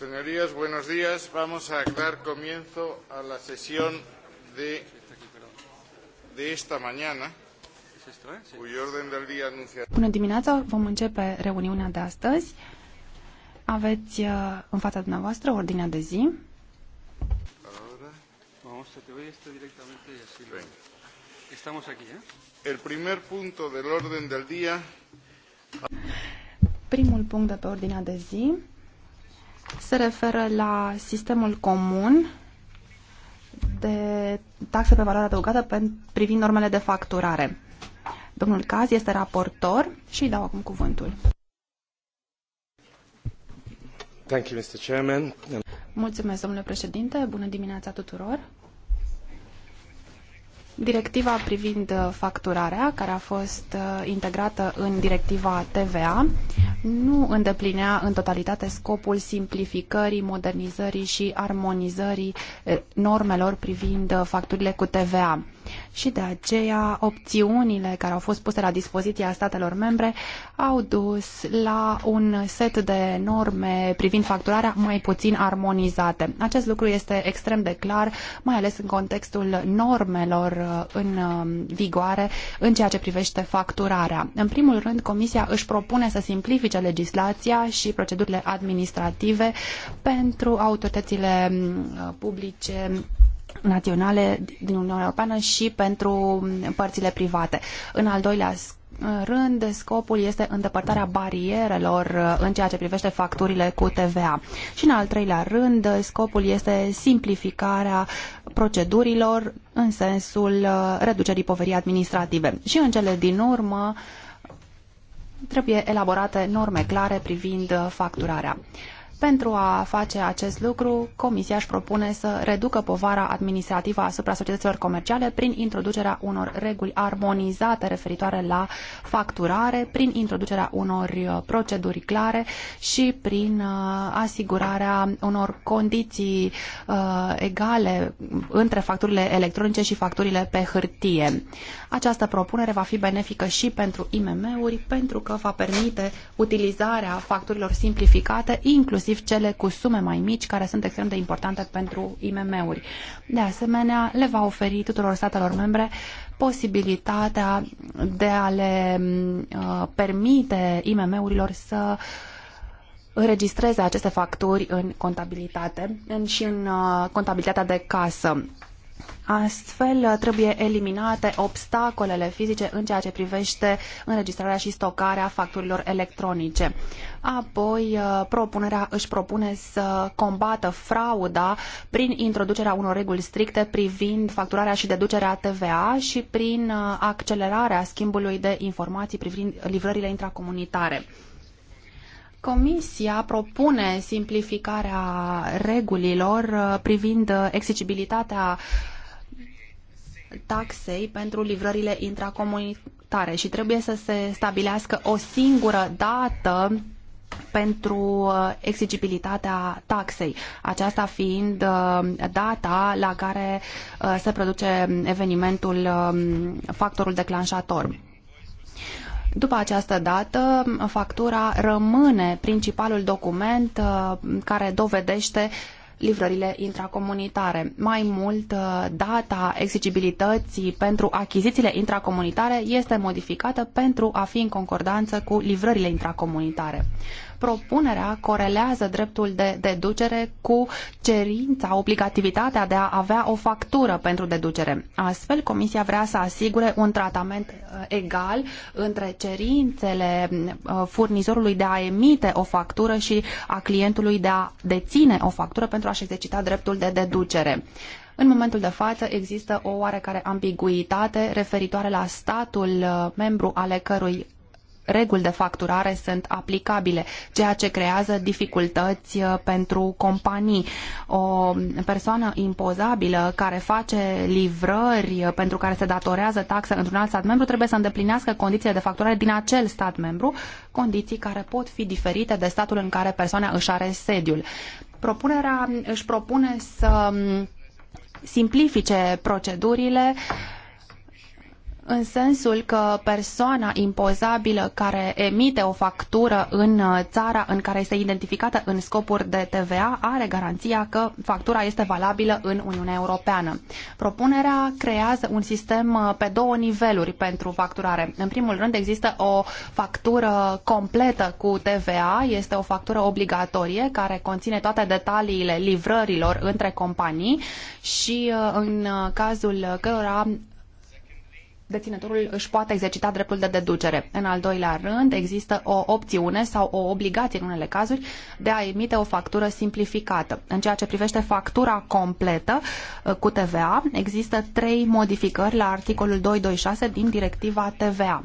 Señorías, buenos días. Vamos a dar comienzo a la sesión de, de esta mañana, cuyo orden del día anuncia... Bună dimineața, vom începe reuniunea de astăzi. Aveți uh, în fața dumneavoastră ordinea de zi. ¿eh? El primer punto del orden del día... Primul punct de pe ordinea de zi se referă la sistemul comun de taxe pe valoare adăugată privind normele de facturare. Domnul Caz este raportor și îi dau acum cuvântul. Thank you, Mr. Chairman. Mulțumesc, domnule președinte. Bună dimineața tuturor. Directiva privind uh, facturarea, care a fost uh, integrată în directiva TVA, nu îndeplinea în totalitate scopul simplificării, modernizării și armonizării uh, normelor privind facturile cu TVA și de aceea opțiunile care au fost puse la dispoziția statelor membre au dus la un set de norme privind facturarea mai puțin armonizate. Acest lucru este extrem de clar, mai ales în contextul normelor uh, în uh, vigoare în ceea ce privește facturarea. În primul rând, Comisia își propune să simplifice legislația și procedurile administrative pentru autoritățile uh, publice naționale din Uniunea Europeană și pentru părțile private. În al doilea rând, scopul este îndepărtarea barierelor în ceea ce privește facturile cu TVA. Și în al treilea rând, scopul este simplificarea procedurilor în sensul uh, reducerii poverii administrative. Și în cele din urmă, trebuie elaborate norme clare privind uh, facturarea. Pentru a face acest lucru, Comisia își propune să reducă povara administrativă asupra societăților comerciale prin introducerea unor reguli armonizate referitoare la facturare, prin introducerea unor uh, proceduri clare și prin uh, asigurarea unor condiții uh, egale între facturile electronice și facturile pe hârtie. Această propunere va fi benefică și pentru IMM-uri pentru că va permite utilizarea facturilor simplificate, inclusiv inclusiv cele cu sume mai mici, care sunt extrem de importante pentru IMM-uri. De asemenea, le va oferi tuturor statelor membre posibilitatea de a le mm, uh, permite IMM-urilor să înregistreze aceste facturi în contabilitate în, și în uh, contabilitatea de casă. Astfel, uh, trebuie eliminate obstacolele fizice în ceea ce privește înregistrarea și stocarea facturilor electronice. Apoi, uh, propunerea își propune să combată frauda prin introducerea unor reguli stricte privind facturarea și deducerea TVA și prin uh, accelerarea schimbului de informații privind livrările intracomunitare. Comisia propune simplificarea regulilor uh, privind exigibilitatea taxei pentru livrările intracomunitare și trebuie să se stabilească o singură dată pentru uh, exigibilitatea taxei, aceasta fiind uh, data la care uh, se produce evenimentul, um, factorul declanșator. După această dată, factura rămâne principalul document care dovedește livrările intracomunitare. Mai mult, uh, data exigibilității pentru achizițiile intracomunitare este modificată pentru a fi în concordanță cu livrările intracomunitare propunerea corelează dreptul de deducere cu cerința, obligativitatea de a avea o factură pentru deducere. Astfel, Comisia vrea să asigure un tratament uh, egal între cerințele uh, furnizorului de a emite o factură și a clientului de a deține o factură pentru a-și exercita dreptul de deducere. În momentul de față există o oarecare ambiguitate referitoare la statul uh, membru ale cărui reguli de facturare sunt aplicabile, ceea ce creează dificultăți uh, pentru companii. O persoană impozabilă care face livrări uh, pentru care se datorează taxe într-un alt stat membru trebuie să îndeplinească condițiile de facturare din acel stat membru, condiții care pot fi diferite de statul în care persoana își are sediul. Propunerea își propune să mm, simplifice procedurile uh, în sensul că persoana impozabilă care emite o factură în uh, țara în care este identificată în scopuri de TVA are garanția că factura este valabilă în Uniunea Europeană. Propunerea creează un sistem uh, pe două niveluri pentru facturare. În primul rând există o factură completă cu TVA, este o factură obligatorie care conține toate detaliile livrărilor între companii și uh, în cazul cărora deținătorul își poate exercita dreptul de deducere. În al doilea rând, există o opțiune sau o obligație în unele cazuri de a emite o factură simplificată. În ceea ce privește factura completă uh, cu TVA, există trei modificări la articolul 226 din directiva TVA.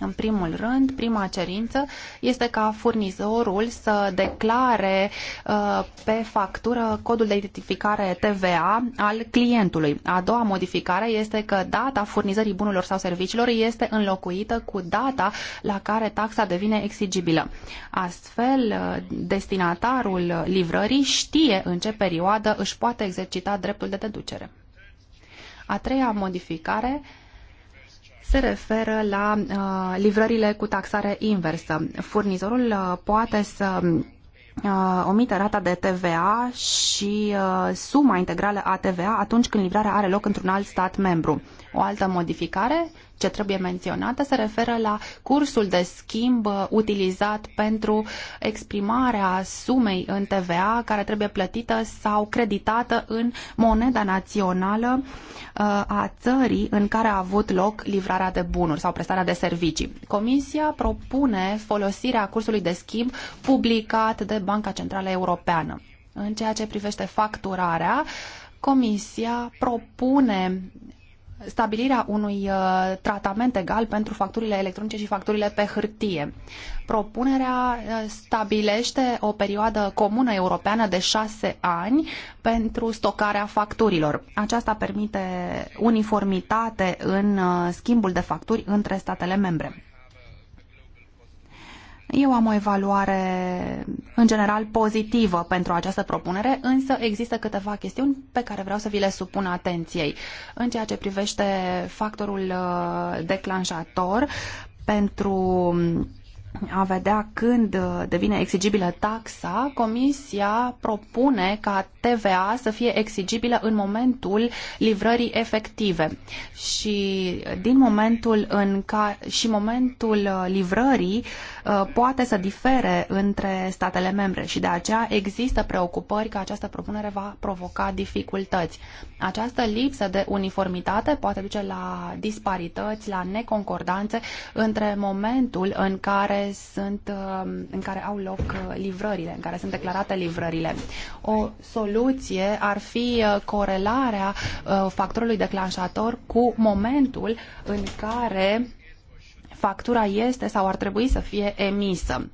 În primul rând, prima cerință este ca furnizorul să declare uh, pe factură codul de identificare TVA al clientului. A doua modificare este că data furnizării bunurilor sau serviciilor este înlocuită cu data la care taxa devine exigibilă. Astfel, uh, destinatarul livrării știe în ce perioadă își poate exercita dreptul de deducere. A treia modificare se referă la uh, livrările cu taxare inversă. Furnizorul uh, poate să uh, omite rata de TVA și uh, suma integrală a TVA atunci când livrarea are loc într-un alt stat membru. O altă modificare ce trebuie menționată se referă la cursul de schimb utilizat pentru exprimarea sumei în TVA care trebuie plătită sau creditată în moneda națională uh, a țării în care a avut loc livrarea de bunuri sau prestarea de servicii. Comisia propune folosirea cursului de schimb publicat de Banca Centrală Europeană. În ceea ce privește facturarea, Comisia propune stabilirea unui uh, tratament egal pentru facturile electronice și facturile pe hârtie. Propunerea uh, stabilește o perioadă comună europeană de șase ani pentru stocarea facturilor. Aceasta permite uniformitate în uh, schimbul de facturi între statele membre. Eu am o evaluare în general pozitivă pentru această propunere, însă există câteva chestiuni pe care vreau să vi le supun atenției. În ceea ce privește factorul uh, declanșator pentru a vedea când uh, devine exigibilă taxa, Comisia propune ca TVA să fie exigibilă în momentul livrării efective și din momentul în care și momentul uh, livrării uh, poate să difere între statele membre și de aceea există preocupări că această propunere va provoca dificultăți. Această lipsă de uniformitate poate duce la disparități, la neconcordanțe între momentul în care sunt, um, în care au loc uh, livrările, în care sunt declarate livrările. O soluție ar fi uh, corelarea uh, factorului declanșator cu momentul în care factura este sau ar trebui să fie emisă.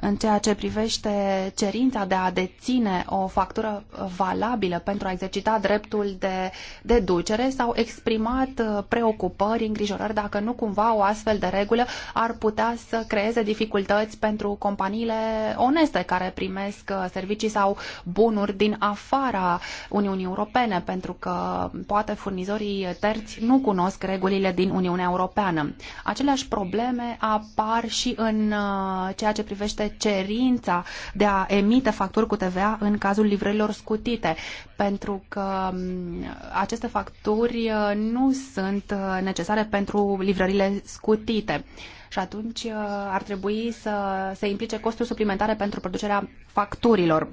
În ceea ce privește cerința de a deține o factură valabilă pentru a exercita dreptul de deducere, s-au exprimat uh, preocupări, îngrijorări dacă nu cumva o astfel de regulă ar putea să creeze dificultăți pentru companiile oneste care primesc uh, servicii sau bunuri din afara Uniunii Europene, pentru că poate furnizorii terți nu cunosc regulile din Uniunea Europeană. Aceleași probleme apar și în uh, ceea ce privește cerința de a emite facturi cu TVA în cazul livrărilor scutite, pentru că mm, aceste facturi uh, nu sunt uh, necesare pentru livrările scutite și atunci uh, ar trebui să se implice costuri suplimentare pentru producerea facturilor.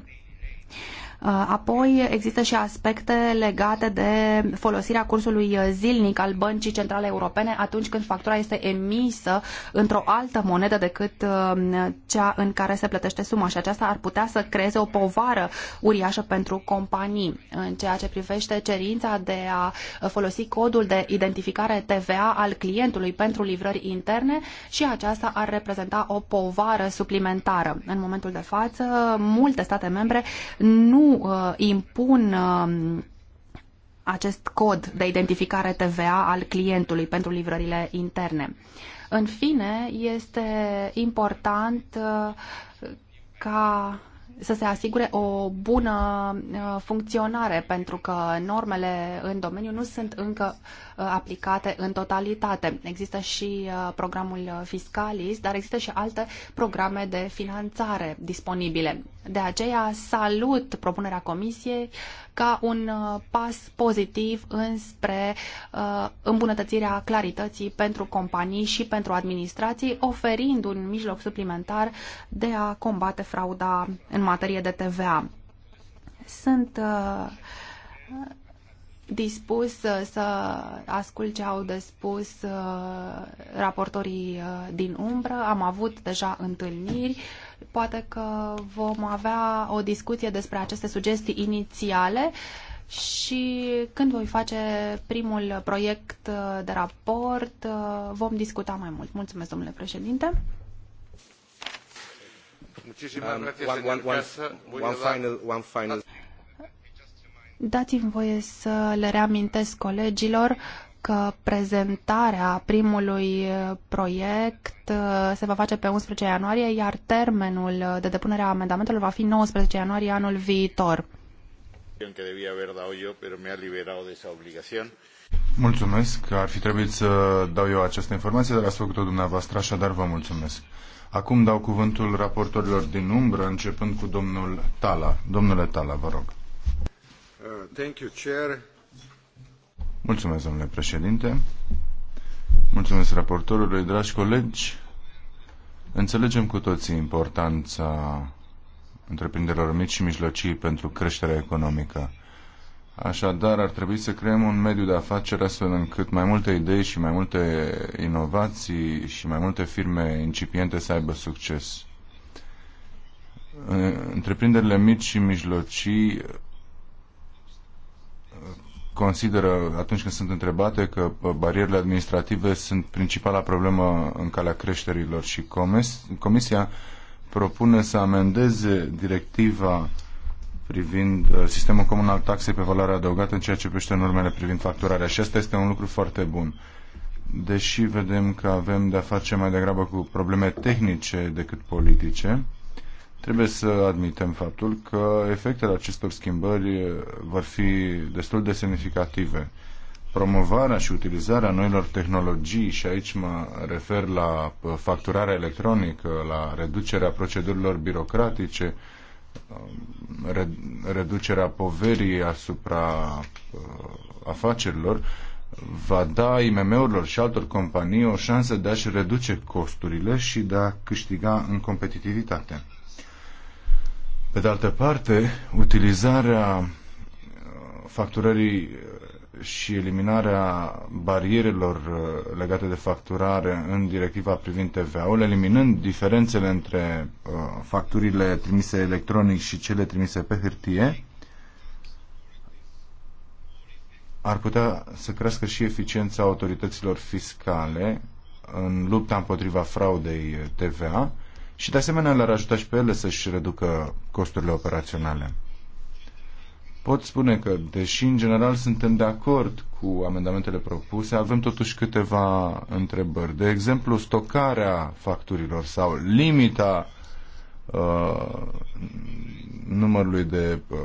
Uh, apoi există și aspecte legate de folosirea cursului zilnic al Băncii Centrale Europene atunci când factura este emisă într-o altă monedă decât um, cea în care se plătește suma și aceasta ar putea să creeze o povară uriașă pentru companii. În ceea ce privește cerința de a folosi codul de identificare TVA al clientului pentru livrări interne și aceasta ar reprezenta o povară suplimentară. În momentul de față, multe state membre nu uh, impun uh, acest cod de identificare TVA al clientului pentru livrările interne. În fine, este important uh, ca să se asigure o bună uh, funcționare, pentru că normele în domeniu nu sunt încă uh, aplicate în totalitate. Există și uh, programul Fiscalis, dar există și alte programe de finanțare disponibile. De aceea salut propunerea Comisiei uh, ca un uh, pas pozitiv înspre uh, îmbunătățirea clarității pentru companii și pentru administrații, oferind un mijloc suplimentar de a combate frauda în materie de TVA. Sunt uh, dispus să ascult ce au de spus raportorii din umbră. Am avut deja întâlniri Poate că vom avea o discuție despre aceste sugestii inițiale și când voi face primul proiect de raport, vom discuta mai mult. Mulțumesc, domnule președinte. Um, Dați-mi voie să le reamintesc colegilor că prezentarea primului uh, proiect uh, se va face pe 11 ianuarie, iar termenul uh, de depunere a amendamentelor va fi 19 ianuarie anul viitor. Mulțumesc că ar fi trebuit să dau eu această informație, dar ați făcut-o dumneavoastră, așadar vă mulțumesc. Acum dau cuvântul raportorilor din umbră, începând cu domnul Tala. Domnule Tala, vă rog. Uh, thank you, Chair. Mulțumesc, domnule președinte. Mulțumesc raportorului, dragi colegi. Înțelegem cu toții importanța întreprinderilor mici și mijlocii pentru creșterea economică. Așadar, ar trebui să creăm un mediu de afaceri astfel încât mai multe idei și mai multe inovații și mai multe firme incipiente să aibă succes. Întreprinderile mici și mijlocii consideră atunci când sunt întrebate că uh, barierele administrative sunt principala problemă în calea creșterilor și comis Comisia propune să amendeze directiva privind uh, sistemul comun al taxei pe valoare adăugată în ceea ce privește normele privind facturarea. Și asta este un lucru foarte bun. Deși vedem că avem de-a face mai degrabă cu probleme tehnice decât politice, Trebuie să admitem faptul că efectele acestor schimbări vor fi destul de semnificative. Promovarea și utilizarea noilor tehnologii, și aici mă refer la facturarea electronică, la reducerea procedurilor birocratice, reducerea poverii asupra uh, afacerilor, va da IMM-urilor și altor companii o șansă de a-și reduce costurile și de a câștiga în competitivitate. Pe de altă parte, utilizarea uh, facturării uh, și eliminarea barierelor uh, legate de facturare în directiva privind TVA-ul, eliminând diferențele între facturile trimise electronic și cele trimise pe hârtie, ar putea să crească și eficiența autorităților fiscale în lupta împotriva fraudei TVA și de asemenea le-ar ajuta și pe ele să-și reducă costurile operaționale. Pot spune că, deși în general suntem de acord cu amendamentele propuse, avem totuși câteva întrebări. De exemplu, stocarea facturilor sau limita uh, numărului de uh,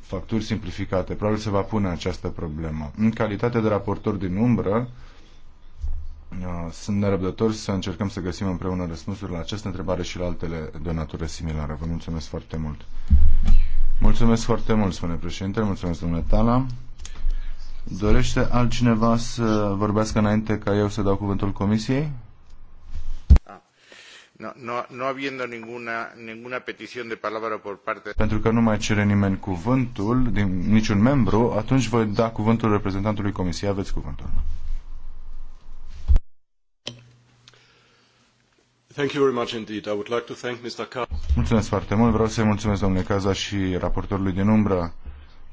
facturi simplificate. Probabil se va pune această problemă. În calitate de raportor din umbră, Uh, sunt nerăbdător să încercăm să găsim împreună răspunsuri la această întrebare și la altele de o natură similară. Vă mulțumesc foarte mult. Mulțumesc foarte mult, spune președintele. Mulțumesc, domnule Tala. Dorește altcineva să vorbească înainte ca eu să dau cuvântul comisiei? Ah. Nu având no habiendo ninguna petición de palabra por parte... Pentru că nu mai cere nimeni cuvântul, din niciun membru, atunci voi da cuvântul reprezentantului comisiei. Aveți cuvântul. mulțumesc foarte mult. Vreau să-i mulțumesc domnule casa și raportorului din umbră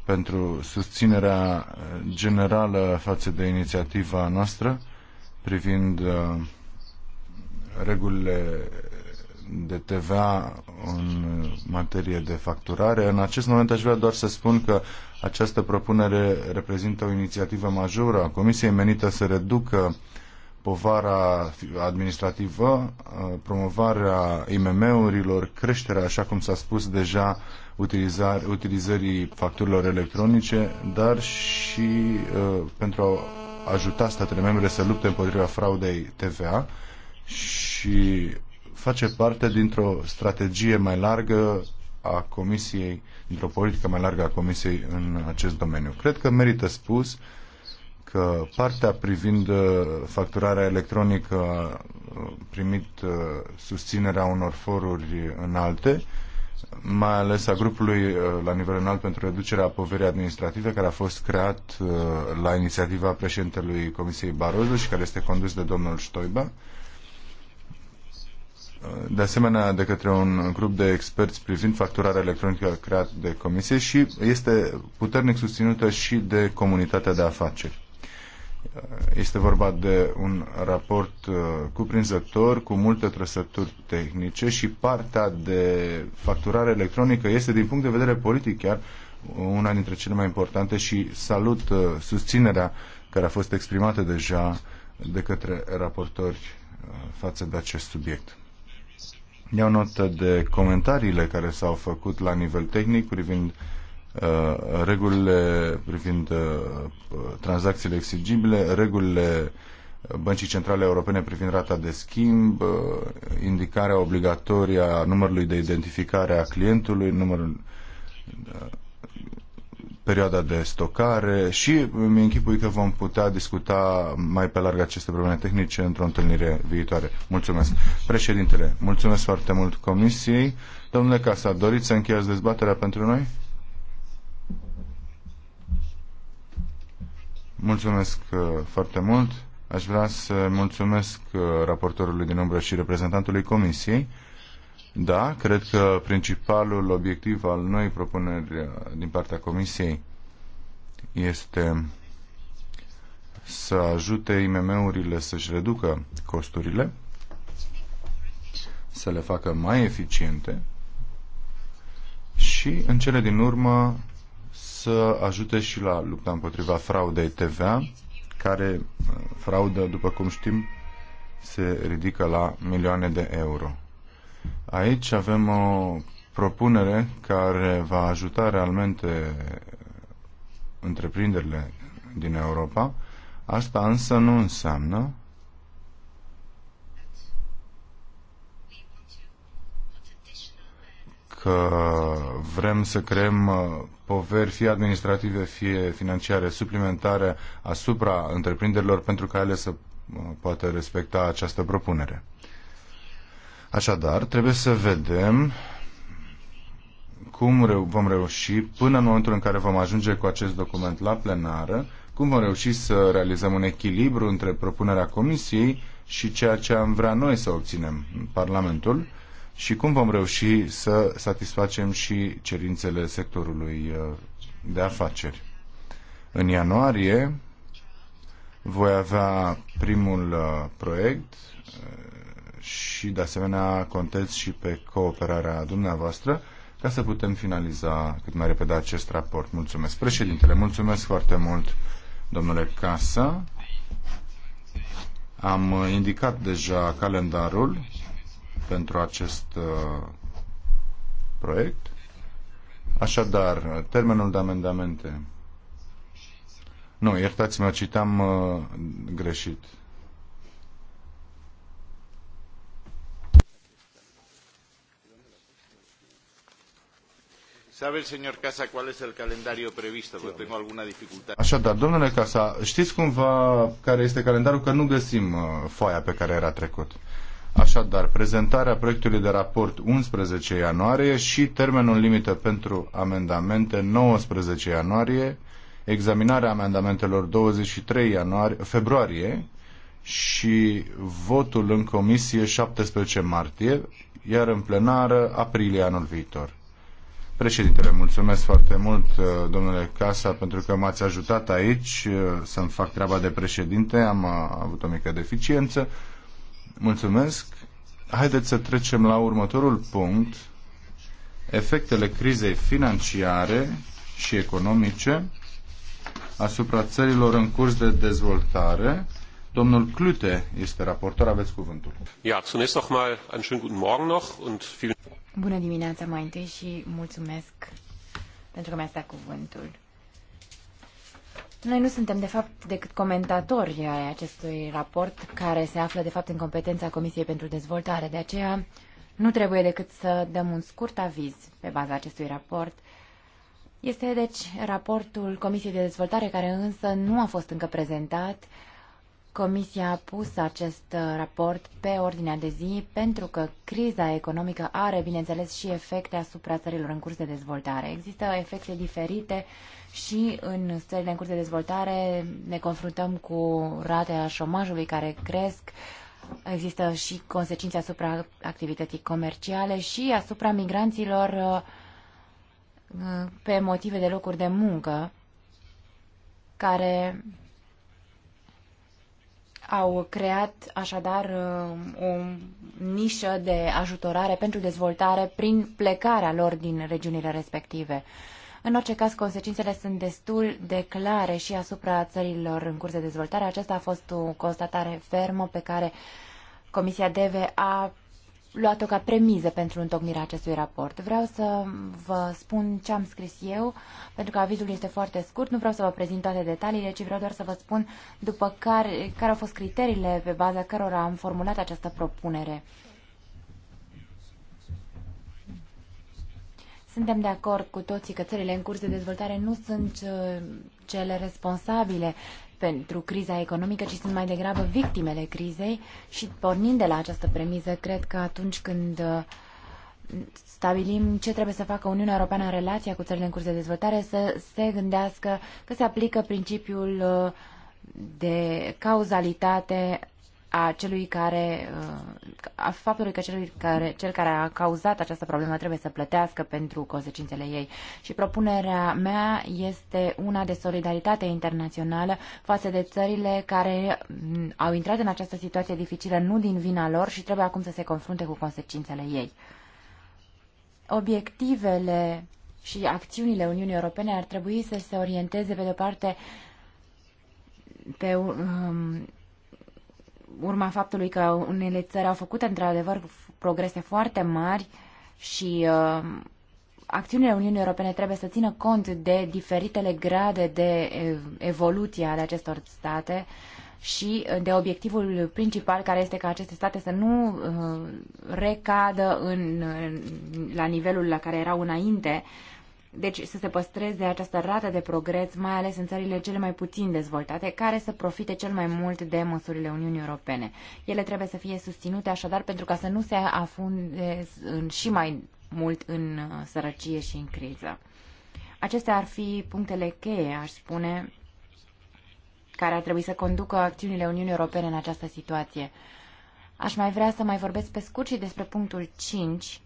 pentru susținerea uh, generală față de inițiativa noastră privind uh, regulile de TVA în materie de facturare. În acest moment aș vrea doar să spun că această propunere reprezintă o inițiativă majoră a Comisiei menită să reducă povara administrativă, uh, promovarea IMM-urilor, creșterea, așa cum s-a spus deja, utilizării facturilor electronice, dar și uh, pentru a ajuta statele membre să lupte împotriva fraudei TVA și face parte dintr-o strategie mai largă a Comisiei, dintr-o politică mai largă a Comisiei în acest domeniu. Cred că merită spus uh, că partea privind uh, facturarea electronică a uh, primit uh, susținerea unor foruri înalte, mai ales a grupului la nivel înalt pentru reducerea poverii administrative care a fost creat la inițiativa președintelui Comisiei Barroso și care este condus de domnul Stoiba. De asemenea, de către un grup de experți privind facturarea electronică creat de comisie și este puternic susținută și de comunitatea de afaceri. Este vorba de un raport uh, cuprinzător, cu multe trăsături tehnice și partea de facturare electronică este, din punct de vedere politic chiar, una dintre cele mai importante și salut uh, susținerea care a fost exprimată deja de către raportori uh, față de acest subiect. Iau notă de comentariile care s-au făcut la nivel tehnic privind uh, Uh, regulile privind uh, tranzacțiile exigibile, regulile Băncii Centrale Europene privind rata de schimb, uh, indicarea obligatorie a numărului de identificare a clientului, numărul perioada de stocare și mi închipui că vom putea discuta mai pe larg aceste probleme tehnice într-o întâlnire viitoare. Mulțumesc. Președintele, mulțumesc foarte mult Comisiei. Domnule Casa, doriți să încheiați dezbaterea pentru noi? Mulțumesc uh, foarte mult. Aș vrea să mulțumesc uh, raportorului din umbră și reprezentantului Comisiei. Da, cred că principalul obiectiv al noi propuneri uh, din partea Comisiei este să ajute IMM-urile să-și reducă costurile, să le facă mai eficiente și, în cele din urmă, să ajute și la lupta împotriva fraudei TVA, care uh, fraudă, după cum știm, se ridică la milioane de euro. Aici avem o propunere care va ajuta realmente întreprinderile din Europa. Asta însă nu înseamnă că vrem să creăm uh, poveri, fie administrative, fie financiare, suplimentare asupra întreprinderilor pentru ca ele să uh, poată respecta această propunere. Așadar, trebuie să vedem cum reu- vom reuși, până în momentul în care vom ajunge cu acest document la plenară, cum vom reuși să realizăm un echilibru între propunerea Comisiei și ceea ce am vrea noi să obținem Parlamentul și cum vom reuși să satisfacem și cerințele sectorului uh, de afaceri. În ianuarie voi avea primul uh, proiect uh, și de asemenea contez și pe cooperarea dumneavoastră ca să putem finaliza cât mai repede acest raport. Mulțumesc, președintele. Mulțumesc foarte mult, domnule Casa. Am indicat deja calendarul pentru acest uh, proiect. Așadar, termenul de amendamente. Nu, iertați-mă, citam uh, greșit. Așadar, domnule Casa, știți cumva care este calendarul? Că nu găsim uh, foaia pe care era trecut. Așadar, prezentarea proiectului de raport 11 ianuarie și termenul limită pentru amendamente 19 ianuarie, examinarea amendamentelor 23 ianuarie, februarie și votul în comisie 17 martie, iar în plenară aprilie anul viitor. Președintele, mulțumesc foarte mult, uh, domnule Casa, pentru că m-ați ajutat aici uh, să-mi fac treaba de președinte. Am uh, avut o mică deficiență. Mulțumesc. Haideți să trecem la următorul punct. Efectele crizei financiare și economice asupra țărilor în curs de dezvoltare. Domnul Clute este raportor, aveți cuvântul. Ja, zunächst noch mal einen schönen guten Morgen noch und vielen Bună dimineața mai întâi și mulțumesc pentru că mi-ați dat cuvântul. Noi nu suntem, de fapt, decât comentatori ai acestui raport, care se află, de fapt, în competența Comisiei pentru Dezvoltare. De aceea, nu trebuie decât să dăm un scurt aviz pe baza acestui raport. Este, deci, raportul Comisiei de Dezvoltare, care însă nu a fost încă prezentat. Comisia a pus acest uh, raport pe ordinea de zi pentru că criza economică are, bineînțeles, și efecte asupra țărilor în curs de dezvoltare. Există efecte diferite și în țările în curs de dezvoltare ne confruntăm cu rate a șomajului care cresc, există și consecințe asupra activității comerciale și asupra migranților uh, pe motive de locuri de muncă care au creat așadar uh, o nișă de ajutorare pentru dezvoltare prin plecarea lor din regiunile respective. În orice caz, consecințele sunt destul de clare și asupra țărilor în curs de dezvoltare. Aceasta a fost o constatare fermă pe care Comisia DEVE a luat-o ca premiză pentru întocmirea acestui raport. Vreau să vă spun ce am scris eu, pentru că avizul este foarte scurt, nu vreau să vă prezint toate detaliile, ci vreau doar să vă spun după care, care au fost criteriile pe baza cărora am formulat această propunere. Uh, Suntem de acord cu toții că țările în curs de dezvoltare nu sunt uh, cele responsabile pentru criza economică, ci sunt mai degrabă victimele crizei și pornind de la această premiză, cred că atunci când uh, stabilim ce trebuie să facă Uniunea Europeană în relația cu țările în curs de dezvoltare, să se gândească că se aplică principiul uh, de cauzalitate a celui care, uh, a faptului că celui care, cel care a cauzat această problemă trebuie să plătească pentru consecințele ei. Și propunerea mea este una de solidaritate internațională față de țările care mm, au intrat în această situație dificilă nu din vina lor și trebuie acum să se confrunte cu consecințele ei. Obiectivele și acțiunile Uniunii Europene ar trebui să se orienteze, pe de-o parte, pe um, urma faptului că unele țări au făcut într-adevăr progrese foarte mari și uh, acțiunile Uniunii Europene trebuie să țină cont de diferitele grade de uh, evoluție ale acestor state și de obiectivul principal care este ca aceste state să nu uh, recadă în, la nivelul la care erau înainte deci să se păstreze această rată de progres, mai ales în țările cele mai puțin dezvoltate, care să profite cel mai mult de măsurile Uniunii Europene. Ele trebuie să fie susținute așadar pentru ca să nu se afunde în, și mai mult în uh, sărăcie și în criză. Acestea ar fi punctele cheie, aș spune, care ar trebui să conducă acțiunile Uniunii Europene în această situație. Aș mai vrea să mai vorbesc pe scurt și despre punctul 5,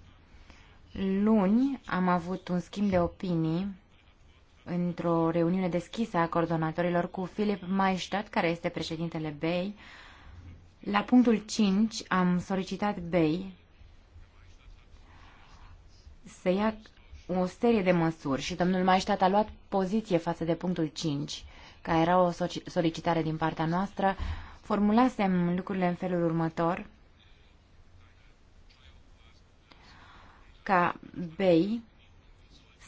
Luni am avut un schimb de opinii într-o reuniune deschisă a coordonatorilor cu Philip Maestat, care este președintele BEI. La punctul 5 am solicitat BEI să ia o serie de măsuri și domnul Maestat a luat poziție față de punctul 5, care era o solicitare din partea noastră. Formulasem lucrurile în felul următor – ca BEI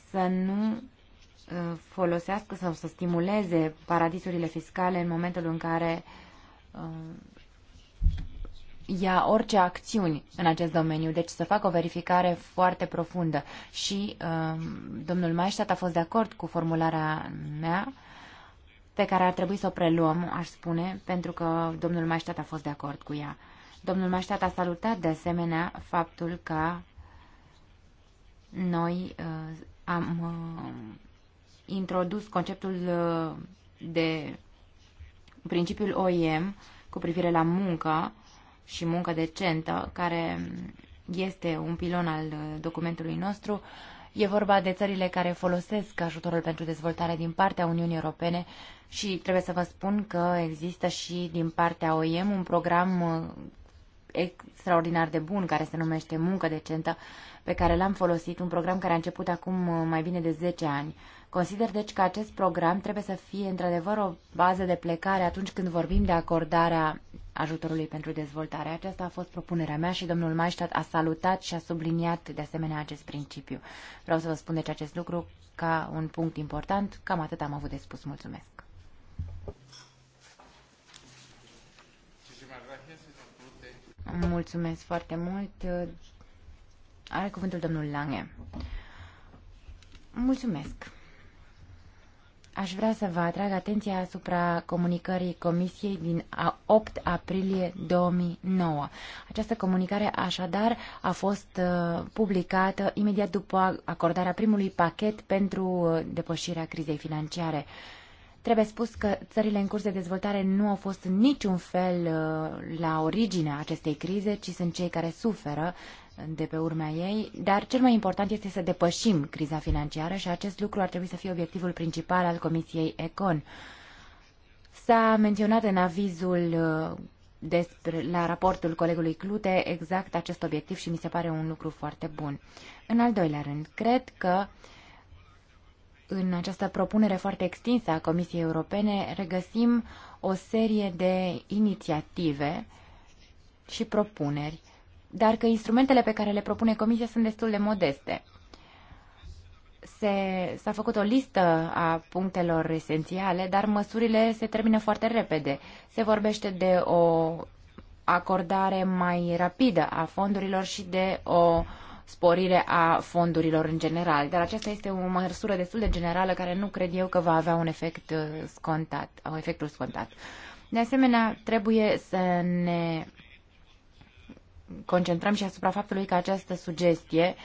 să nu uh, folosească sau să stimuleze paradisurile fiscale în momentul în care uh, ia orice acțiuni în acest domeniu, deci să facă o verificare foarte profundă. Și uh, domnul Maestat a fost de acord cu formularea mea, pe care ar trebui să o preluăm, aș spune, pentru că domnul Maestat a fost de acord cu ea. Domnul Maestat a salutat de asemenea faptul că noi uh, am uh, introdus conceptul uh, de principiul OIM cu privire la muncă și muncă decentă, care este un pilon al uh, documentului nostru. E vorba de țările care folosesc ajutorul pentru dezvoltare din partea Uniunii Europene și trebuie să vă spun că există și din partea OIM un program uh, extraordinar de bun care se numește Muncă Decentă, pe care l-am folosit, un program care a început acum uh, mai bine de 10 ani. Consider deci că acest program trebuie să fie într-adevăr o bază de plecare atunci când vorbim de acordarea ajutorului pentru dezvoltare. Aceasta a fost propunerea mea și domnul Maistat a salutat și a subliniat de asemenea acest principiu. Vreau să vă spun deci acest lucru ca un punct important. Cam atât am avut de spus. Mulțumesc! Mulțumesc foarte mult. Are cuvântul domnul Lange. Mulțumesc. Aș vrea să vă atrag atenția asupra comunicării Comisiei din 8 aprilie 2009. Această comunicare, așadar, a fost uh, publicată imediat după acordarea primului pachet pentru uh, depășirea crizei financiare. Trebuie spus că țările în curs de dezvoltare nu au fost în niciun fel uh, la originea acestei crize, ci sunt cei care suferă de pe urmea ei, dar cel mai important este să depășim criza financiară și acest lucru ar trebui să fie obiectivul principal al Comisiei Econ. S-a menționat în avizul uh, despre, la raportul colegului Clute exact acest obiectiv și mi se pare un lucru foarte bun. În al doilea rând, cred că uh, în această propunere foarte extinsă a Comisiei Europene regăsim o serie de inițiative și propuneri, dar că instrumentele pe care le propune Comisia sunt destul de modeste. s-a făcut o listă a punctelor esențiale, dar măsurile se termină foarte repede. Se vorbește de o acordare mai rapidă a fondurilor și de o uh, sporire a fondurilor în general. Dar aceasta este o măsură destul de generală care nu cred eu că va avea un efect uh, scontat, un efectul scontat. De asemenea, trebuie să ne concentrăm și asupra faptului că această sugestie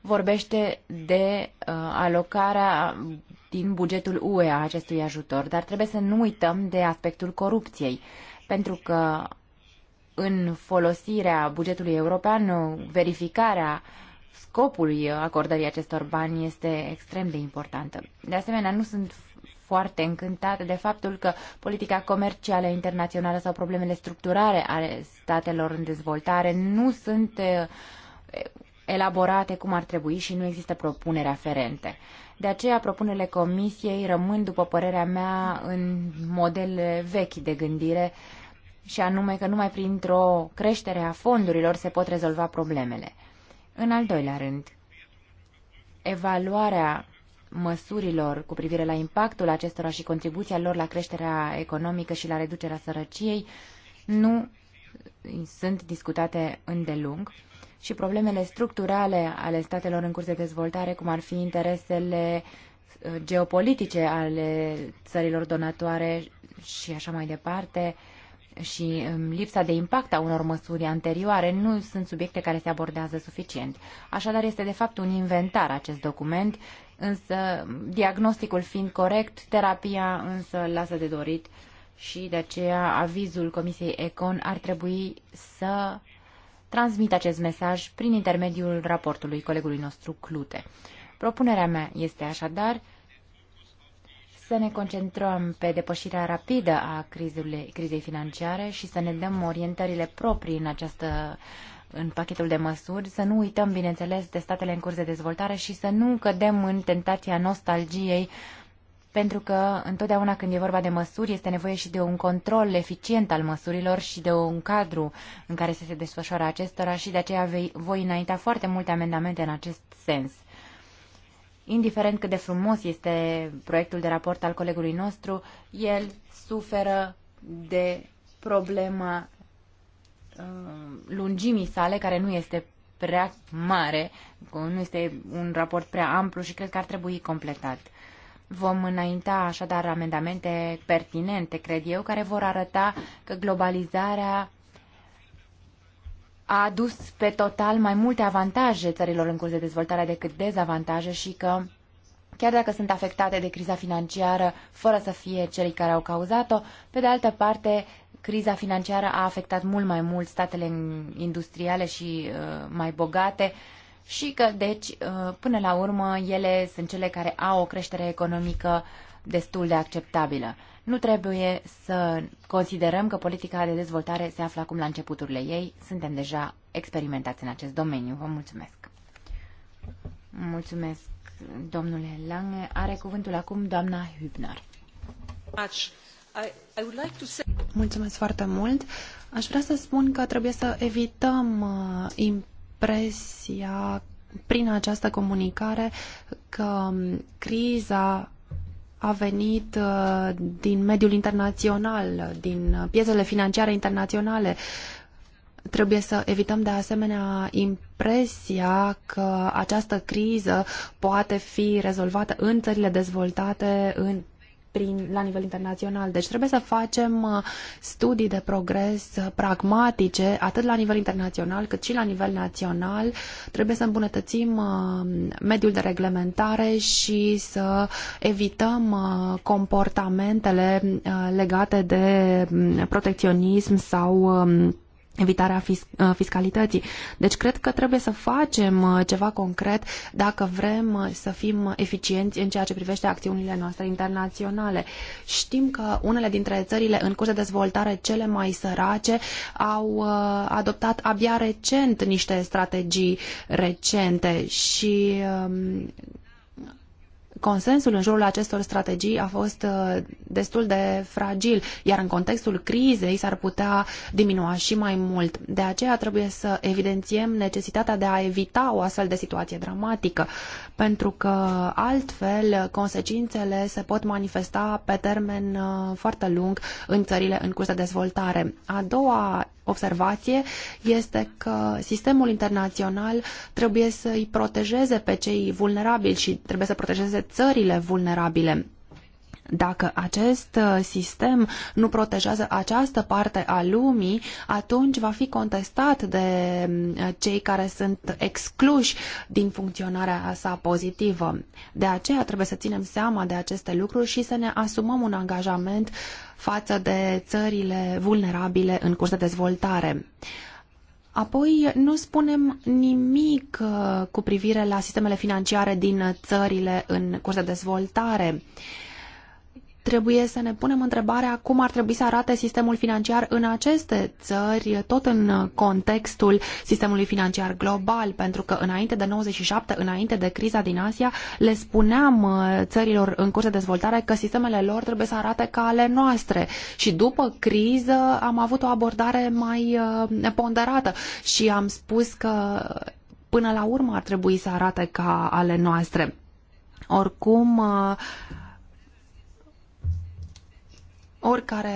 vorbește de uh, alocarea din bugetul UE a acestui ajutor, dar trebuie să nu uităm de aspectul corupției, pentru că în folosirea bugetului european, verificarea uh, scopul acordării acestor bani este extrem de importantă. De asemenea, nu sunt foarte încântată de faptul că politica comercială internațională sau problemele structurale ale statelor în dezvoltare nu sunt elaborate cum ar trebui și nu există propuneri aferente. De aceea, propunerile comisiei rămân, după părerea mea, în modele vechi de gândire și anume că numai printr-o creștere a fondurilor se pot rezolva problemele. În al doilea rând, evaluarea măsurilor cu privire la impactul acestora și contribuția lor la creșterea economică și la reducerea sărăciei nu sunt discutate îndelung și problemele structurale ale statelor în curs de dezvoltare, cum ar fi interesele uh, geopolitice ale țărilor donatoare și așa mai departe, și um, lipsa de impact a unor măsuri anterioare nu sunt subiecte care se abordează suficient. Așadar, este de fapt un inventar acest document, însă diagnosticul fiind corect, terapia însă lasă de dorit și de aceea avizul Comisiei Econ ar trebui să transmit acest mesaj prin intermediul raportului colegului nostru Clute. Propunerea mea este așadar să ne concentrăm pe depășirea rapidă a crizei financiare și să ne dăm orientările proprii în această în pachetul de măsuri, să nu uităm, bineînțeles, de statele în curs de dezvoltare și să nu cădem în tentația nostalgiei, pentru că întotdeauna când e vorba de măsuri este nevoie și de un control eficient al măsurilor și de un cadru în care să se desfășoară acestora și de aceea voi înainta foarte multe amendamente în acest sens indiferent cât de frumos este proiectul de raport al colegului nostru, el suferă de problema uh, lungimii sale, care nu este prea mare, nu este un raport prea amplu și cred că ar trebui completat. Vom înainta așadar amendamente pertinente, cred eu, care vor arăta că globalizarea a adus pe total mai multe avantaje țărilor în curs de dezvoltare decât dezavantaje și că chiar dacă sunt afectate de criza financiară fără să fie cei care au cauzat-o, pe de altă parte criza financiară a afectat mult mai mult statele industriale și uh, mai bogate și că deci uh, până la urmă ele sunt cele care au o creștere economică destul de acceptabilă. Nu trebuie să considerăm că politica de dezvoltare se află acum la începuturile ei. Suntem deja experimentați în acest domeniu. Vă mulțumesc. Mulțumesc, domnule Lange. Are cuvântul acum doamna Hübner. Mulțumesc foarte mult. Aș vrea să spun că trebuie să evităm uh, impresia prin această comunicare că um, criza a venit uh, din mediul internațional, din piețele financiare internaționale. Trebuie să evităm de asemenea impresia că această criză poate fi rezolvată în țările dezvoltate în, prin, la nivel internațional. Deci trebuie să facem uh, studii de progres uh, pragmatice, atât la nivel internațional cât și la nivel național. Trebuie să îmbunătățim uh, mediul de reglementare și să evităm comportamentele legate de mm, protecționism sau um, evitarea fisc- uh, fiscalității. Deci cred că trebuie să facem uh, ceva concret dacă vrem uh, să fim eficienți în ceea ce privește acțiunile noastre internaționale. Știm că unele dintre țările în curs de dezvoltare cele mai sărace au adoptat abia recent niște strategii recente și um, consensul în jurul acestor strategii a fost uh, destul de fragil, iar în contextul crizei s-ar putea diminua și mai mult. De aceea trebuie să evidențiem necesitatea de a evita o astfel de situație dramatică, pentru că altfel consecințele se pot manifesta pe termen uh, foarte lung în țările în curs de dezvoltare. A doua observație este că sistemul internațional trebuie să îi protejeze pe cei vulnerabili și trebuie să protejeze țările vulnerabile dacă acest uh, sistem nu protejează această parte a lumii, atunci va fi contestat de mm, cei care sunt excluși din funcționarea sa pozitivă. De aceea trebuie să ținem seama de aceste lucruri și să ne asumăm un angajament față de țările vulnerabile în curs de dezvoltare. Apoi nu spunem nimic uh, cu privire la sistemele financiare din țările în curs de dezvoltare. Trebuie să ne punem întrebarea cum ar trebui să arate sistemul financiar în aceste țări, tot în contextul sistemului financiar global, pentru că înainte de 97, înainte de criza din Asia, le spuneam uh, țărilor în curs de dezvoltare că sistemele lor trebuie să arate ca ale noastre. Și după criză am avut o abordare mai uh, ponderată și am spus că până la urmă ar trebui să arate ca ale noastre. Oricum, uh, oricare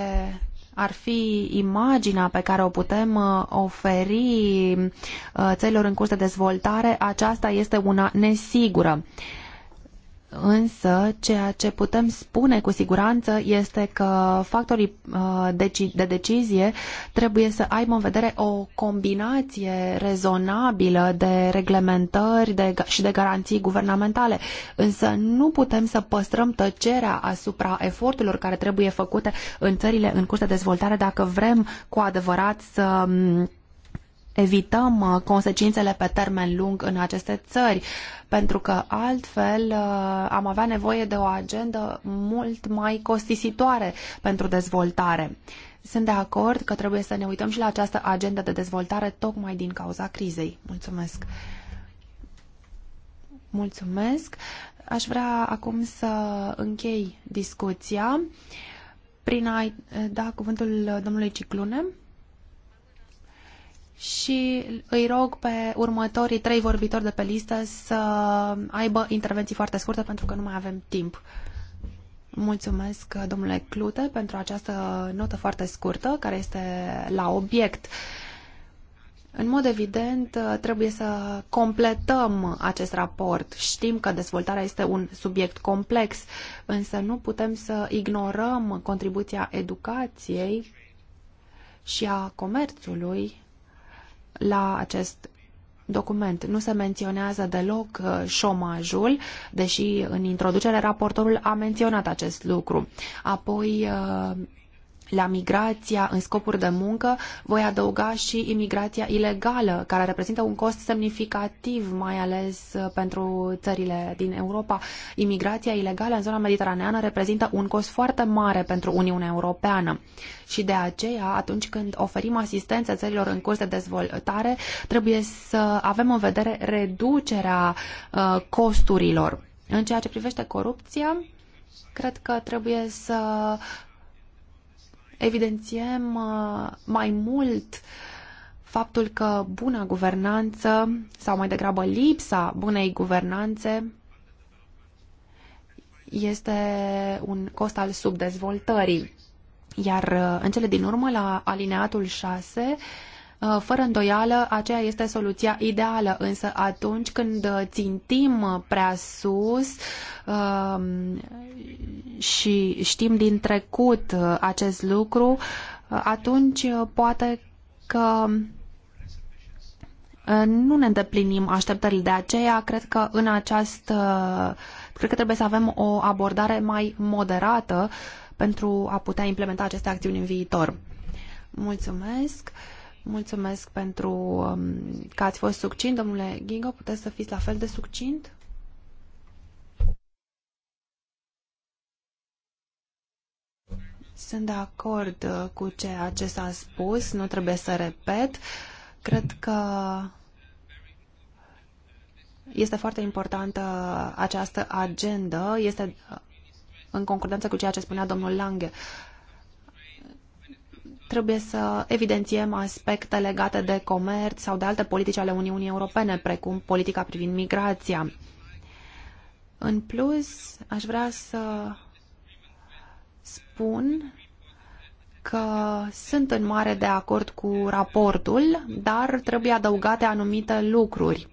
ar fi imaginea pe care o putem uh, oferi uh, țărilor în curs de dezvoltare, aceasta este una nesigură. Însă, ceea ce putem spune cu siguranță este că factorii uh, deci- de decizie trebuie să aibă în vedere o combinație rezonabilă de reglementări de, și de garanții guvernamentale. Însă nu putem să păstrăm tăcerea asupra eforturilor care trebuie făcute în țările în curs de dezvoltare dacă vrem cu adevărat să mm, evităm uh, consecințele pe termen lung în aceste țări, pentru că altfel uh, am avea nevoie de o agendă mult mai costisitoare pentru dezvoltare. Sunt de acord că trebuie să ne uităm și la această agendă de dezvoltare tocmai din cauza crizei. Mulțumesc! Mulțumesc! Aș vrea acum să închei discuția prin a eh, da cuvântul domnului Ciclune și îi rog pe următorii trei vorbitori de pe listă să aibă intervenții foarte scurte pentru că nu mai avem timp. Mulțumesc, domnule Clute, pentru această notă foarte scurtă, care este la obiect. În mod evident, trebuie să completăm acest raport. Știm că dezvoltarea este un subiect complex, însă nu putem să ignorăm contribuția educației și a comerțului la acest document. Nu se menționează deloc uh, șomajul, deși în introducere raportorul a menționat acest lucru. Apoi uh, la migrația în scopuri de muncă, voi adăuga și imigrația ilegală, care reprezintă un cost semnificativ, mai ales uh, pentru țările din Europa. Imigrația ilegală în zona mediteraneană reprezintă un cost foarte mare pentru Uniunea Europeană. Și de aceea, atunci când oferim asistență țărilor în curs de dezvoltare, trebuie să avem în vedere reducerea uh, costurilor. În ceea ce privește corupția, cred că trebuie să evidențiem uh, mai mult faptul că buna guvernanță, sau mai degrabă lipsa bunei guvernanțe, este un cost al subdezvoltării. Iar uh, în cele din urmă, la alineatul 6, Uh, fără îndoială, aceea este soluția ideală, însă atunci când uh, țintim uh, prea sus um, și știm din trecut acest lucru, atunci poate că nu ne îndeplinim așteptările de aceea. Cred că în această cred că trebuie să avem o abordare mai moderată pentru a putea implementa aceste acțiuni în viitor. Mulțumesc. Mulțumesc pentru um, că ați fost succint, domnule Gingo, Puteți să fiți la fel de succint? Sunt de acord uh, cu ceea ce s-a spus, nu trebuie să repet. Cred că este foarte importantă această agendă, este uh, în concordanță cu ceea ce spunea domnul Lange trebuie să evidențiem aspecte legate de comerț sau de alte politici ale Uniunii Europene, precum politica privind migrația. În plus, aș vrea să spun că sunt în mare de acord cu raportul, dar trebuie adăugate anumite lucruri.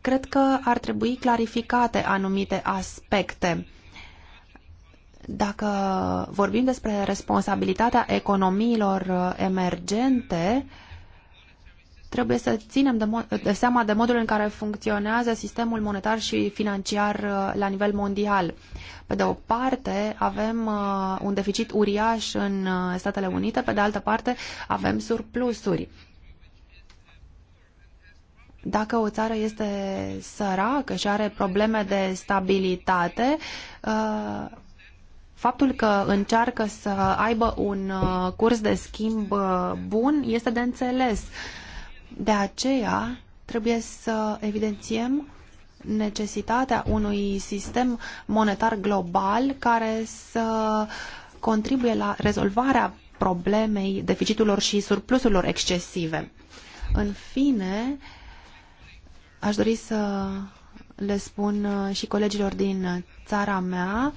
Cred că ar trebui clarificate anumite aspecte dacă vorbim despre responsabilitatea economiilor uh, emergente, trebuie să ținem de, de seama de modul în care funcționează sistemul monetar și financiar uh, la nivel mondial. Pe de o parte, avem uh, un deficit uriaș în Statele Unite, pe de altă parte, avem surplusuri. Dacă o țară este săracă și are probleme de stabilitate, Faptul că încearcă să aibă un uh, curs de schimb uh, bun este de înțeles. De aceea trebuie să evidențiem necesitatea unui sistem monetar global care să contribuie la rezolvarea problemei deficitelor și surplusurilor excesive. În fine, aș dori să le spun uh, și colegilor din țara mea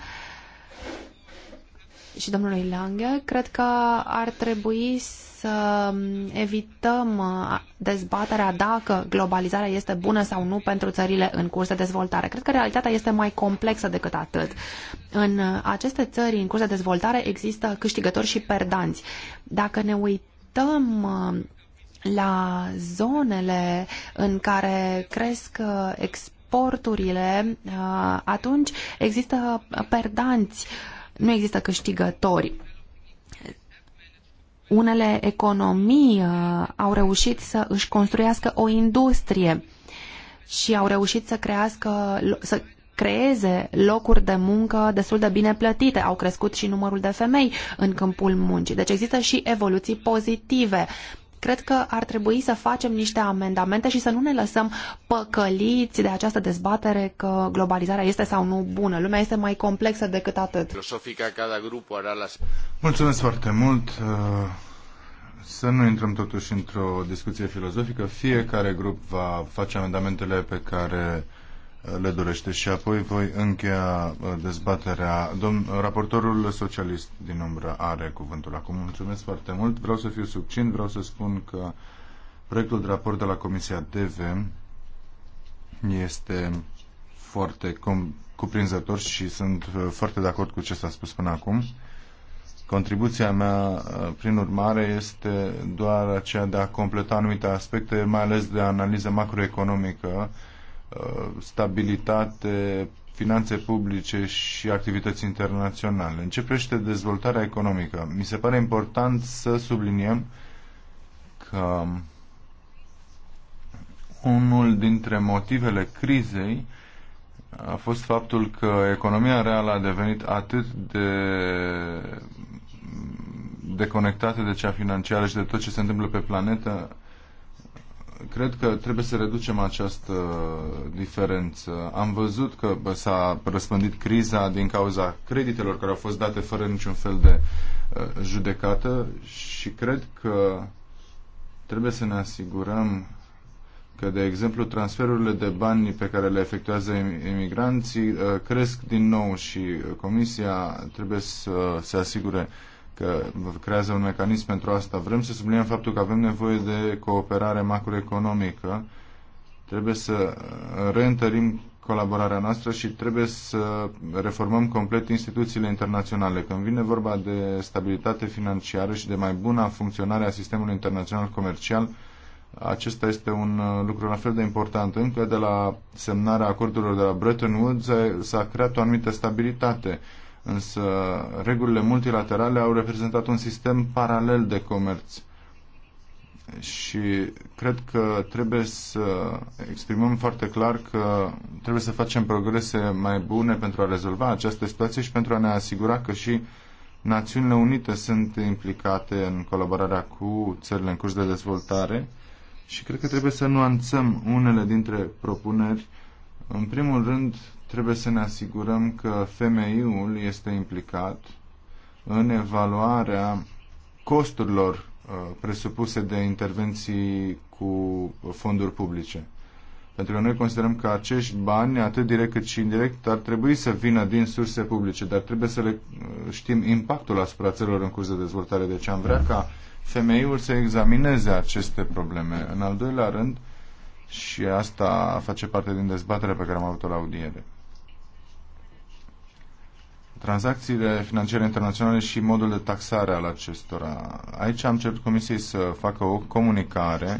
și domnului Lange, cred că ar trebui să evităm uh, dezbaterea dacă globalizarea este bună sau nu pentru țările în curs de dezvoltare. Cred că realitatea este mai complexă decât atât. În uh, aceste țări în curs de dezvoltare există câștigători și perdanți. Dacă ne uităm uh, la zonele în care cresc exporturile, atunci există perdanți nu există câștigători. Unele economii uh, au reușit să își construiască o industrie și au reușit să crească, să creeze locuri de muncă destul de bine plătite. Au crescut și numărul de femei în câmpul muncii. Deci există și evoluții pozitive. Cred că ar trebui să facem niște amendamente și să nu ne lăsăm păcăliți de această dezbatere că globalizarea este sau nu bună. Lumea este mai complexă decât atât. Mulțumesc foarte mult. Uh, să nu intrăm totuși într-o discuție filozofică. Fiecare grup va face amendamentele pe care le dorește și apoi voi încheia uh, dezbaterea. Domn, raportorul socialist din umbră are cuvântul acum. Mulțumesc foarte mult. Vreau să fiu subțint. vreau să spun că proiectul de raport de la Comisia DV este foarte cuprinzător și sunt uh, foarte de acord cu ce s-a spus până acum. Contribuția mea, uh, prin urmare, este doar aceea de a completa anumite aspecte, mai ales de analiză macroeconomică, Uh, stabilitate, finanțe publice și activități internaționale. Începește dezvoltarea economică. Mi se pare important să subliniem că unul dintre motivele crizei a fost faptul că economia reală a devenit atât de deconectată de cea financiară și de tot ce se întâmplă pe planetă, cred că trebuie să reducem această diferență. Am văzut că s-a răspândit criza din cauza creditelor care au fost date fără niciun fel de uh, judecată și cred că trebuie să ne asigurăm că, de exemplu, transferurile de bani pe care le efectuează emigranții uh, cresc din nou și Comisia trebuie să se asigure că creează un mecanism pentru asta. Vrem să subliniem faptul că avem nevoie de cooperare macroeconomică, trebuie să reîntărim colaborarea noastră și trebuie să reformăm complet instituțiile internaționale. Când vine vorba de stabilitate financiară și de mai bună funcționare a sistemului internațional comercial, acesta este un lucru la fel de important. Încă de la semnarea acordurilor de la Bretton Woods s-a creat o anumită stabilitate însă regulile multilaterale au reprezentat un sistem paralel de comerț și cred că trebuie să exprimăm foarte clar că trebuie să facem progrese mai bune pentru a rezolva această situație și pentru a ne asigura că și Națiunile Unite sunt implicate în colaborarea cu țările în curs de dezvoltare și cred că trebuie să nuanțăm unele dintre propuneri. În primul rând, Trebuie să ne asigurăm că femeiul este implicat în evaluarea costurilor uh, presupuse de intervenții cu fonduri publice. Pentru că noi considerăm că acești bani, atât direct cât și indirect, ar trebui să vină din surse publice, dar trebuie să le uh, știm impactul asupra țărilor în curs de dezvoltare. Deci am vrea ca femeiul să examineze aceste probleme. În al doilea rând, și asta face parte din dezbaterea pe care am avut-o la audiere tranzacțiile financiare internaționale și modul de taxare al acestora. Aici am cerut Comisiei să facă o comunicare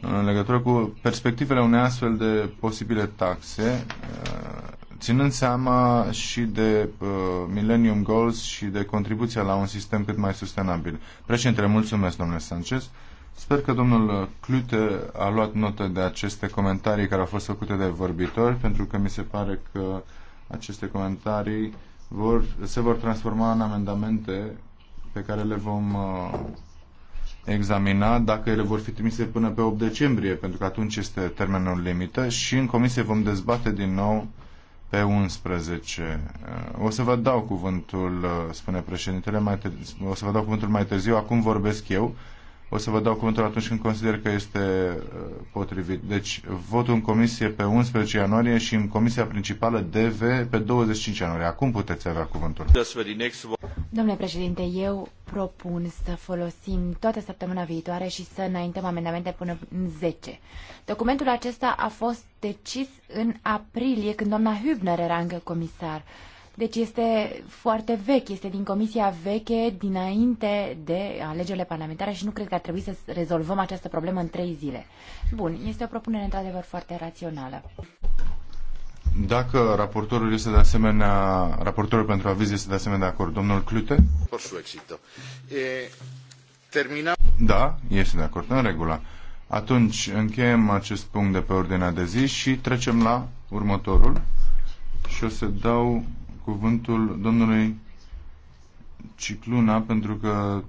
în legătură cu perspectivele unei astfel de posibile taxe, uh, ținând seama și de uh, Millennium Goals și de contribuția la un sistem cât mai sustenabil. Președintele, mulțumesc, domnule Sanchez. Sper că domnul Clute a luat notă de aceste comentarii care au fost făcute de vorbitori, pentru că mi se pare că aceste comentarii vor, se vor transforma în amendamente pe care le vom uh, examina dacă ele vor fi trimise până pe 8 decembrie, pentru că atunci este termenul limită și în comisie vom dezbate din nou pe 11. Uh, o să vă dau cuvântul, uh, spune președintele, mai târziu, o să vă dau cuvântul mai târziu, acum vorbesc eu o să vă dau cuvântul atunci când consider că este uh, potrivit. Deci, votul în comisie pe 11 ianuarie și în comisia principală DV pe 25 ianuarie. Acum puteți avea cuvântul. Domnule președinte, eu propun să folosim toată săptămâna viitoare și să înaintăm amendamente până în 10. Documentul acesta a fost decis în aprilie, când doamna Hübner era încă comisar. Uh, deci este foarte vechi, este din comisia veche dinainte de alegerile parlamentare și nu cred că ar trebui să rezolvăm această problemă în trei zile. Bun, este o propunere într-adevăr foarte rațională. Dacă raportorul este de asemenea, raportorul pentru aviz este de asemenea de acord, domnul Clute? Por su éxito. Eh, termina... Da, este de acord, în regulă. Atunci încheiem acest punct de pe ordinea de zi și trecem la următorul și o să dau cuvântul domnului Cicluna, pentru că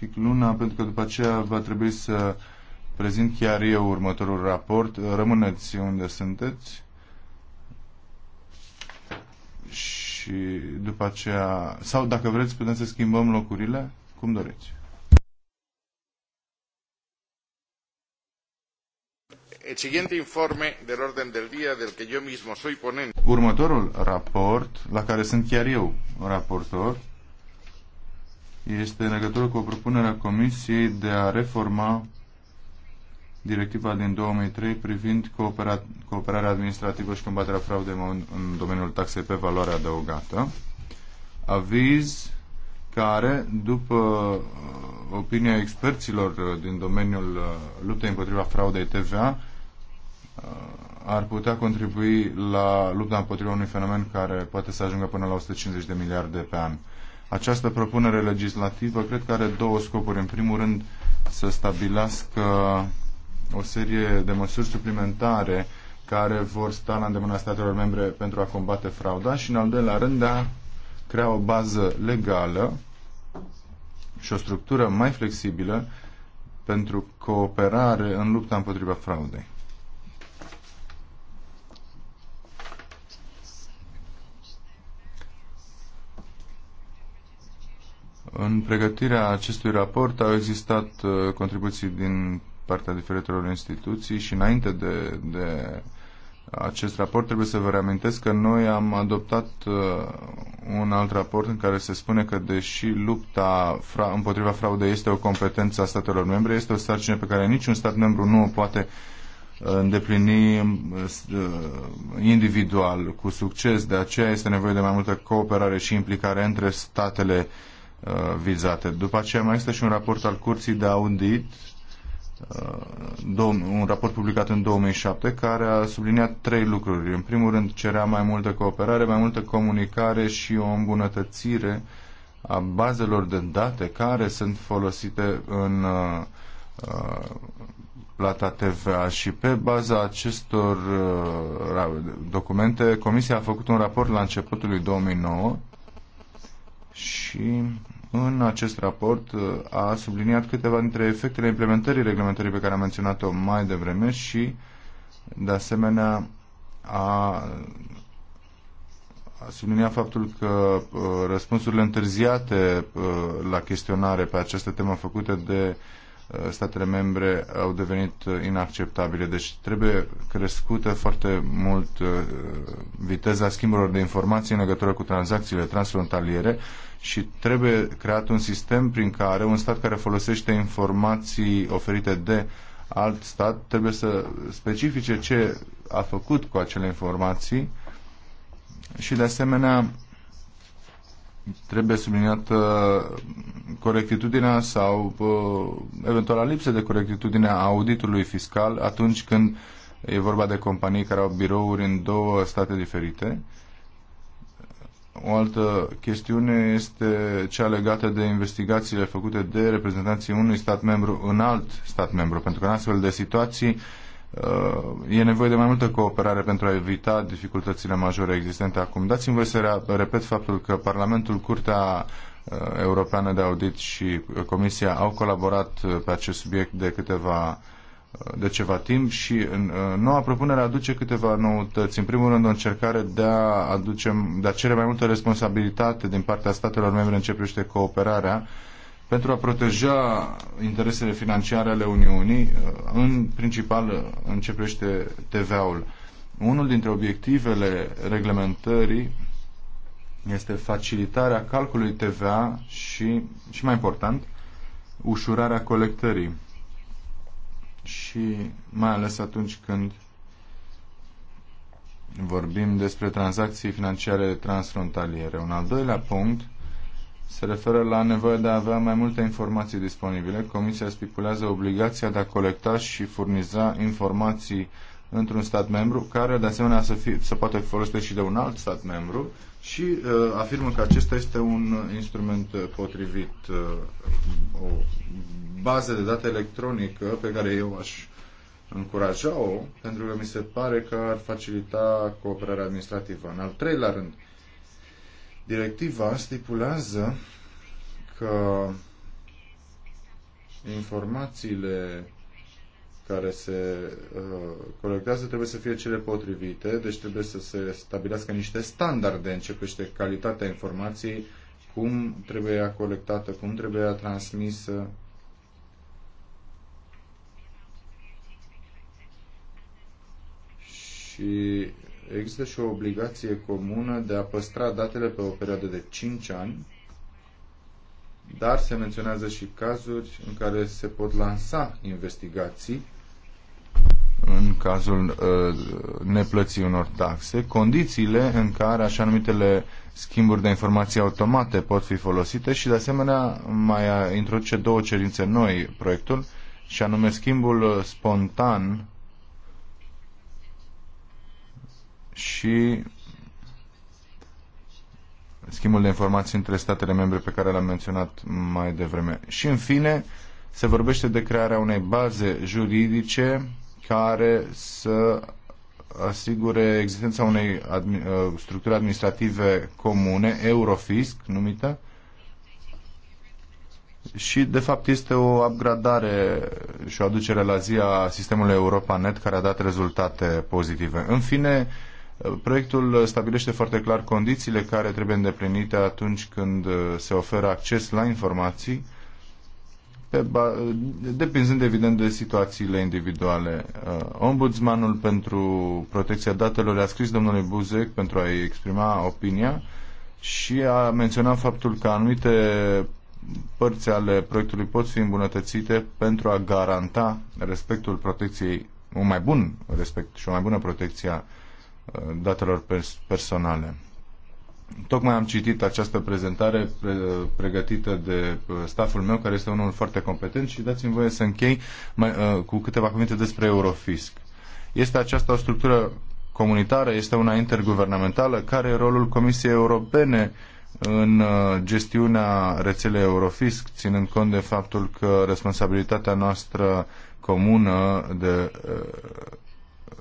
uh, pentru că după aceea va trebui să prezint chiar eu următorul raport. Rămâneți unde sunteți și după aceea, sau dacă vreți, putem să schimbăm locurile, cum doriți. El siguiente informe del orden del día del que yo mismo soy ponente. Următorul raport, la care sunt chiar eu raportor, este în legătură cu o propunere a Comisiei de a reforma directiva din 2003 privind coopera cooperarea administrativă și combaterea fraudei în, în domeniul taxei pe valoare adăugată. Aviz care, după uh, opinia experților uh, din domeniul uh, luptei împotriva fraudei TVA, ar putea contribui la lupta împotriva unui fenomen care poate să ajungă până la 150 de miliarde pe an. Această propunere legislativă cred că are două scopuri. În primul rând, să stabilească o serie de măsuri suplimentare care vor sta la îndemâna statelor membre pentru a combate frauda și, în al doilea rând, de a crea o bază legală și o structură mai flexibilă pentru cooperare în lupta împotriva fraudei. În pregătirea acestui raport au existat uh, contribuții din partea diferitelor instituții și înainte de, de acest raport trebuie să vă reamintesc că noi am adoptat uh, un alt raport în care se spune că deși lupta fra- împotriva fraudei este o competență a statelor membre, este o sarcină pe care niciun stat membru nu o poate uh, îndeplini individual cu succes, de aceea este nevoie de mai multă cooperare și implicare între statele uh, Uh, vizate. După aceea mai este și un raport al Curții de Audit, uh, un raport publicat în 2007, care a subliniat trei lucruri. În primul rând, cerea mai multă cooperare, mai multă comunicare și o îmbunătățire a bazelor de date care sunt folosite în uh, plata TVA și pe baza acestor documente Comisia a făcut un raport la începutul lui 2009 și în acest raport uh, a subliniat câteva dintre efectele implementării reglementării pe care am menționat-o mai devreme și, de asemenea, a a subliniat faptul că uh, răspunsurile întârziate uh, la chestionare pe această temă făcute de statele membre au devenit inacceptabile. Deci trebuie crescută foarte mult uh, viteza schimburilor de informații în legătură cu tranzacțiile transfrontaliere și trebuie creat un sistem prin care un stat care folosește informații oferite de alt stat trebuie să specifice ce a făcut cu acele informații și de asemenea trebuie subliniată corectitudinea sau uh, eventuala lipsă de corectitudine a auditului fiscal atunci când e vorba de companii care au birouri în două state diferite. O altă chestiune este cea legată de investigațiile făcute de reprezentanții unui stat membru în alt stat membru, pentru că în astfel de situații Uh, e nevoie de mai multă cooperare pentru a evita dificultățile majore existente acum. Dați-mi voi să repet faptul că Parlamentul, Curtea uh, Europeană de Audit și uh, Comisia au colaborat pe acest subiect de câteva de ceva timp și noua propunere aduce câteva noutăți. În primul rând, o încercare de a, aduce, de a cere mai multă responsabilitate din partea statelor membre în ce privește cooperarea pentru a proteja interesele financiare ale Uniunii, uh, în principal uh, începește TVA-ul. Unul dintre obiectivele reglementării este facilitarea calculului TVA și, și mai important, ușurarea colectării. Și mai ales atunci când vorbim despre tranzacții financiare transfrontaliere. Un al doilea punct se referă la nevoia de a avea mai multe informații disponibile. Comisia stipulează obligația de a colecta și furniza informații într-un stat membru, care de asemenea să, fi, să poate fi și de un alt stat membru și uh, afirmă că acesta este un instrument uh, potrivit, uh, o bază de date electronică pe care eu aș încuraja-o, pentru că mi se pare că ar facilita cooperarea administrativă. În al treilea rând, uh, Directiva stipulează că informațiile care se uh, colectează trebuie să fie cele potrivite, deci trebuie să se stabilească niște standarde în ce privește calitatea informației, cum trebuie ea colectată, cum trebuie ea transmisă. Și există și o obligație comună de a păstra datele pe o perioadă de 5 ani, dar se menționează și cazuri în care se pot lansa investigații în cazul uh, neplății unor taxe, condițiile în care așa numitele schimburi de informații automate pot fi folosite și de asemenea mai introduce două cerințe noi proiectul și anume schimbul uh, spontan și schimbul de informații între statele membre pe care l-am menționat mai devreme. Și în fine, se vorbește de crearea unei baze juridice care să asigure existența unei admi- uh, structuri administrative comune, Eurofisc numită, și de fapt este o upgradare și o aducere la zi a sistemului Europa Net care a dat rezultate pozitive. În fine, Proiectul stabilește foarte clar condițiile care trebuie îndeplinite atunci când uh, se oferă acces la informații, pe depinzând evident de situațiile individuale. Uh, ombudsmanul pentru protecția datelor a scris domnului Buzek pentru a-i exprima opinia și a menționat faptul că anumite părți ale proiectului pot fi îmbunătățite pentru a garanta respectul protecției, un mai bun respect și o mai bună protecție a datelor personale. Tocmai am citit această prezentare pre- pregătită de uh, stafful meu, care este unul foarte competent și dați-mi voie să închei mai, uh, cu câteva cuvinte despre Eurofisc. Este aceasta o structură comunitară, este una interguvernamentală, care e rolul Comisiei Europene în uh, gestiunea rețelei Eurofisc, ținând cont de faptul că responsabilitatea noastră comună de uh,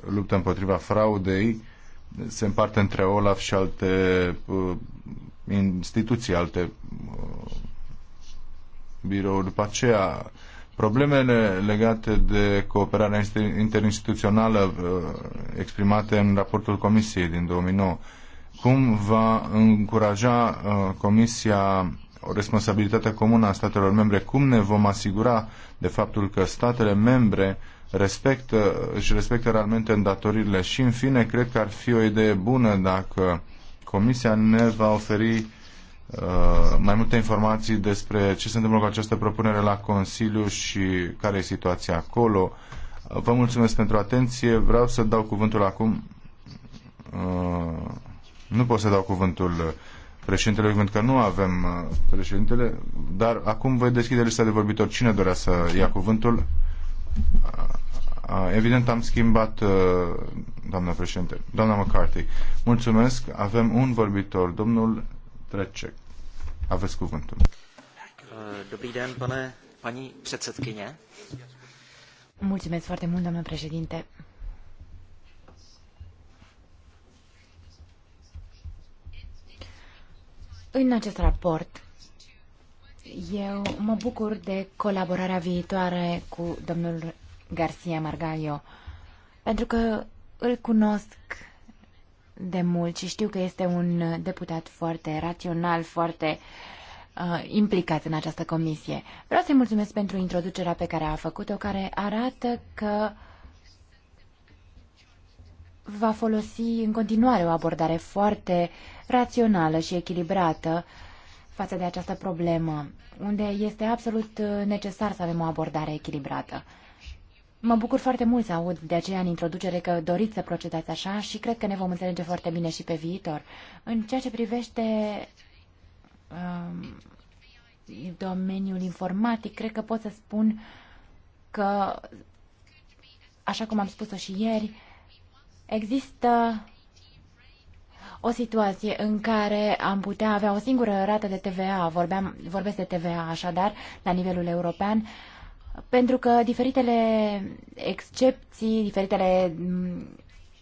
luptă împotriva fraudei se împarte între OLAF și alte uh, instituții, alte uh, birouri. După aceea, problemele legate de cooperarea interinstituțională uh, exprimate în raportul Comisiei din 2009, cum va încuraja uh, Comisia o responsabilitate comună a statelor membre? Cum ne vom asigura de faptul că statele membre uh, respectă, își respectă realmente îndatoririle și, în fine, cred că ar fi o idee bună dacă Comisia ne va oferi uh, mai multe informații despre ce se întâmplă cu această propunere la Consiliu și care e situația acolo. Uh, vă mulțumesc pentru atenție. Vreau să dau cuvântul acum. Uh, nu pot să dau cuvântul președintele, pentru că nu avem uh, președintele, dar acum voi deschide lista de vorbitori. Cine dorea să ia cuvântul? Evident am schimbat, uh, doamna președinte, doamna McCarthy. Mulțumesc, avem un vorbitor, domnul Trecek. Aveți cuvântul. Uh, dobrý den, pane, paní předsedkyně. Mulțumesc foarte mult, doamnă președinte. În acest raport eu mă bucur de colaborarea viitoare cu domnul Garcia Margallo, pentru că îl cunosc de mult și știu că este un deputat foarte rațional, foarte uh, implicat în această comisie. Vreau să-i mulțumesc pentru introducerea pe care a făcut-o, care arată că va folosi în continuare o abordare foarte rațională și echilibrată uh, față de această problemă, unde este absolut uh, necesar să avem o abordare echilibrată. Mă bucur foarte mult să aud de aceea în introducere că doriți să procedați așa și cred că ne vom înțelege foarte bine și pe viitor. În ceea ce privește um, domeniul informatic, cred că pot să spun că, așa cum am spus-o și ieri, există o situație în care am putea avea o singură rată de TVA, vorbeam, vorbesc de TVA așadar, la nivelul european, pentru că diferitele excepții, diferitele mm,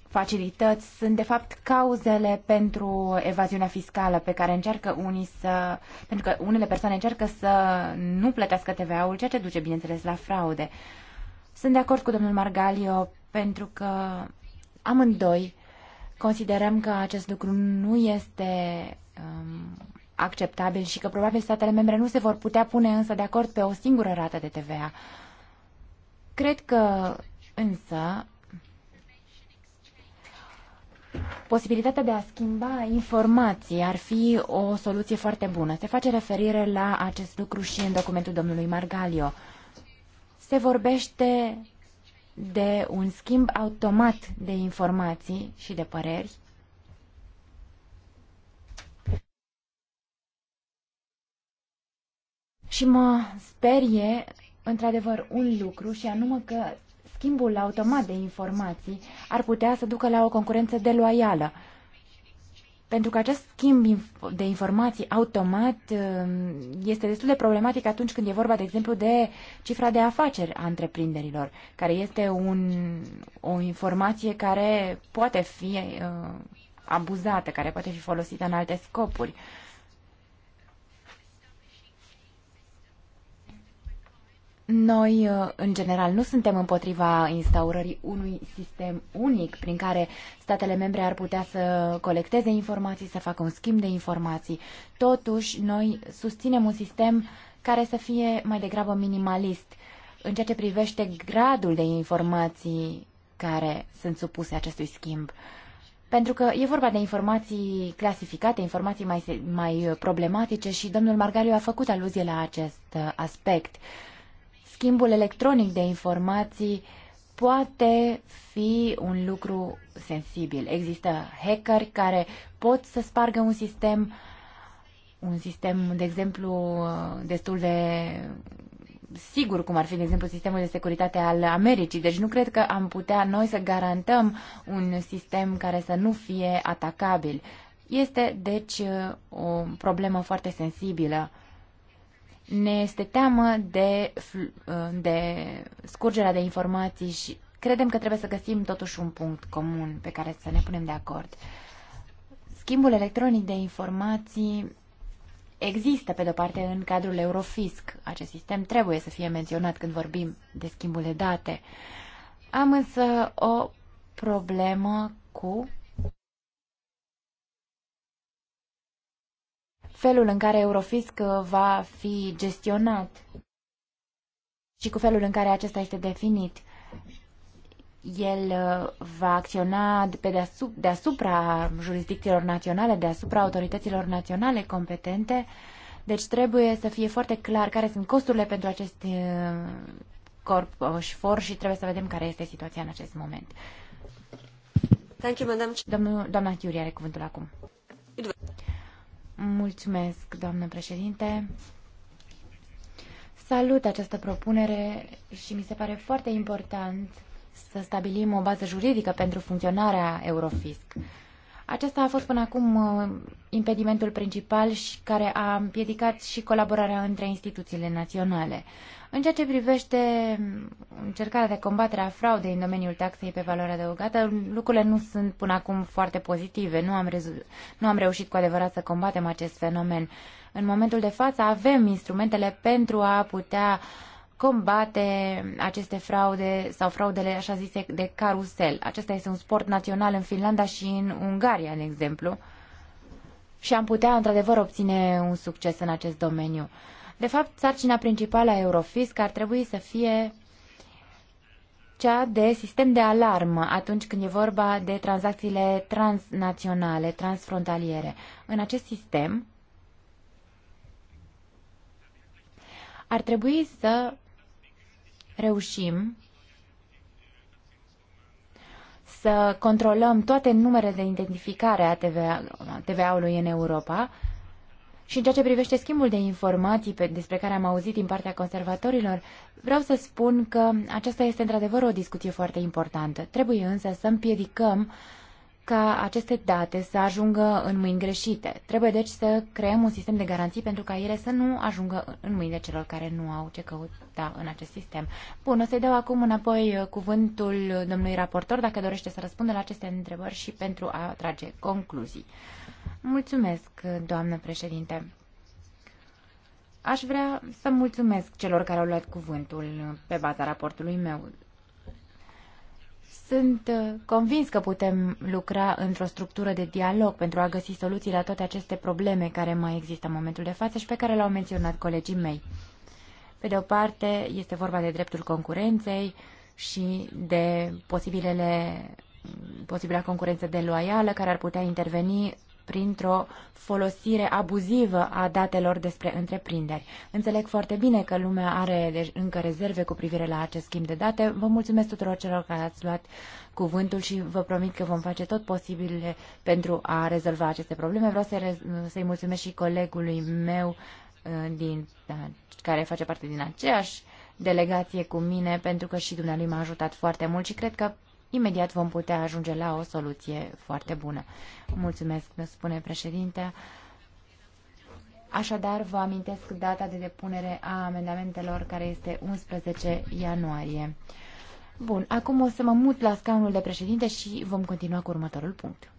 facilități sunt de fapt cauzele pentru evaziunea fiscală pe care încearcă unii să... pentru că unele persoane încearcă să nu plătească TVA-ul, ceea ce duce, bineînțeles, la fraude. Sunt de acord cu domnul Margalio pentru că amândoi Considerăm că acest lucru nu este um, acceptabil și că probabil statele membre nu se vor putea pune însă de acord pe o singură rată de TVA. Cred că însă posibilitatea de a schimba informații ar fi o soluție foarte bună. Se face referire la acest lucru și în documentul domnului Margalio. Se vorbește de un schimb automat de informații și de păreri Și mă sperie, într-adevăr, un lucru și anume că schimbul automat de informații ar putea să ducă la o concurență deloială pentru că acest schimb de informații automat um, este destul de problematic atunci când e vorba, de exemplu, de cifra de afaceri a întreprinderilor, care este un, o informație care poate fi uh, abuzată, care poate fi folosită în alte scopuri. Uh, Noi, uh, în general, nu suntem împotriva instaurării unui sistem unic prin care statele membre ar putea să colecteze informații, să facă un schimb de informații. Totuși, noi susținem un sistem care să fie mai degrabă minimalist în ceea ce privește gradul de informații care sunt supuse acestui schimb. Pentru că e vorba de informații clasificate, informații mai, mai uh, problematice și domnul Margariu a făcut aluzie la acest uh, aspect. Uh, schimbul electronic de informații poate fi un lucru sensibil. Există hackeri care pot să spargă un sistem, un sistem, de exemplu, destul de sigur, cum ar fi, de exemplu, sistemul de securitate al Americii. Deci nu cred că am putea noi să garantăm un sistem care să nu fie atacabil. Este, deci, o problemă foarte sensibilă ne este teamă de, uh, de scurgerea de informații și credem că trebuie să găsim totuși un punct comun pe care să ne punem de acord. Schimbul electronic de informații există, pe de-o parte, în cadrul Eurofisc. Acest sistem trebuie să fie menționat când vorbim de schimbul de date. Am însă o problemă cu felul în care Eurofisc uh, va fi gestionat și cu felul în care acesta este definit. El uh, va acționa pe deasupra, deasupra jurisdicțiilor naționale, deasupra autorităților naționale competente, deci trebuie să fie foarte clar care sunt costurile pentru acest uh, corp șfor și trebuie să vedem care este situația în acest moment. Thank you, madam. Domnul, doamna Chiuri are cuvântul acum. Mulțumesc, doamnă președinte. Salut această propunere și mi se pare foarte important să stabilim o bază juridică pentru funcționarea Eurofisc. Acesta a fost până acum uh, impedimentul principal și care a împiedicat și colaborarea între instituțiile naționale. În ceea ce privește încercarea de combatere a fraudei în domeniul taxei pe valoare adăugată, lucrurile nu sunt până acum foarte pozitive. Nu am, nu am reușit cu adevărat să combatem acest fenomen. În momentul de față avem instrumentele pentru a putea combate aceste fraude sau fraudele așa zise de carusel. Acesta este un sport național în Finlanda și în Ungaria, de exemplu. Și am putea într-adevăr obține un succes în acest domeniu. De fapt, sarcina principală a Eurofisc ar trebui să fie cea de sistem de alarmă atunci când e vorba de tranzacțiile transnaționale, transfrontaliere. În acest sistem ar trebui să reușim să controlăm toate numerele de identificare a TVA, tva în Europa și în ceea ce privește schimbul de informații pe, despre care am auzit din partea conservatorilor, vreau să spun că aceasta este într-adevăr o discuție foarte importantă. Trebuie însă să împiedicăm ca aceste date să ajungă în mâini greșite. Trebuie deci să creăm un sistem de garanții pentru ca ele să nu ajungă în mâinile celor care nu au ce căuta în acest sistem. Bun, o să-i dau acum înapoi uh, cuvântul domnului raportor dacă dorește să răspundă la aceste întrebări și pentru a trage concluzii. Mulțumesc, doamnă președinte. Aș vrea să mulțumesc celor care au luat cuvântul pe baza raportului meu. Sunt uh, convins că putem lucra într-o structură de dialog pentru a găsi soluții la toate aceste probleme care mai există în momentul de față și pe care le-au menționat colegii mei. Pe de o parte, este vorba de dreptul concurenței și de posibilele posibila concurență loială care ar putea interveni printr-o folosire abuzivă a datelor despre întreprinderi. Înțeleg foarte bine că lumea are deci, încă rezerve cu privire la acest schimb de date. Vă mulțumesc tuturor celor care ați luat cuvântul și vă promit că vom face tot posibil pentru a rezolva aceste probleme. Vreau să-i, mulțumesc și colegului meu uh, din, da, care face parte din aceeași delegație cu mine, pentru că și dumnealui m-a ajutat foarte mult și cred că imediat vom putea ajunge la o soluție foarte bună. Mulțumesc, spune președinte. Așadar, vă amintesc data de depunere a amendamentelor, care este 11 ianuarie. Bun, acum o să mă mut la scaunul de președinte și vom continua cu următorul punct.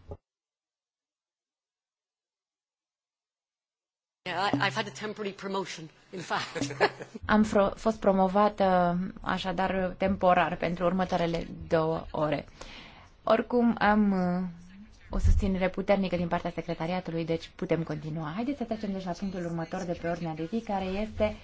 I've had a temporary promotion, in fact. Am fost promovată uh, așadar temporar pentru următoarele două ore. Oricum am uh, o susținere puternică din partea secretariatului, deci putem continua. Haideți să trecem deci la punctul următor de pe ordinea de zi, care este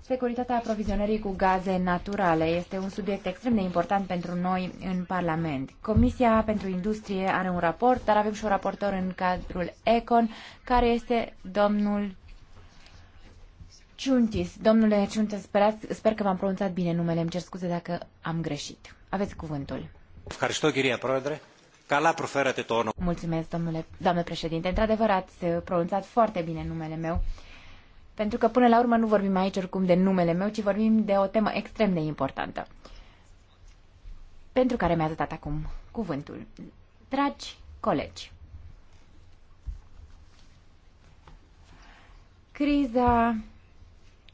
securitatea aprovizionării cu gaze naturale. Este un subiect extrem de important pentru noi în Parlament. Comisia pentru Industrie are un raport, dar avem și un raportor în cadrul ECON, care este domnul Ciuntis, domnule Ciuntis, sperați, sper că v-am pronunțat bine numele, îmi cer scuze dacă am greșit. Aveți cuvântul. Mulțumesc, domnule, doamne președinte. Într-adevăr, ați uh, pronunțat foarte bine numele meu, pentru că până la urmă nu vorbim aici oricum de numele meu, ci vorbim de o temă extrem de importantă, pentru care mi-ați dat acum cuvântul. Dragi colegi, criza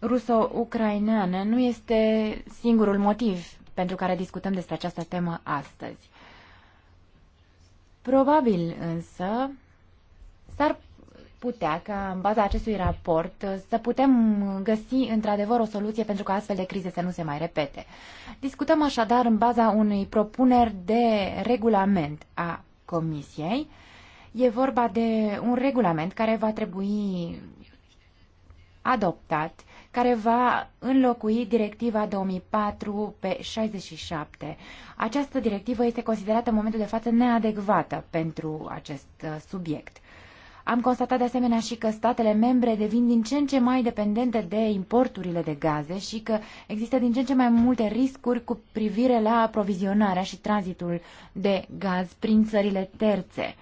ruso-ucraineană nu este singurul motiv pentru care discutăm despre această temă astăzi. Probabil însă s-ar putea ca în baza acestui raport să putem găsi într-adevăr o soluție pentru ca astfel de crize să nu se mai repete. Discutăm așadar în baza unei propuneri de regulament a Comisiei. E vorba de un regulament care va trebui adoptat care va înlocui directiva 2004 pe 67. Această directivă este considerată în momentul de față neadecvată pentru acest uh, subiect. Am constatat de asemenea și că statele membre devin din ce în ce mai dependente de importurile de gaze și că există din ce în ce mai multe riscuri cu privire la aprovizionarea și tranzitul de gaz prin țările terțe.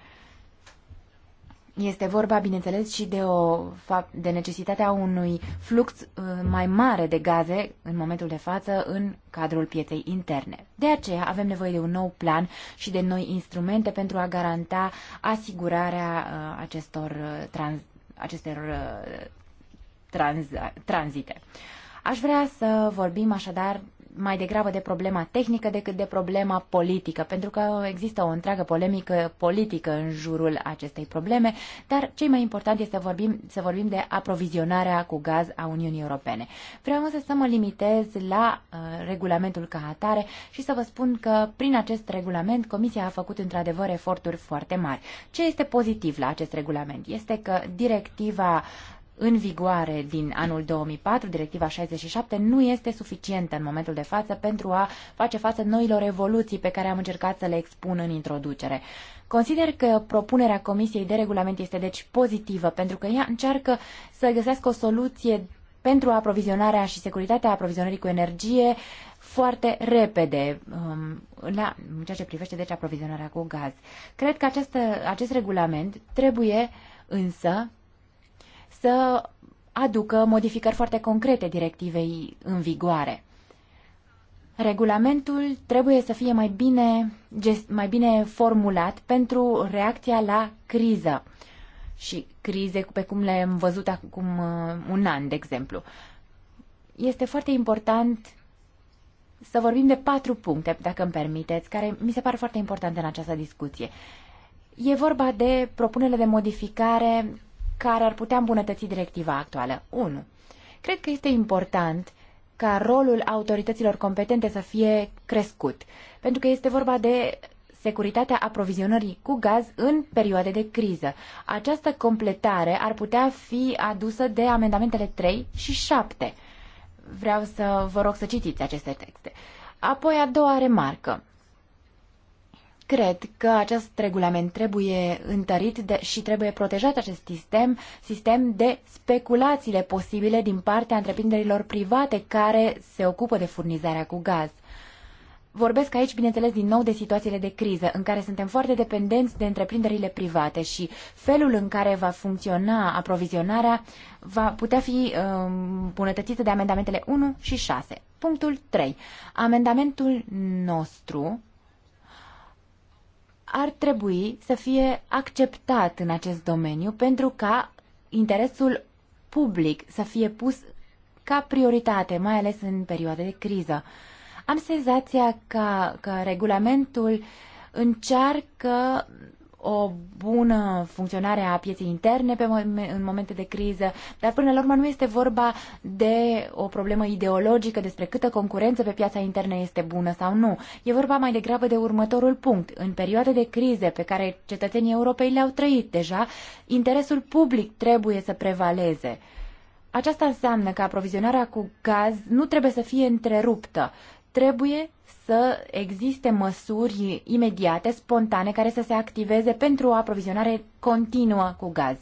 Este vorba, bineînțeles, și de, o, de necesitatea unui flux uh, mai mare de gaze în momentul de față în cadrul pieței interne. De aceea avem nevoie de un nou plan și de noi instrumente pentru a garanta asigurarea uh, acestor, uh, trans, acestor trans, tranzite. Aș vrea să vorbim așadar mai degrabă de problema tehnică decât de problema politică, pentru că există o întreagă polemică politică în jurul acestei probleme, dar cei mai important este să vorbim, să vorbim de aprovizionarea cu gaz a Uniunii Europene. Vreau însă să mă limitez la uh, regulamentul ca atare și să vă spun că prin acest regulament Comisia a făcut într-adevăr eforturi foarte mari. Ce este pozitiv la acest regulament? Este că directiva uh, în vigoare din anul 2004, directiva 67, nu este suficientă în momentul de față pentru a face față noilor evoluții pe care am încercat să le expun în introducere. Consider că propunerea Comisiei de Regulament este deci pozitivă pentru că ea încearcă să găsească o soluție pentru aprovizionarea și securitatea aprovizionării cu energie foarte repede um, la, în ceea ce privește deci aprovizionarea cu gaz. Cred că acest, acest regulament trebuie însă să aducă modificări foarte concrete directivei în vigoare. Regulamentul trebuie să fie mai bine, gest, mai bine formulat pentru reacția la criză și crize pe cum le-am văzut acum uh, un an, de exemplu. Este foarte important să vorbim de patru puncte, dacă îmi permiteți, care mi se par foarte importante în această discuție. E vorba de propunerile de modificare care ar putea îmbunătăți directiva actuală. 1. Cred că este important ca rolul autorităților competente să fie crescut, pentru că este vorba de securitatea aprovizionării cu gaz în perioade de criză. Această completare ar putea fi adusă de amendamentele 3 și 7. Vreau să vă rog să citiți aceste texte. Apoi a doua remarcă. Cred că acest regulament trebuie întărit de, și trebuie protejat acest sistem, sistem de speculațiile posibile din partea întreprinderilor private care se ocupă de furnizarea cu gaz. Vorbesc aici, bineînțeles, din nou de situațiile de criză, în care suntem foarte dependenți de întreprinderile private și felul în care va funcționa aprovizionarea va putea fi um, îmbunătățită um, de amendamentele 1 și 6. Punctul 3. Amendamentul nostru ar trebui să fie acceptat în acest domeniu pentru ca interesul public să fie pus ca prioritate, mai ales în perioade de criză. Am senzația că, că regulamentul încearcă o bună funcționare a pieței interne pe, în momente de criză, dar până la urmă nu este vorba de o problemă ideologică despre câtă concurență pe piața internă este bună sau nu. E vorba mai degrabă de următorul punct. În perioade de crize pe care cetățenii europei le-au trăit deja, interesul public trebuie să prevaleze. Aceasta înseamnă că aprovizionarea cu gaz nu trebuie să fie întreruptă. Trebuie să existe măsuri imediate, spontane, care să se activeze pentru o aprovizionare continuă cu gaz.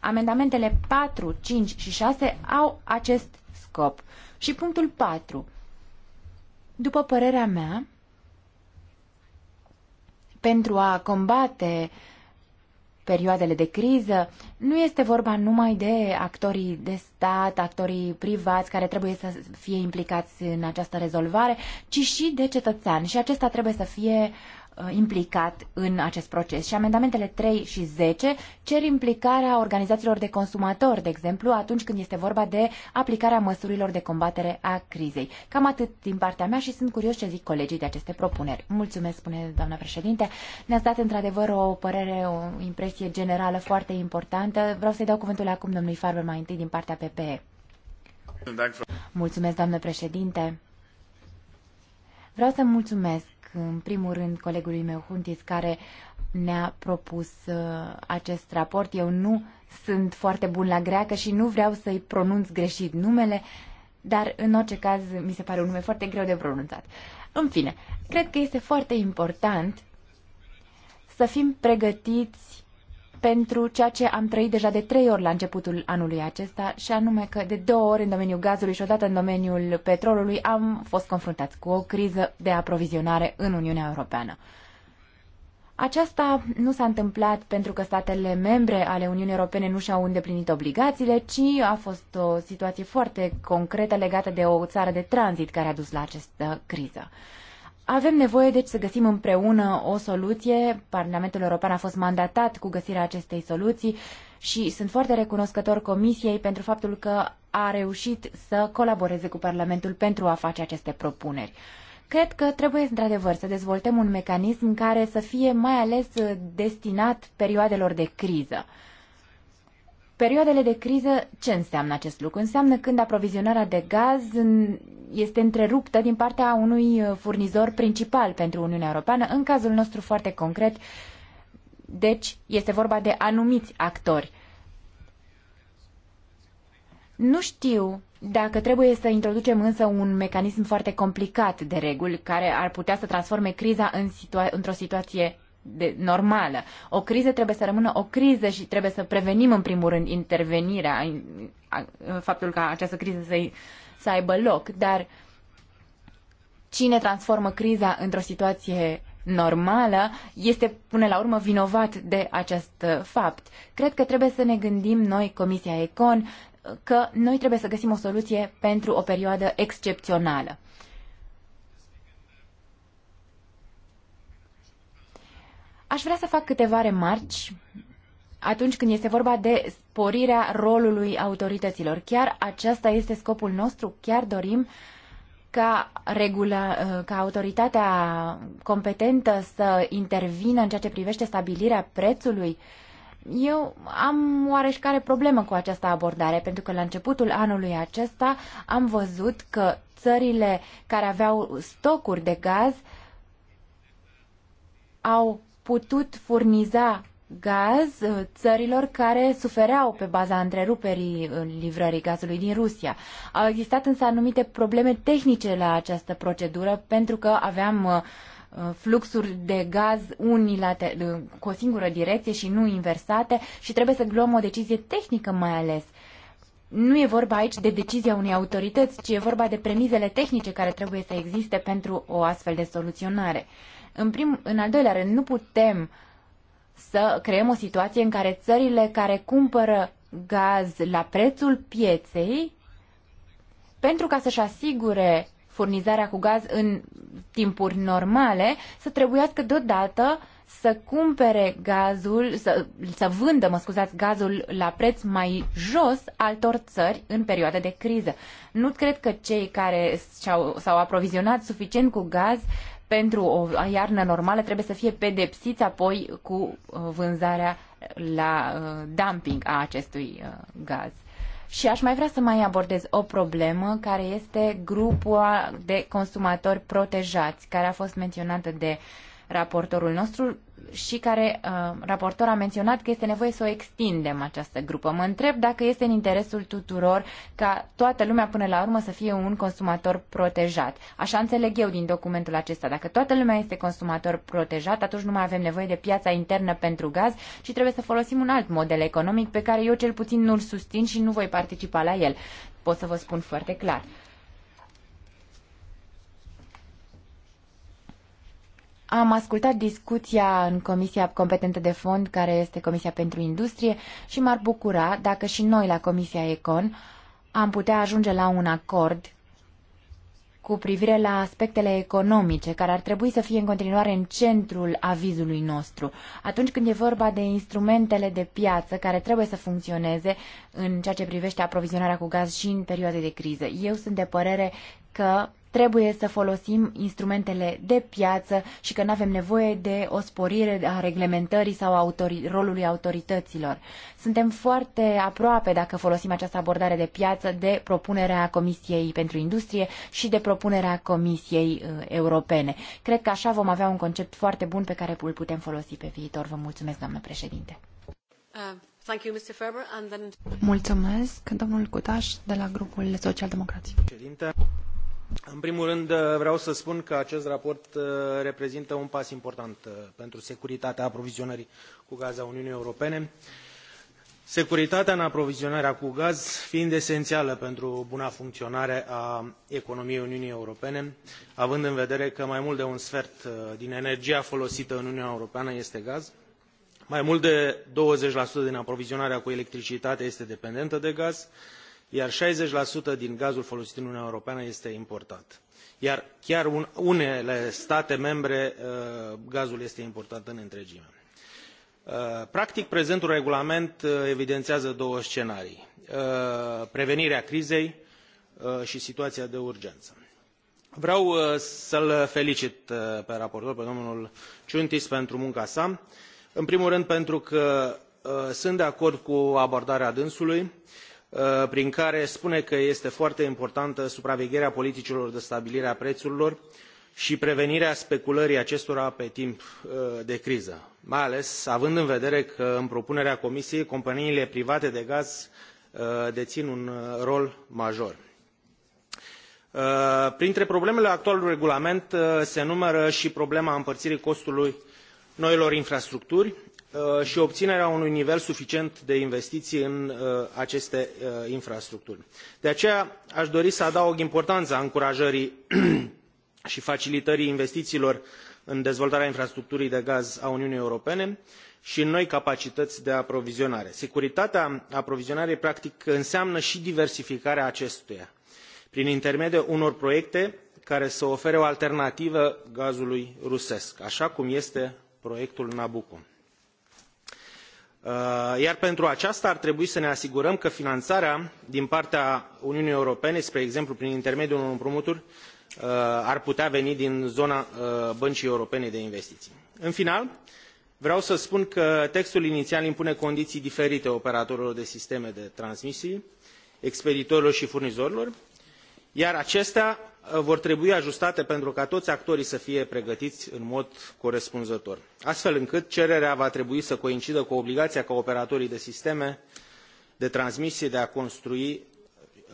Amendamentele 4, 5 și 6 au acest scop. Și punctul 4. După părerea mea, pentru a combate uh, perioadele de criză, nu este vorba numai de actorii de stat, actorii privați care trebuie să fie implicați în această rezolvare, ci și de cetățean. Și acesta trebuie să fie Uh, implicat în acest proces. Și amendamentele 3 și 10 cer implicarea organizațiilor de consumatori, de exemplu, atunci când este vorba de aplicarea măsurilor de combatere a crizei. Cam atât din partea mea și sunt curios ce zic colegii de aceste propuneri. Mulțumesc, spune doamna președinte. Ne-ați dat într-adevăr o părere, o impresie generală foarte importantă. Vreau să-i dau cuvântul acum domnului Farber mai întâi din partea PPE. Mulțumesc, doamnă președinte. Vreau să mulțumesc în primul rând colegului meu Huntis care ne-a propus uh, acest raport. Eu nu sunt foarte bun la greacă și nu vreau să-i pronunț greșit numele, dar în orice caz mi se pare un nume foarte greu de pronunțat. În fine, cred că este foarte important să fim pregătiți pentru ceea ce am trăit deja de trei ori la începutul anului acesta, și anume că de două ori în domeniul gazului și odată în domeniul petrolului am fost confruntați cu o criză de aprovizionare în Uniunea Europeană. Aceasta nu s-a întâmplat pentru că statele membre ale Uniunii Europene nu și-au îndeplinit obligațiile, ci a fost o situație foarte concretă legată de o țară de tranzit care a dus la această criză. Avem nevoie, deci, să găsim împreună o soluție. Parlamentul European a fost mandatat cu găsirea acestei soluții și sunt foarte recunoscător Comisiei pentru faptul că a reușit să colaboreze cu Parlamentul pentru a face aceste propuneri. Cred că trebuie, într-adevăr, să dezvoltăm un mecanism care să fie mai ales destinat perioadelor de criză. Perioadele de criză, ce înseamnă acest lucru? Înseamnă când aprovizionarea de gaz este întreruptă din partea unui uh, furnizor principal pentru Uniunea Europeană, în cazul nostru foarte concret, deci este vorba de anumiți actori. Nu știu dacă trebuie să introducem însă un mecanism foarte complicat de reguli care ar putea să transforme criza în situa- într-o situație de, normală. O criză trebuie să rămână o criză și trebuie să prevenim în primul rând intervenirea, a, faptul ca această criză să, să aibă loc, dar cine transformă criza într-o situație normală este până la urmă vinovat de acest uh, fapt. Cred că trebuie să ne gândim noi, Comisia Econ, uh, că noi trebuie să găsim o soluție pentru o perioadă excepțională. Aș vrea să fac câteva remarci atunci când este vorba de sporirea rolului autorităților. Chiar acesta este scopul nostru, chiar dorim ca, regula, ca autoritatea competentă să intervină în ceea ce privește stabilirea prețului. Eu am oareșcare problemă cu această abordare, pentru că la începutul anului acesta am văzut că țările care aveau stocuri de gaz au putut furniza gaz uh, țărilor care sufereau pe baza întreruperii uh, livrării gazului din Rusia. Au existat însă anumite probleme tehnice la această procedură pentru că aveam uh, fluxuri de gaz unilate, cu o singură direcție și nu inversate și trebuie să luăm o decizie tehnică mai ales. Nu e vorba aici de decizia unei autorități, ci e vorba de premizele tehnice care trebuie să existe pentru o astfel de soluționare. În, prim, în al doilea rând, nu putem să creăm o situație în care țările care cumpără gaz la prețul pieței, pentru ca să-și asigure furnizarea cu gaz în timpuri normale, să trebuiască deodată să cumpere gazul, să, să vândă, mă scuzați, gazul la preț mai jos altor țări în perioada de criză. Nu cred că cei care s-au, aprovizionat suficient cu gaz pentru o iarnă normală trebuie să fie pedepsiți apoi cu uh, vânzarea la uh, dumping a acestui uh, gaz. Și aș mai vrea să mai abordez o problemă care este grupul de consumatori protejați, care a fost menționată de raportorul nostru, și care uh, raportor a menționat că este nevoie să o extindem această grupă. Mă întreb dacă este în interesul tuturor ca toată lumea până la urmă să fie un consumator protejat. Așa înțeleg eu din documentul acesta. Dacă toată lumea este consumator protejat, atunci nu mai avem nevoie de piața internă pentru gaz, ci trebuie să folosim un alt model economic pe care eu cel puțin nu-l susțin și nu voi participa la el. Pot să vă spun foarte clar. Uh, Am ascultat discuția în Comisia Competentă de Fond, care este Comisia pentru Industrie, și m-ar bucura dacă și noi la Comisia Econ am putea ajunge la un acord cu privire la aspectele economice, care ar trebui să fie în continuare în centrul avizului nostru. Atunci când e vorba de instrumentele de piață care trebuie să funcționeze în ceea ce privește aprovizionarea cu gaz și în perioade de criză. Eu sunt de părere că trebuie să folosim instrumentele de piață și că nu avem nevoie de o sporire a reglementării sau autori, rolului autorităților. Suntem foarte aproape, dacă folosim această abordare de piață, de propunerea Comisiei pentru Industrie și de propunerea Comisiei uh, Europene. Cred că așa vom avea un concept foarte bun pe care îl putem folosi pe viitor. Vă mulțumesc, doamnă președinte. Uh. Thank you, Mr. Ferber, and then... Mulțumesc, domnul Cutaș, de la grupul Social Democrații în primul rând uh, vreau să spun că acest raport uh, reprezintă un pas important uh, pentru securitatea aprovizionării cu gaz a uniunii europene securitatea în aprovizionarea cu gaz fiind esențială pentru buna funcționare a economiei uniunii europene având în vedere că mai mult de un sfert din energia folosită în uniunea europeană este gaz mai mult de douăzeci din aprovizionarea cu electricitate este dependentă de gaz iar șaizeci din gazul folosit în uniunea europeană este importat iar chiar în unele state membre uh, gazul este importat în întregime. Uh, practic prezentul regulament uh, evidențiază două scenarii prevenirea crizei și situația de urgență. vreau să l felicit pe raportor pe domnul chountis pentru munca sa în primul rând pentru că sunt de acord cu abordarea dânsului Uh, prin care spune că este foarte importantă supravegherea politicilor de stabilire a preurilor i prevenirea speculării acestora pe timp uh, de criză mai ales având în vedere că în propunerea comisiei companiile private de gaz uh, dein un rol major. printre problemele actualului regulament se numără i problema împăririi costului noilor infrastructuri Uh, și obținerea unui nivel suficient de investiții în uh, aceste uh, infrastructuri. De aceea aș dori să adaug importanța încurajării și facilitării investițiilor în dezvoltarea infrastructurii de gaz a Uniunii Europene și în noi capacități de aprovizionare. Securitatea aprovizionării practic înseamnă și diversificarea acestuia prin intermediul unor proiecte care să ofere o alternativă gazului rusesc, așa cum este proiectul Nabucco. Uh, iar pentru aceasta ar trebui să ne asigurăm că finanțarea din partea uniunii europene spre exemplu prin intermediul unor împrumuturi uh, ar putea veni din zona uh, băncii europene de investiții. în final vreau să spun că textul inițial impune condiții diferite operatorilor de sisteme de transmisie expeditorilor și furnizorilor iar acestea vor trebui ajustate pentru ca toți actorii să fie pregătiți în mod corespunzător, astfel încât cererea va trebui să coincidă cu obligația ca operatorii de sisteme de transmisie de a construi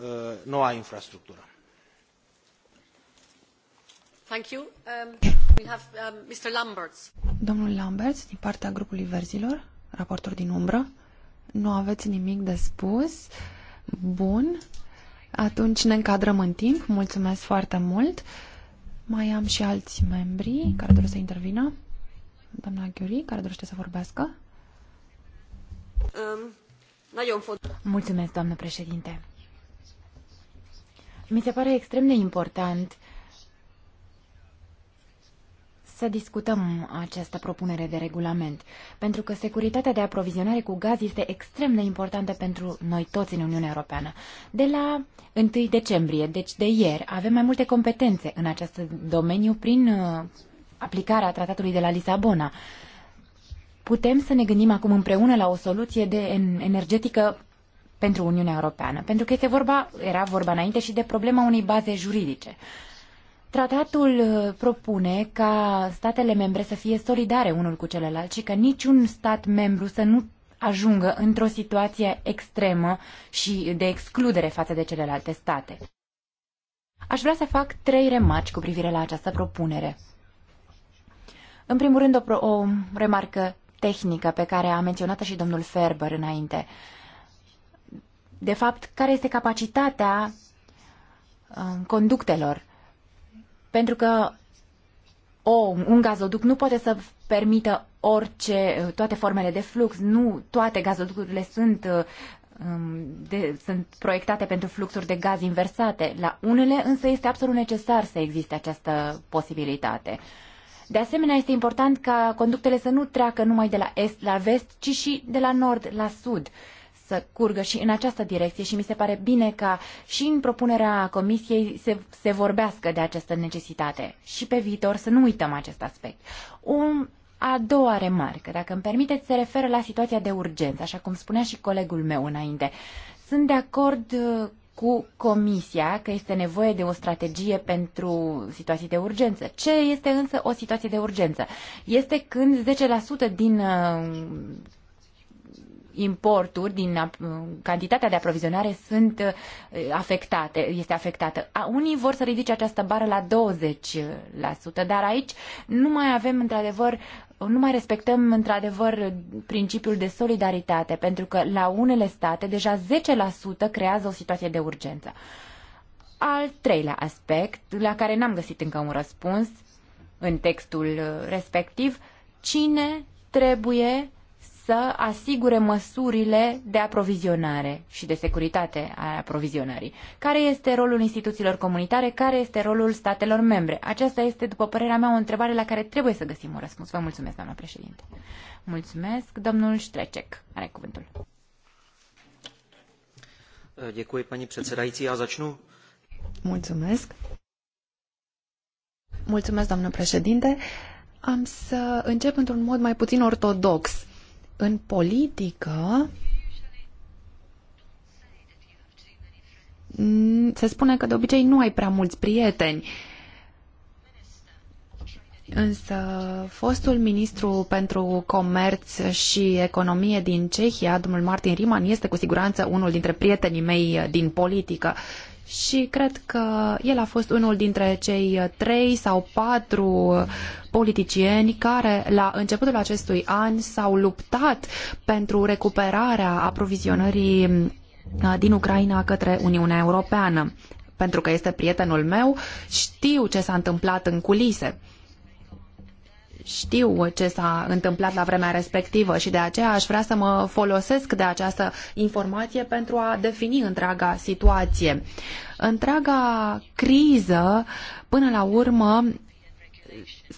uh, noua infrastructură. Thank you. Um, we have, um, Mr. Lamberts. Domnul Lamberts, din partea grupului Verzilor, raportor din umbră, nu aveți nimic de spus. Bun. Atunci ne încadrăm în timp. Mulțumesc foarte mult. Mai am și alți membri care doresc să intervină. Doamna Ghiuri, care dorește să vorbească. Mulțumesc, doamnă președinte. Mi se pare extrem de important să discutăm această propunere de regulament, pentru că securitatea de aprovizionare cu gaz este extrem de importantă pentru noi toți în Uniunea Europeană. De la 1 decembrie, deci de ieri, avem mai multe competențe în acest domeniu prin uh, aplicarea tratatului de la Lisabona. Putem să ne gândim acum împreună la o soluție de energetică pentru Uniunea Europeană, pentru că este vorba, era vorba înainte și de problema unei baze juridice. Uh, Tratatul uh, propune ca statele membre să fie solidare unul cu celălalt și că niciun stat membru să nu ajungă într-o situație extremă și de excludere față de celelalte state. Aș vrea să fac trei remarci cu privire la această propunere. În primul rând, o, pro- o remarcă tehnică pe care a menționat-o și domnul Ferber înainte. De fapt, care este capacitatea uh, conductelor pentru că o, un gazoduc nu poate să permită orice, toate formele de flux, nu toate gazoducurile sunt um, de, sunt proiectate pentru fluxuri de gaz inversate. La unele însă este absolut necesar să existe această posibilitate. De asemenea, este important ca conductele să nu treacă numai de la est la vest, ci și de la nord la sud. Uh, să curgă și în această direcție și mi se pare bine ca și în propunerea Comisiei se, se vorbească de această necesitate și pe viitor să nu uităm acest aspect. Un, a doua remarcă, dacă îmi permiteți, se referă la situația de urgență, așa cum spunea și colegul meu înainte. Sunt de acord uh, cu Comisia că este nevoie de o strategie pentru situații de urgență. Ce este însă o situație de urgență? Este când 10% din uh, importuri din cantitatea de aprovizionare sunt eh, afectate, este afectată. Unii vor să ridice această bară la 20%, dar aici nu mai avem într-adevăr nu mai respectăm într-adevăr principiul de solidaritate, pentru că la unele state deja 10% creează o situație de urgență. Al treilea aspect, la care n-am găsit încă un răspuns în textul eh, respectiv, cine trebuie să asigure măsurile de aprovizionare și de securitate a aprovizionării. Care este rolul instituțiilor comunitare? Care este rolul statelor membre? Aceasta este, după părerea mea, o întrebare la care trebuie să găsim un răspuns. Vă mulțumesc, doamna președinte. Mulțumesc. Domnul Ștrecek are cuvântul. Děkuji, paní předsedající. Já začnu. Mulțumesc. Mulțumesc, doamnă președinte. Am să încep într-un mod mai puțin ortodox. În politică mm, se spune că de obicei nu ai prea mulți prieteni. Însă fostul ministru pentru comerț și economie din Cehia, domnul Martin Riman, este cu siguranță unul dintre prietenii mei din politică și cred că el a fost unul dintre cei trei sau patru politicieni care la începutul acestui an s-au luptat pentru recuperarea aprovizionării uh, din Ucraina către Uniunea Europeană. Pentru că este prietenul meu, știu ce s-a întâmplat în culise știu ce s-a întâmplat la vremea respectivă și de aceea aș vrea să mă folosesc de această informație pentru a defini întreaga situație. Întreaga criză, până la urmă,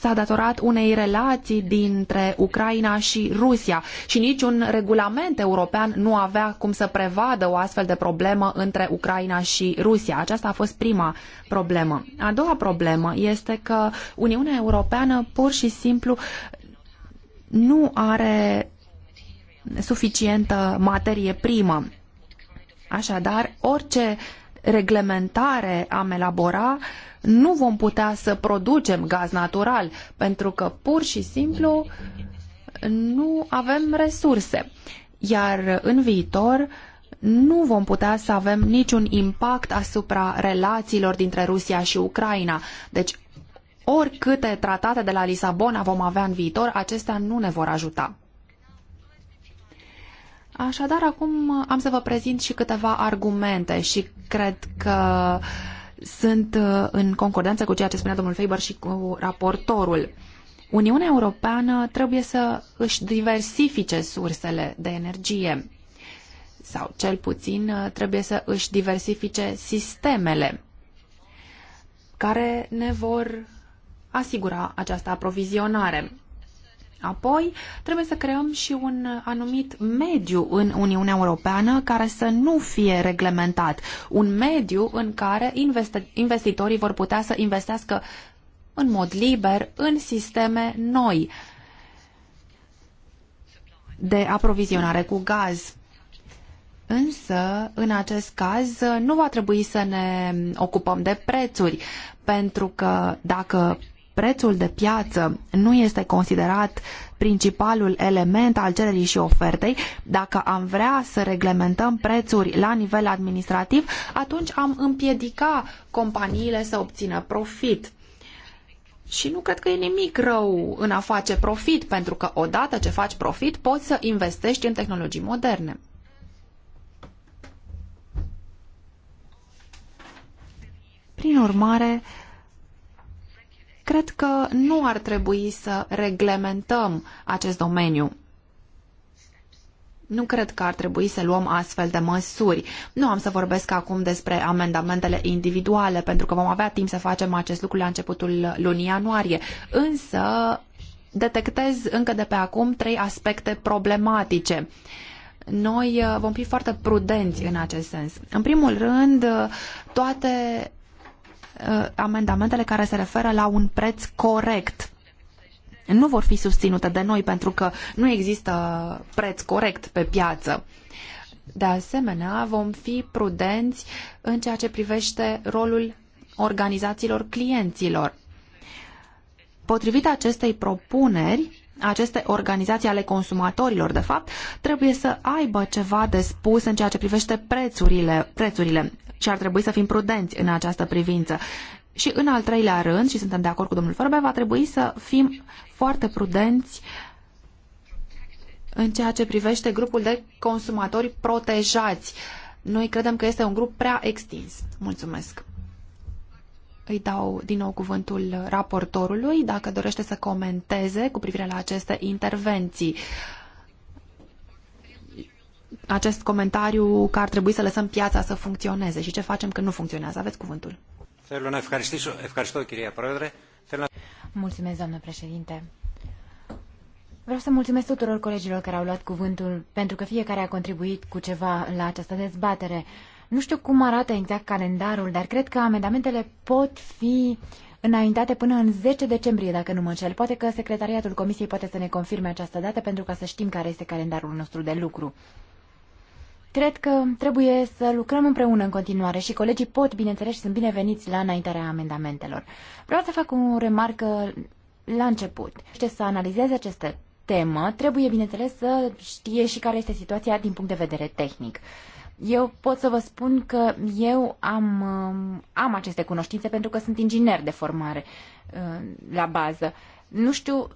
s-a datorat unei relații dintre Ucraina și Rusia și niciun regulament european nu avea cum să prevadă o astfel de problemă între Ucraina și Rusia. Aceasta a fost prima problemă. A doua problemă este că Uniunea Europeană pur și simplu nu are suficientă materie primă. Așadar, orice reglementare am elabora nu vom putea să producem gaz natural, pentru că pur și simplu nu avem resurse. Iar în viitor nu vom putea să avem niciun impact asupra relațiilor dintre Rusia și Ucraina. Deci, oricâte tratate de la Lisabona vom avea în viitor, acestea nu ne vor ajuta. Așadar, acum am să vă prezint și câteva argumente și cred că uh, sunt uh, în concordanță cu ceea ce spunea domnul Faber și cu raportorul. Uniunea Europeană trebuie să își diversifice sursele de energie sau cel puțin uh, trebuie să își diversifice sistemele care ne vor asigura această aprovizionare. Apoi, trebuie să creăm și un anumit mediu în Uniunea Europeană care să nu fie reglementat. Un mediu în care investitorii vor putea să investească în mod liber în sisteme noi de aprovizionare cu gaz. Însă, în acest caz, nu va trebui să ne ocupăm de prețuri, pentru că dacă prețul de piață nu este considerat principalul element al cererii și ofertei, dacă am vrea să reglementăm prețuri la nivel administrativ, atunci am împiedica companiile să obțină profit. Și nu cred că e nimic rău în a face profit, pentru că odată ce faci profit, poți să investești în tehnologii moderne. Prin urmare, cred că nu ar trebui să reglementăm acest domeniu. Nu cred că ar trebui să luăm astfel de măsuri. Nu am să vorbesc acum despre amendamentele individuale, pentru că vom avea timp să facem acest lucru la începutul lunii ianuarie. Însă detectez încă de pe acum trei aspecte problematice. Noi uh, vom fi foarte prudenți în acest sens. În primul rând, uh, toate Uh, amendamentele care se referă la un preț corect nu vor fi susținute de noi pentru că nu există preț corect pe piață. De asemenea, vom fi prudenți în ceea ce privește rolul organizațiilor clienților. Potrivit acestei propuneri, aceste organizații ale consumatorilor, de fapt, trebuie să aibă ceva de spus în ceea ce privește prețurile, prețurile și ar trebui să fim prudenți în această privință. Și în al treilea rând, și suntem de acord cu domnul Forbe, va trebui să fim foarte prudenți în ceea ce privește grupul de consumatori protejați. Noi credem că este un grup prea extins. Mulțumesc. Îi dau din nou cuvântul raportorului dacă dorește să comenteze cu privire la aceste intervenții. Uh, acest comentariu că ar trebui să lăsăm piața să funcționeze și ce facem când nu funcționează. Aveți cuvântul. Mulțumesc, doamnă președinte. Vreau să mulțumesc tuturor colegilor care au luat cuvântul, pentru că fiecare a contribuit cu ceva la această dezbatere. Nu știu cum arată exact calendarul, dar cred că amendamentele pot fi înaintate până în 10 decembrie, dacă nu mă înșel. Poate că secretariatul comisiei poate să ne confirme această dată pentru ca să știm care este calendarul nostru de lucru. Cred că trebuie să lucrăm împreună în continuare și colegii pot, bineînțeles, și sunt bineveniți la înaintarea amendamentelor. Vreau să fac o remarcă la început. Ce să analizeze aceste temă, trebuie, bineînțeles, să știe și care este situația din punct de vedere tehnic. Eu pot să vă spun că eu am, um, am aceste cunoștințe pentru că sunt inginer de formare uh, la bază. Nu știu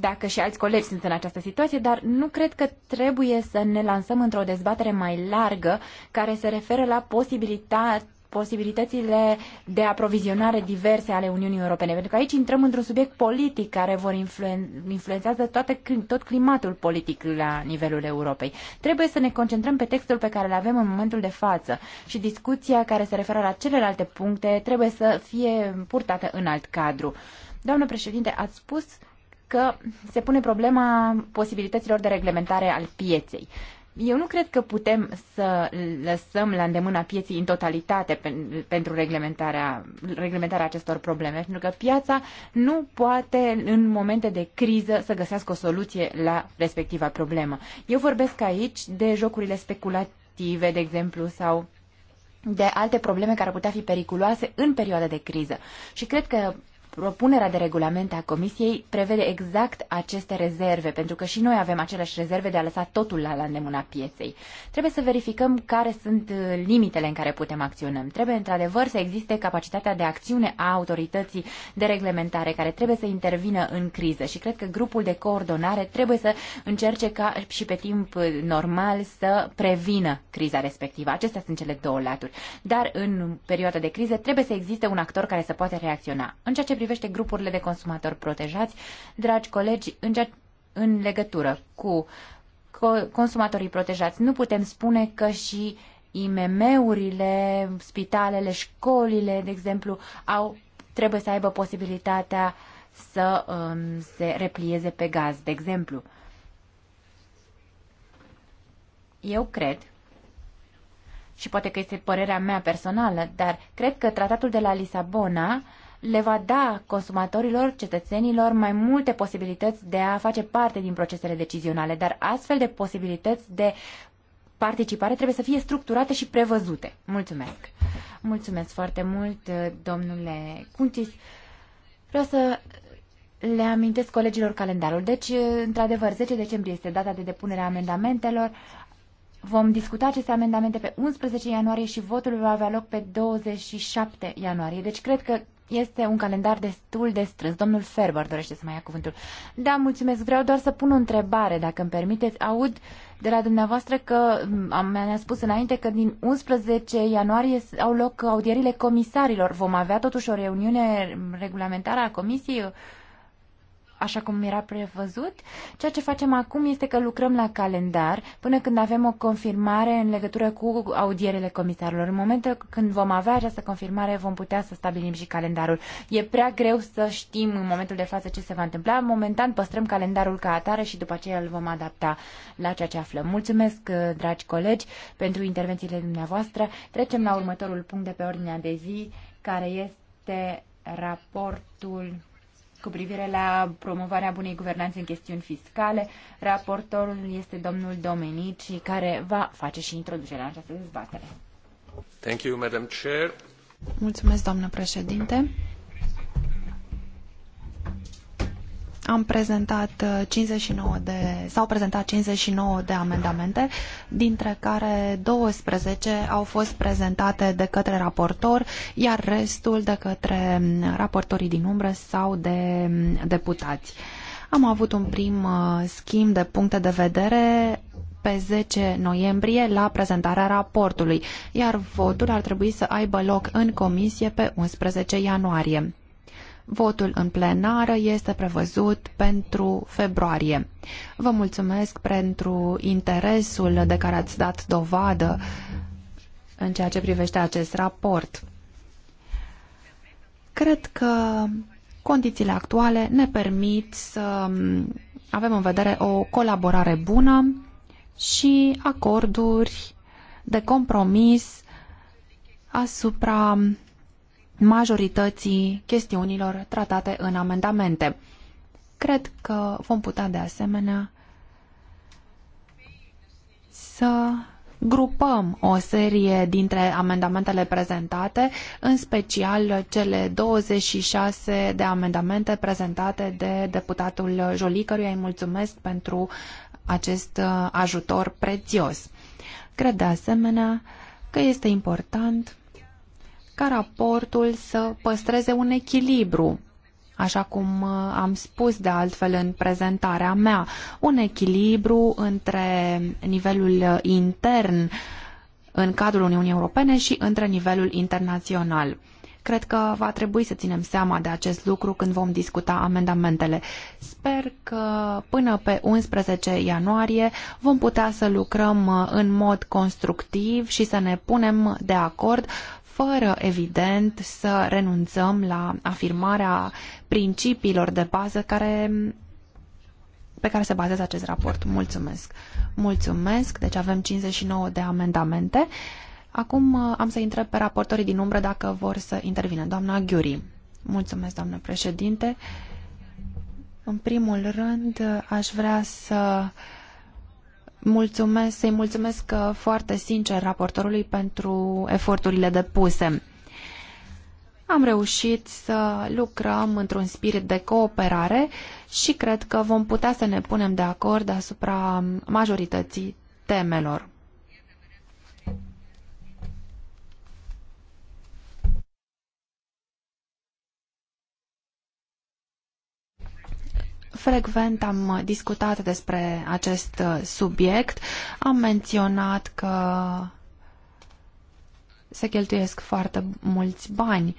dacă și alți colegi sunt în această situație, dar nu cred că trebuie să ne lansăm într-o dezbatere mai largă care se referă la posibilitatea posibilitățile de aprovizionare diverse ale Uniunii Europene, pentru că aici intrăm într-un subiect politic care vor influen- influențează toate, tot climatul politic la nivelul Europei. Trebuie să ne concentrăm pe textul pe care îl avem în momentul de față și discuția care se referă la celelalte puncte trebuie să fie purtată în alt cadru. Doamnă președinte, ați spus uh, că se pune problema posibilităților de reglementare al pieței. Eu nu cred că putem să lăsăm la îndemâna pieții în totalitate pentru reglementarea, reglementarea acestor probleme, pentru că piața nu poate în momente de criză să găsească o soluție la respectiva problemă. Eu vorbesc aici de jocurile speculative, de exemplu, sau de alte probleme care ar putea fi periculoase în perioada de criză. Și cred că Propunerea de regulament a Comisiei prevede exact aceste rezerve, pentru că și noi avem aceleași rezerve de a lăsa totul la, la îndemâna pieței. Trebuie să verificăm care sunt uh, limitele în care putem acționa. Trebuie, într-adevăr, să existe capacitatea de acțiune a autorității de reglementare care trebuie să intervină în criză și cred că grupul de coordonare trebuie să încerce ca și pe timp uh, normal să prevină criza respectivă. Acestea sunt cele două laturi. Dar în perioada de criză trebuie să existe un actor care să poată reacționa. În ceea ce privește privește grupurile de consumatori protejați, dragi colegi, în, ge- în legătură cu consumatorii protejați, nu putem spune că și IMM-urile, spitalele, școlile, de exemplu, au, trebuie să aibă posibilitatea să um, se replieze pe gaz, de exemplu. Eu cred, și poate că este părerea mea personală, dar cred că tratatul de la Lisabona uh, le va da consumatorilor, cetățenilor mai multe posibilități de a face parte din procesele decizionale, dar astfel de posibilități de participare trebuie să fie structurate și prevăzute. Mulțumesc! Mulțumesc foarte mult, domnule Cuntis. Vreau să le amintesc colegilor calendarul. Deci, într-adevăr, 10 decembrie este data de depunere a amendamentelor. Vom discuta aceste amendamente pe 11 ianuarie și votul va avea loc pe 27 ianuarie. Deci cred că este un calendar destul de strâns. Domnul Ferber dorește să mai ia cuvântul. Da, mulțumesc. Vreau doar să pun o întrebare, dacă îmi permiteți. Aud de la dumneavoastră că mm, mi-a spus înainte că din 11 ianuarie au loc audierile comisarilor. Vom avea totuși o reuniune regulamentară a comisiei așa cum era prevăzut. Ceea ce facem acum este că lucrăm la calendar până când avem o confirmare în legătură cu audierele comisarilor. În momentul când vom avea această confirmare, vom putea să stabilim și calendarul. E prea greu să știm în momentul de față ce se va întâmpla. Momentan păstrăm calendarul ca atare și după aceea îl vom adapta la ceea ce aflăm. Mulțumesc, uh, dragi colegi, pentru intervențiile dumneavoastră. Trecem la următorul punct de pe ordinea de zi, care este raportul cu privire la promovarea bunei guvernanțe în chestiuni fiscale. Raportorul este domnul Domenici, care va face și introducerea în această dezbatere. Thank you, Madam Chair. Mulțumesc, doamnă președinte. Am prezentat 59 uh, de, s-au prezentat 59 de amendamente, dintre care 12 au fost prezentate de către raportor, iar restul de către mm, raportorii din umbră sau de mm, deputați. Am avut un prim uh, schimb de puncte de vedere pe 10 noiembrie la prezentarea raportului, iar votul ar trebui să aibă loc în comisie pe 11 ianuarie. Votul în plenară este prevăzut pentru februarie. Vă mulțumesc pentru interesul de care ați dat dovadă în ceea ce privește acest raport. Cred că condițiile actuale ne permit să avem în vedere o colaborare bună și acorduri de compromis asupra majorității chestiunilor tratate în amendamente. Cred că vom putea de asemenea să grupăm o serie dintre amendamentele prezentate, în special cele 26 de amendamente prezentate de deputatul Jolie, căruia îi mulțumesc pentru acest ajutor prețios. Cred de asemenea că este important ca raportul să păstreze un echilibru, așa cum uh, am spus de altfel în prezentarea mea, un echilibru între nivelul intern în cadrul Uniunii Europene și între nivelul internațional. Cred că va trebui să ținem seama de acest lucru când vom discuta amendamentele. Sper că până pe 11 ianuarie vom putea să lucrăm uh, în mod constructiv și să ne punem de acord fără, evident, să renunțăm la afirmarea principiilor de bază care pe care se bazează acest raport. Mulțumesc. Mulțumesc. Deci avem 59 de amendamente. Acum uh, am să întreb pe raportorii din umbră dacă vor să intervină. Doamna Ghiuri. Mulțumesc, doamnă președinte. În primul rând, uh, aș vrea să uh, mulțumesc, să-i mulțumesc uh, foarte sincer raportorului pentru eforturile depuse. Am reușit să lucrăm într-un spirit de cooperare și cred că vom putea să ne punem de acord asupra majorității temelor. Frecvent am discutat despre acest uh, subiect. Am menționat că se cheltuiesc foarte mulți bani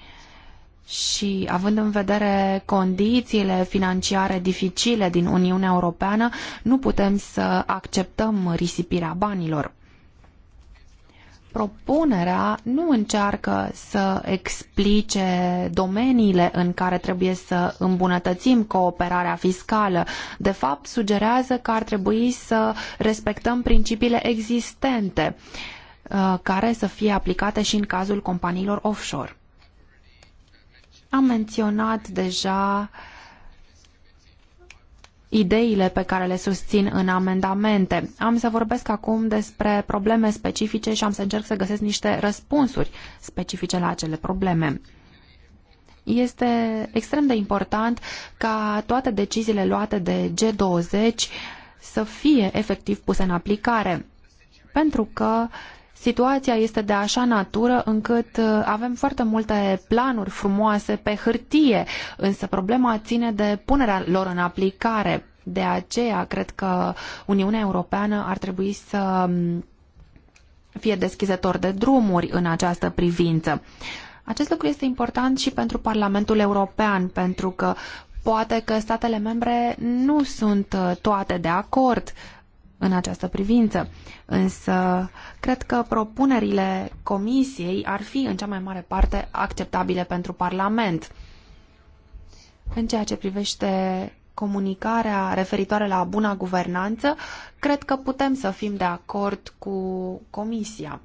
și având în vedere condițiile financiare dificile din Uniunea Europeană, nu putem să acceptăm risipirea banilor propunerea nu încearcă să explice domeniile în care trebuie să îmbunătățim cooperarea fiscală. De fapt, sugerează că ar trebui să respectăm principiile existente uh, care să fie aplicate și în cazul companiilor offshore. Am menționat deja uh, ideile pe care le susțin în amendamente. Am să vorbesc acum despre probleme specifice și am să încerc să găsesc niște răspunsuri specifice la acele probleme este extrem de important ca toate deciziile luate de G20 să fie efectiv puse în aplicare. Pentru că Situația este de așa natură încât uh, avem foarte multe planuri frumoase pe hârtie, însă problema ține de punerea lor în aplicare. De aceea, cred că Uniunea Europeană ar trebui să um, fie deschizător de drumuri în această privință. Acest lucru este important și pentru Parlamentul European, pentru că poate că statele membre nu sunt uh, toate de acord în această privință. Însă, cred că propunerile Comisiei ar fi, în cea mai mare parte, acceptabile pentru Parlament. În ceea ce privește comunicarea referitoare la buna guvernanță, cred că putem să fim de acord cu Comisia.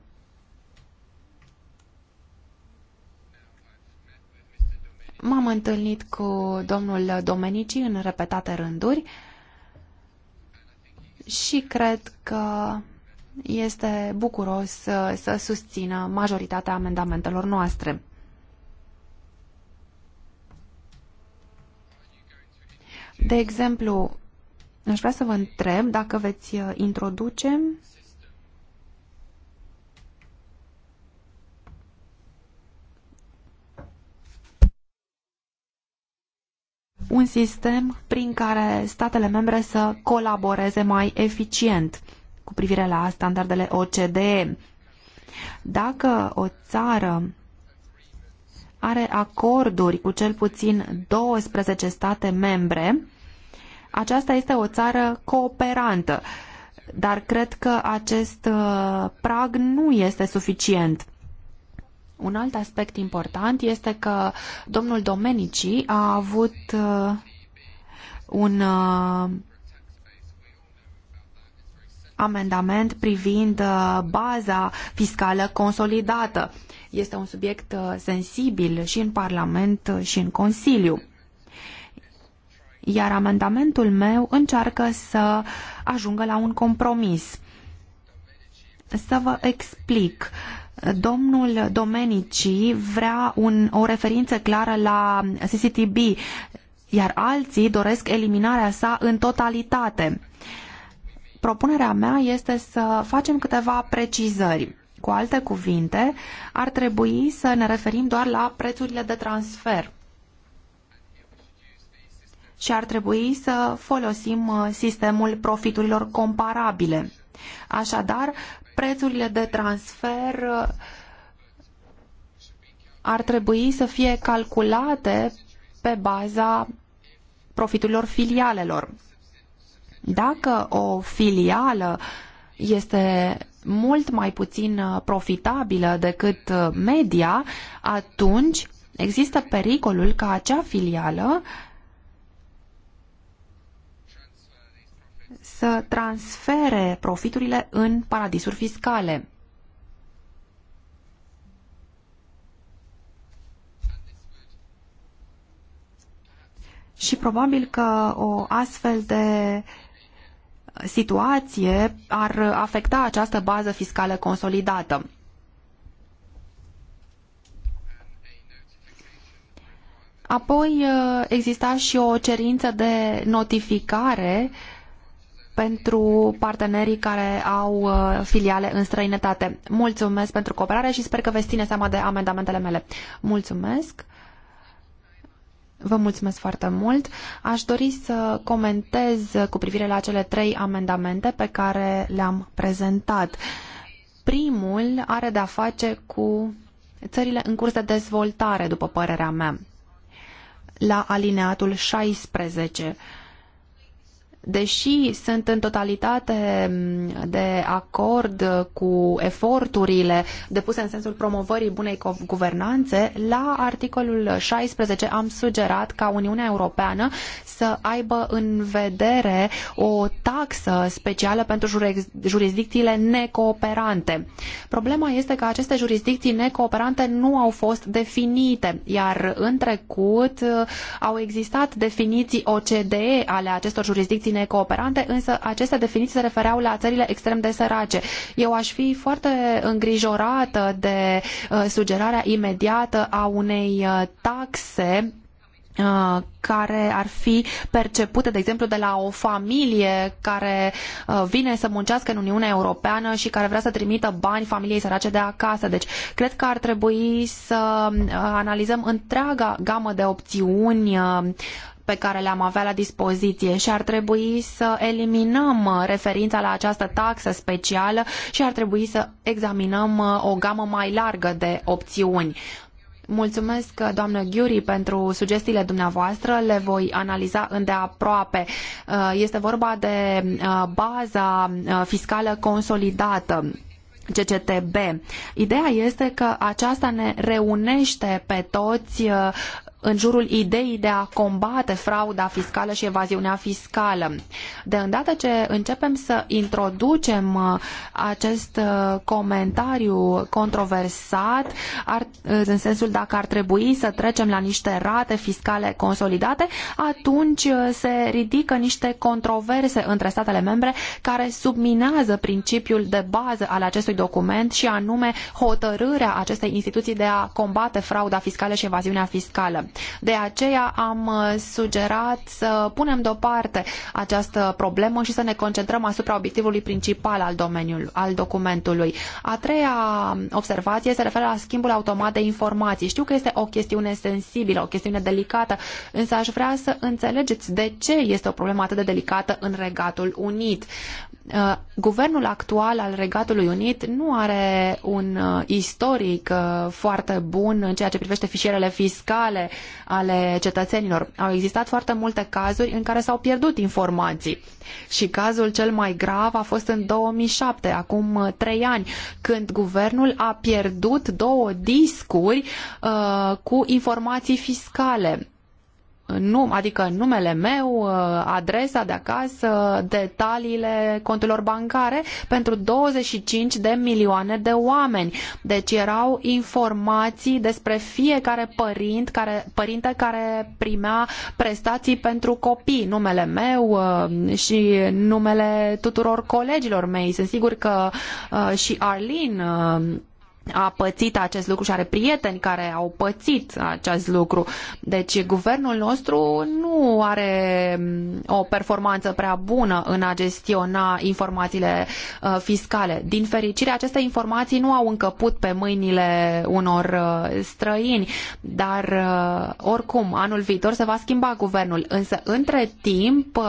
M-am întâlnit cu domnul Domenici în repetate rânduri și cred că este bucuros să, să susțină majoritatea amendamentelor noastre. De exemplu, aș vrea să vă întreb dacă veți uh, introduce un sistem prin care statele membre să colaboreze mai eficient cu privire la standardele OCDE. Dacă o țară are acorduri cu cel puțin 12 state membre, aceasta este o țară cooperantă, dar cred că acest uh, prag nu este suficient. Un alt aspect important este că domnul Domenici a avut uh, un uh, amendament privind uh, baza fiscală consolidată. Este un subiect sensibil și în Parlament și în Consiliu. Iar amendamentul meu încearcă să ajungă la un compromis. Să vă explic. Uh, Domnul Domenici vrea un, o referință clară la CCTB, iar alții doresc eliminarea sa în totalitate. Propunerea mea este să facem câteva precizări. Cu alte cuvinte, ar trebui să ne referim doar la prețurile de transfer și ar trebui să folosim uh, sistemul profiturilor comparabile. Așadar, prețurile de transfer uh, ar trebui să fie calculate pe baza profiturilor filialelor. Dacă o filială este mult mai puțin uh, profitabilă decât uh, media, atunci există pericolul ca acea filială să transfere profiturile în paradisuri fiscale. Și probabil că o astfel de situație ar afecta această bază fiscală consolidată. Apoi uh, exista și o cerință de notificare uh, pentru partenerii care au uh, filiale în străinătate. Mulțumesc pentru cooperare și sper că veți ține seama de amendamentele mele. Mulțumesc! Vă mulțumesc foarte mult. Aș dori să comentez cu privire la cele trei amendamente pe care le-am prezentat. Primul are de-a face cu țările în curs de dezvoltare, după părerea mea, la alineatul 16 deși sunt în totalitate mm, de acord cu eforturile depuse în sensul promovării bunei guvernanțe, la articolul 16 am sugerat ca Uniunea Europeană să aibă în vedere o taxă specială pentru jurisdicțiile necooperante. Problema este că aceste jurisdicții necooperante nu au fost definite, iar în trecut uh, au existat definiții OCDE ale acestor jurisdicții bine cooperante, însă aceste definiții se refereau la țările extrem de sărace. Eu aș fi foarte îngrijorată de uh, sugerarea imediată a unei uh, taxe uh, care ar fi percepute, de exemplu, de la o familie care vine să muncească în Uniunea Europeană și care vrea să trimită bani familiei sărace de acasă. Deci, cred că ar trebui să analizăm întreaga gamă de opțiuni pe care le-am avea la dispoziție și ar trebui să eliminăm uh, referința la această taxă specială și ar trebui să examinăm uh, o gamă mai largă de opțiuni. Mulțumesc, uh, doamnă Ghiuri, pentru sugestiile dumneavoastră. Le voi analiza îndeaproape. Este vorba de baza fiscală consolidată. CCTB. Ideea este că aceasta ne reunește pe toți în jurul ideii de a combate frauda fiscală și evaziunea fiscală. De îndată ce începem să introducem uh, acest uh, comentariu controversat, ar, uh, în sensul dacă ar trebui să trecem la niște rate fiscale consolidate, atunci se ridică niște controverse între statele membre care subminează principiul de bază al acestui document și anume hotărârea acestei instituții de a combate frauda fiscală și evaziunea fiscală. De aceea am uh, sugerat să punem deoparte această problemă și să ne concentrăm asupra obiectivului principal al domeniului, al documentului. A treia observație se referă la schimbul automat de informații. Știu că este o chestiune sensibilă, o chestiune delicată, însă aș vrea să înțelegeți de ce este o problemă atât de delicată în Regatul Unit. Uh, guvernul actual al Regatului Unit nu are un uh, istoric uh, foarte bun în ceea ce privește fișierele fiscale ale cetățenilor. Au existat foarte multe cazuri în care s-au pierdut informații. Și cazul cel mai grav a fost în 2007, acum trei ani, când guvernul a pierdut două discuri uh, cu informații fiscale num, adică numele meu, uh, adresa de acasă, detaliile conturilor bancare pentru 25 de milioane de oameni. Deci erau informații despre fiecare părint care, părinte care primea prestații pentru copii, numele meu uh, și numele tuturor colegilor mei. Sunt sigur că uh, și Arlene a pățit acest lucru și are prieteni care au pățit acest lucru. Deci guvernul nostru nu are mm, o performanță prea bună în a gestiona informațiile uh, fiscale. Din fericire, aceste informații nu au încăput pe mâinile unor uh, străini, dar uh, oricum, anul viitor se va schimba guvernul. Însă, între timp,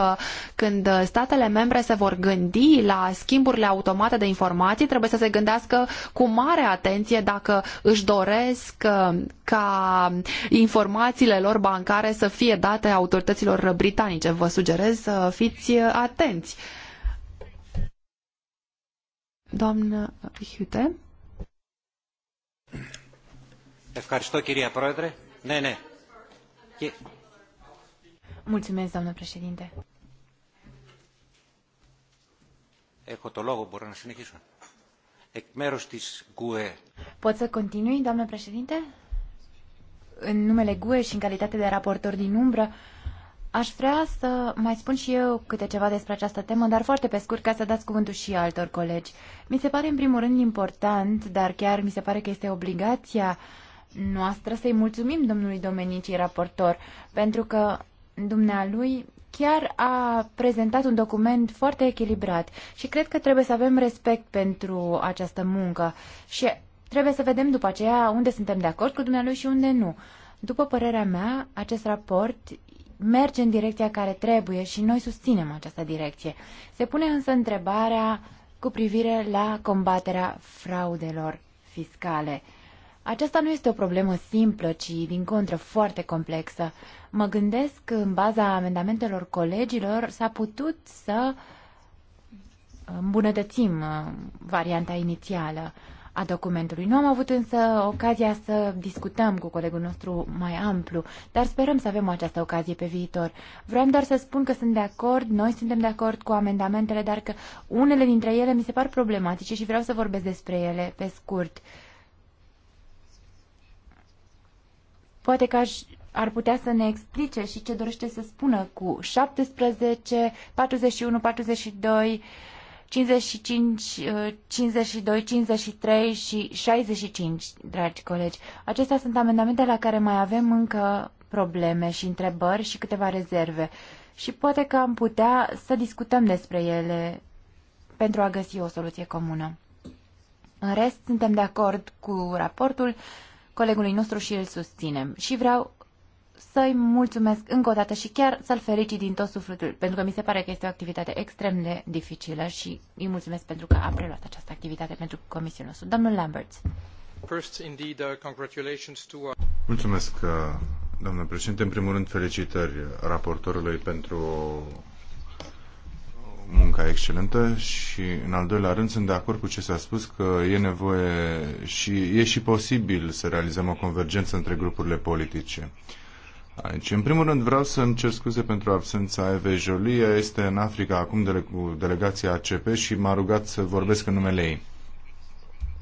când statele membre se vor gândi la schimburile automate de informații, trebuie să se gândească cu mare atenție atenție dacă își doresc uh, ca informațiile lor bancare să fie date autorităților britanice. Vă sugerez să fiți atenți. Doamnă Hiute? Ευχαριστώ κυρία Πρόεδρε. Ναι, ναι. Mulțumesc, doamnă președinte. Έχω το λόγο, μπορώ Pot să continui, doamnă președinte? În numele GUE și în calitate de raportor din umbră, aș vrea să mai spun și eu câte ceva despre această temă, dar foarte pe scurt, ca să dați cuvântul și altor colegi. Mi se pare, în primul rând, important, dar chiar mi se pare că este obligația noastră să-i mulțumim domnului Domenici, raportor, pentru că dumnealui chiar a prezentat un document foarte echilibrat și cred că trebuie să avem respect pentru această muncă și trebuie să vedem după aceea unde suntem de acord cu dumnealui și unde nu. După părerea mea, acest raport merge în direcția care trebuie și noi susținem această direcție. Se pune însă întrebarea cu privire la combaterea fraudelor fiscale. Aceasta nu este o problemă simplă, ci din contră foarte complexă. Mă gândesc că în baza amendamentelor colegilor s-a putut să îmbunătățim uh, varianta inițială a documentului. Nu am avut însă ocazia să discutăm cu colegul nostru mai amplu, dar sperăm să avem această ocazie pe viitor. Vreau doar să spun că sunt de acord, noi suntem de acord cu amendamentele, dar că unele dintre ele mi se par problematice și vreau să vorbesc despre ele pe scurt. Uh, Poate că aș, ar putea să ne explice și ce dorește să spună cu 17, 41, 42, 55, 52, 53 și 65, uh, dragi colegi. Acestea sunt amendamente la care mai avem încă probleme și întrebări și câteva rezerve. Și poate că am putea să discutăm despre ele pentru a găsi o soluție comună. În rest, suntem de acord cu raportul colegului nostru și îl susținem. Și vreau să-i mulțumesc încă o dată și chiar să-l felicit din tot sufletul, pentru că mi se pare că este o activitate extrem de dificilă și îi mulțumesc pentru că a preluat această activitate pentru comisiul nostru. Domnul Lambert. First, indeed, uh, congratulations to... Uh, mulțumesc, uh, domnule președinte. În primul rând, felicitări raportorului pentru munca excelentă și, în al doilea rând, sunt de acord cu ce s-a spus că e nevoie și e și posibil să realizăm o convergență între grupurile politice. Aici. În primul rând vreau să-mi cer scuze pentru absența Eve Jolie. Este în Africa acum dele- cu delegația ACP și m-a rugat să vorbesc în numele ei.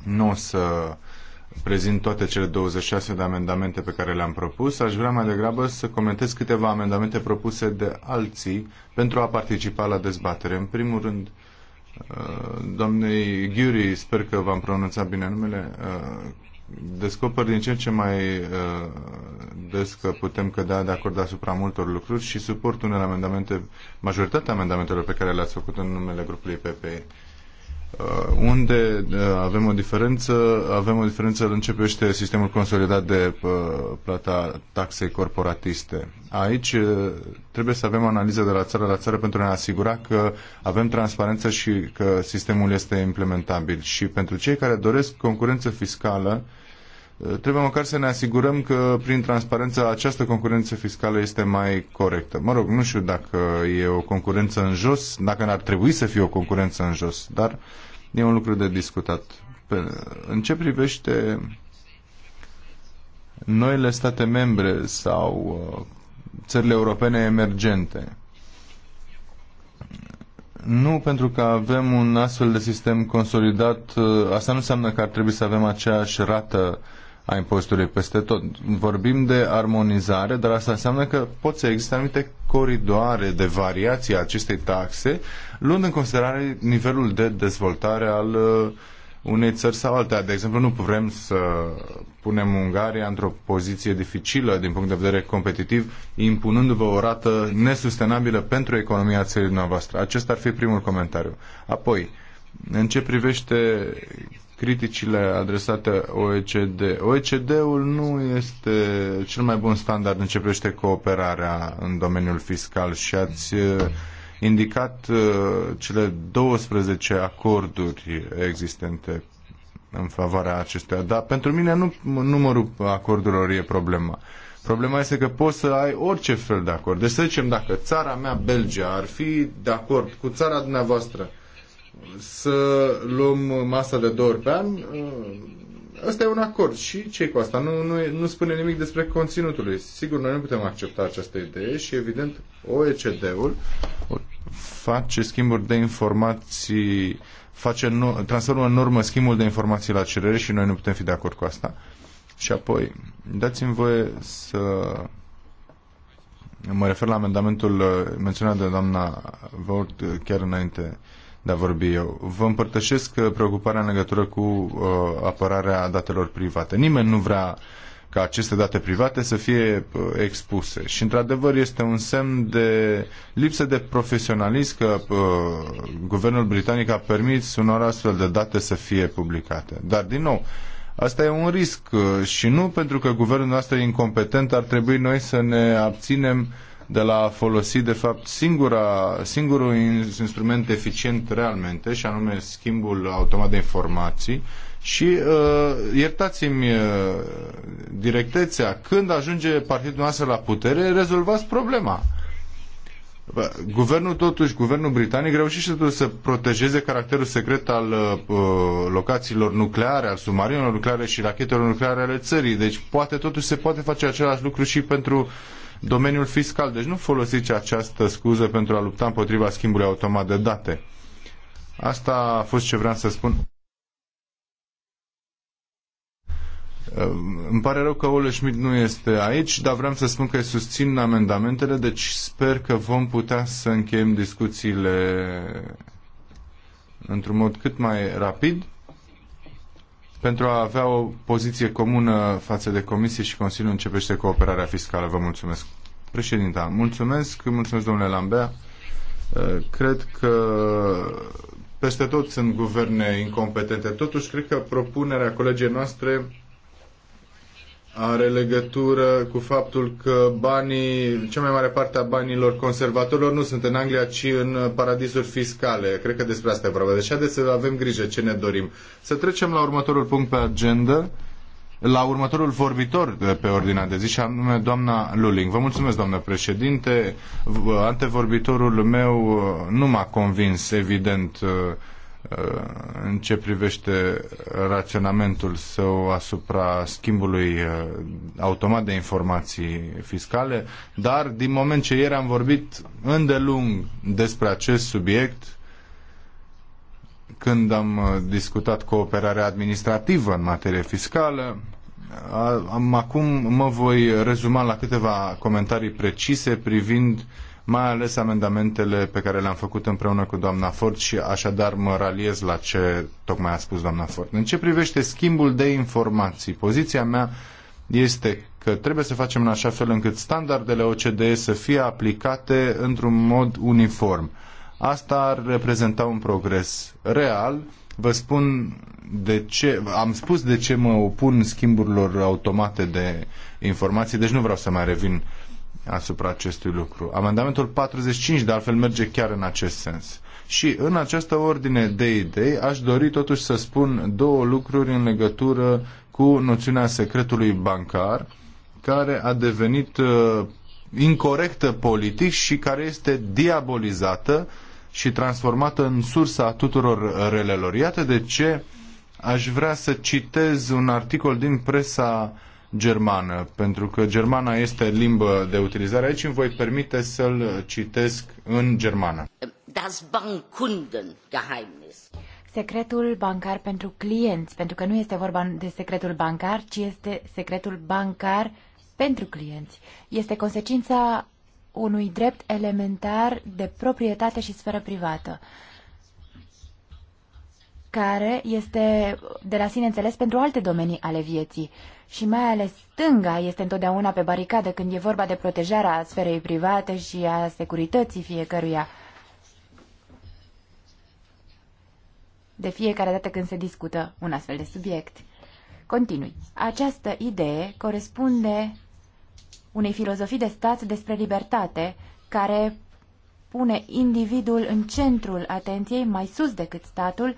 Nu o să prezint toate cele 26 de amendamente pe care le-am propus. Aș vrea mai degrabă să comentez câteva amendamente propuse de alții pentru a participa la dezbatere. În primul rând, uh, doamnei Ghiuri, sper că v-am pronunțat bine numele, uh, descoper din ce în ce mai uh, des că putem cădea de acord asupra multor lucruri și suport unele amendamente, majoritatea amendamentelor pe care le-ați făcut în numele grupului PPE. Uh, unde uh, avem o diferență, avem o diferență începește sistemul consolidat de uh, plata taxei corporatiste. Aici trebuie să avem o analiză de la țară la țară pentru a ne asigura că avem transparență și că sistemul este implementabil. Și pentru cei care doresc concurență fiscală, Eh, trebuie măcar să ne asigurăm că prin transparență această concurență fiscală este mai corectă. Mă rog, nu știu dacă e o concurență în jos, dacă n-ar trebui să fie o concurență în jos, dar e un lucru de discutat. Pe, în ce privește noile state membre sau eh, țările europene emergente, nu pentru că avem un astfel de sistem consolidat, eh, asta nu înseamnă că ar trebui să avem aceeași rată uh, a impozitului peste tot. Vorbim de armonizare, dar asta înseamnă că pot să existe anumite coridoare de variație a acestei taxe, luând în considerare nivelul de dezvoltare al uh, unei țări sau altea. De exemplu, nu vrem să punem Ungaria într-o poziție dificilă din punct de vedere competitiv, impunându-vă o rată nesustenabilă pentru economia țării noastre. Acesta ar fi primul comentariu. Apoi, în ce privește criticile adresate OECD. OECD-ul nu este cel mai bun standard în ce privește cooperarea în domeniul fiscal și ați uh, indicat uh, cele 12 acorduri existente în favoarea acestuia, dar pentru mine nu numărul acordurilor e problema. Problema este că poți să ai orice fel de acord. Deci să zicem dacă țara mea, Belgia, ar fi de acord cu țara dumneavoastră să luăm masa de două ori pe an, uh, ăsta e un acord. Și ce cu asta? Nu, nu, nu spune nimic despre conținutul lui. Sigur, noi nu putem accepta această idee și, evident, OECD-ul face schimburi de informații, face nu, transformă în urmă schimbul de informații la cerere și noi nu putem fi de acord cu asta. Și apoi, dați-mi voie să mă refer la amendamentul uh, menționat de doamna Vort uh, chiar înainte uh, de a vorbi eu. Vă împărtășesc uh, preocuparea în legătură cu uh, apărarea datelor private. Nimeni nu vrea ca aceste date private să fie uh, expuse. Și, într-adevăr, este un semn de lipsă de profesionalism că uh, guvernul britanic a permis unor astfel de date să fie publicate. Dar, din nou, Asta e un risc uh, și nu pentru că guvernul nostru e incompetent, ar trebui noi să ne abținem uh, de la a folosi, de fapt, singura, singurul instrument eficient realmente, și anume schimbul automat de informații, și uh, iertați-mi uh, directețea, când ajunge partidul noastră la putere, rezolvați problema. Guvernul, totuși, guvernul britanic reușește totuși să protejeze caracterul secret al uh, locațiilor nucleare, al submarinelor nucleare și rachetelor nucleare ale țării. Deci, poate, totuși, se poate face același lucru și pentru uh, domeniul fiscal. Deci nu folosiți această scuză pentru a lupta împotriva schimbului automat de date. Asta a fost ce vreau să spun. Îmi pare rău că Ole Schmidt nu este aici, dar vreau să spun că susțin amendamentele, deci sper că vom putea să încheiem discuțiile într-un mod cât mai rapid pentru a avea o poziție comună față de Comisie și Consiliul începește cooperarea fiscală. Vă mulțumesc. Președinta, mulțumesc, mulțumesc domnule Lambea. Uh, cred că peste tot sunt guverne incompetente. Totuși, cred că propunerea colegii noastre are legătură cu faptul că banii, cea mai mare parte a banilor conservatorilor nu sunt în Anglia, ci în paradisuri fiscale. Cred că despre asta e vorba. Deci haideți să avem grijă ce ne dorim. Să trecem la următorul punct pe agenda, la următorul vorbitor de pe ordinea de zi și anume doamna Luling. Vă mulțumesc, doamnă președinte. Antevorbitorul meu nu m-a convins, evident, Uh, în ce privește raționamentul său asupra schimbului uh, automat de informații fiscale, dar din moment ce ieri am vorbit îndelung despre acest subiect, când am uh, discutat cooperarea administrativă în materie fiscală, am, acum mă voi rezuma la câteva comentarii precise privind mai ales amendamentele pe care le-am făcut împreună cu doamna Ford și așadar mă raliez la ce tocmai a spus doamna Ford. În ce privește schimbul de informații, poziția mea este că trebuie să facem în așa fel încât standardele OCDE să fie aplicate într-un mod uniform. Asta ar reprezenta un progres real. Vă spun de ce, am spus de ce mă opun schimburilor automate de informații, deci nu vreau să mai revin asupra acestui lucru. Amendamentul 45, de altfel, merge chiar în acest sens. Și în această ordine de idei aș dori totuși să spun două lucruri în legătură cu noțiunea secretului bancar, care a devenit uh, incorrectă politic și care este diabolizată și transformată în sursa tuturor relelor. Iată de ce aș vrea să citez un articol din presa germană, pentru că germana este limbă de utilizare aici, îmi voi permite să-l citesc în germană. Das Bankkundengeheimnis. Secretul bancar pentru clienți, pentru că nu este vorba de secretul bancar, ci este secretul bancar pentru clienți. Este consecința unui drept elementar de proprietate și sferă privată care este de la sine înțeles pentru alte domenii ale vieții. Și mai ales stânga este întotdeauna pe baricadă când e vorba de protejarea sferei private și a securității fiecăruia. De fiecare dată când se discută un astfel de subiect. Continui. Această idee corespunde unei filozofii de stat despre libertate care pune individul în centrul atenției mai sus decât statul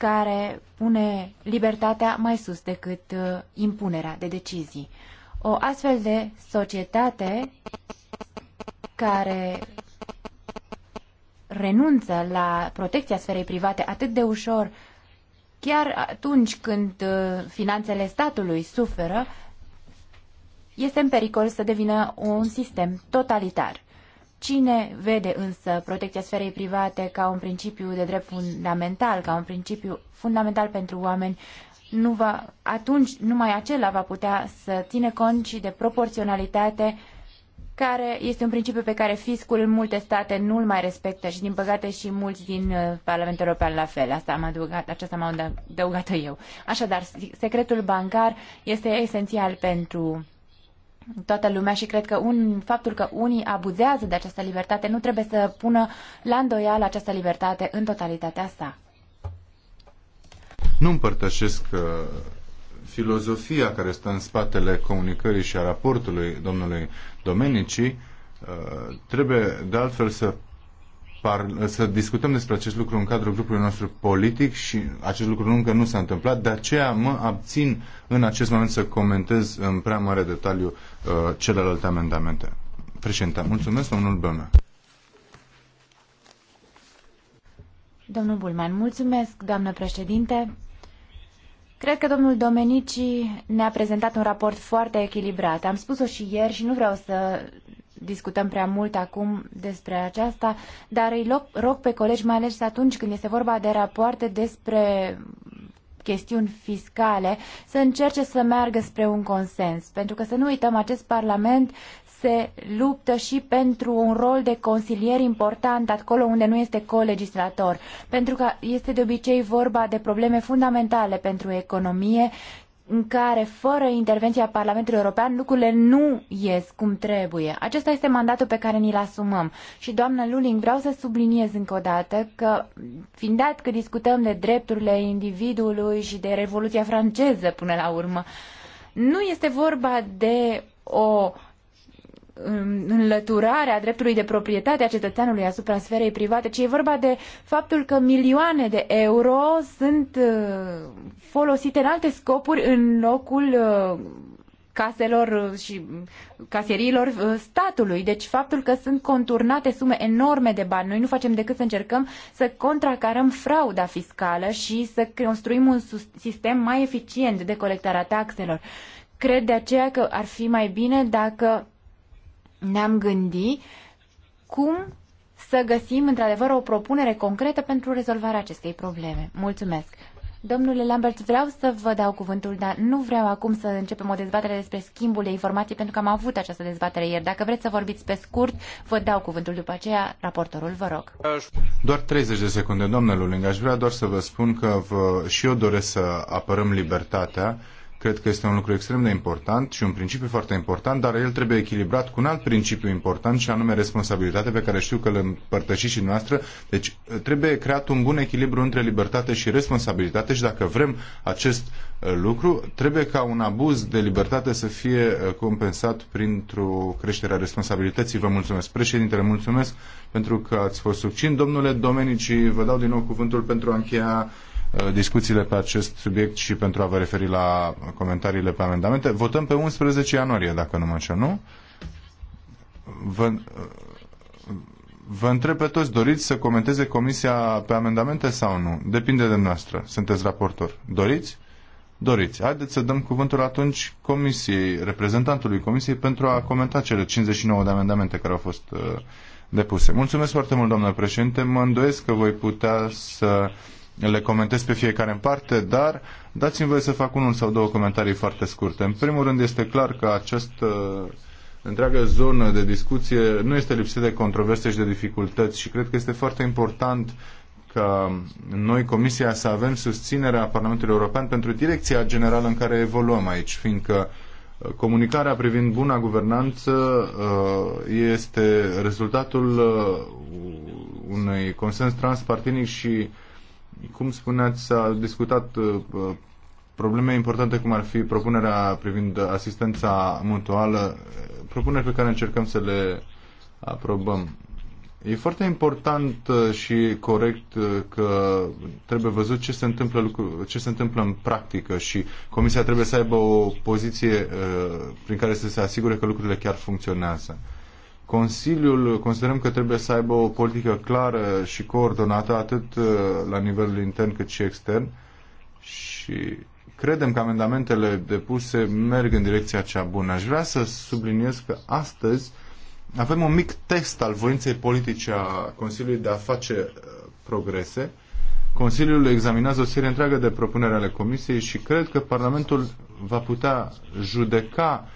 care pune libertatea mai sus decât uh, impunerea de decizii. O astfel de societate care renunță la protecția sferei private atât de ușor, chiar atunci când uh, finanțele statului suferă, este în pericol să devină un sistem totalitar. Cine vede însă protecția sferei private ca un principiu de drept fundamental, ca un principiu fundamental pentru oameni, nu va, atunci numai acela va putea să ține cont și de proporționalitate, care este un principiu pe care fiscul în multe state nu-l mai respectă și din păcate și mulți din uh, Parlamentul European la fel. Asta am adăugat, aceasta m-am adăugat eu. Așadar, secretul bancar este esențial pentru toată lumea și cred că un, faptul că unii abuzează de această libertate nu trebuie să pună la îndoială această libertate în totalitatea sa. Nu împărtășesc uh, filozofia care stă în spatele comunicării și a raportului domnului Domenici. Uh, trebuie de altfel să să discutăm despre acest lucru în cadrul grupului nostru politic și acest lucru încă nu s-a întâmplat, de aceea mă abțin în acest moment să comentez în prea mare detaliu uh, celelalte amendamente. Președinte, mulțumesc, domnul Bălmea. Domnul Bulman, mulțumesc, doamnă președinte. Cred că domnul Domenici ne-a prezentat un raport foarte echilibrat. Am spus-o și ieri și nu vreau să discutăm prea mult acum despre aceasta, dar îi rog, rog pe colegi, mai ales atunci când este vorba de rapoarte despre chestiuni fiscale, să încerce să meargă spre un consens. Pentru că să nu uităm, acest Parlament se luptă și pentru un rol de consilier important acolo unde nu este colegislator, pentru că este de obicei vorba de probleme fundamentale pentru economie în care, fără intervenția Parlamentului European, lucrurile nu ies cum trebuie. Acesta este mandatul pe care ni-l asumăm. Și, doamnă Luling, vreau să subliniez încă o dată că, fiind dat că discutăm de drepturile individului și de Revoluția franceză până la urmă, nu este vorba de o uh, a dreptului de proprietate a cetățeanului asupra sferei private, ci e vorba de faptul că milioane de euro sunt uh, folosite în alte scopuri în locul uh, caselor uh, și caseriilor statului. Deci faptul că sunt conturnate sume enorme de bani. Noi nu facem decât să încercăm să contracarăm frauda fiscală și să construim un sistem mai eficient de colectare a taxelor. Cred de aceea că ar fi mai bine dacă ne-am gândit cum să găsim într-adevăr o propunere concretă pentru rezolvarea acestei probleme. Mulțumesc! Domnule Lambert, vreau să vă dau cuvântul, dar nu vreau acum să începem o dezbatere despre schimbul de informații, pentru că am avut această dezbatere ieri. Dacă vreți să vorbiți pe scurt, vă dau cuvântul după aceea, raportorul, vă rog. Doar 30 de secunde, domnule Luling, aș vrea doar să vă spun că vă, și eu doresc să apărăm libertatea, Cred că este un lucru extrem de important și un principiu foarte important, dar el trebuie echilibrat cu un alt principiu important și anume responsabilitatea pe care știu că îl împărtăși și noastră. Deci trebuie creat un bun echilibru între libertate și responsabilitate și dacă vrem acest uh, lucru, trebuie ca un abuz de libertate să fie uh, compensat printr-o creștere a responsabilității. Vă mulțumesc, președintele, mulțumesc pentru că ați fost succint. Domnule Domenici, vă dau din nou cuvântul pentru a încheia Uh, discuțiile pe acest subiect și pentru a vă referi la comentariile pe amendamente. Votăm pe 11 ianuarie, dacă nu mă înșel, nu? Vă, uh, vă întreb pe toți, doriți să comenteze comisia pe amendamente sau nu? Depinde de noastră. Sunteți raportor. Doriți? Doriți. Haideți să dăm cuvântul atunci comisiei, reprezentantului comisiei pentru a comenta cele 59 de amendamente care au fost uh, depuse. Mulțumesc foarte mult, doamnă președinte. Mă îndoiesc că voi putea să le comentez pe fiecare în parte, dar dați-mi voie să fac unul sau două comentarii foarte scurte. În primul rând, este clar că această uh, întreagă zonă de discuție nu este lipsită de controverse și de dificultăți și cred că este foarte important ca noi, Comisia, să avem susținerea Parlamentului European pentru direcția generală în care evoluăm aici, fiindcă uh, comunicarea privind buna guvernanță uh, este rezultatul unui consens transpartinic și cum spuneați, s-a discutat uh, probleme importante cum ar fi propunerea privind asistența mutuală, propuneri pe care încercăm să le aprobăm. E foarte important uh, și corect uh, că trebuie văzut ce se întâmplă, ce se întâmplă în practică și Comisia trebuie să aibă o poziție prin care să se asigure că lucrurile chiar funcționează. Consiliul considerăm că trebuie să aibă o politică clară și coordonată atât uh, la nivelul intern cât și extern și credem că amendamentele depuse merg în direcția cea bună. Aș vrea să subliniez că astăzi avem un mic test al voinței politice a Consiliului de a face uh, progrese. Consiliul examinează o serie întreagă de propuneri ale Comisiei și cred că Parlamentul va putea judeca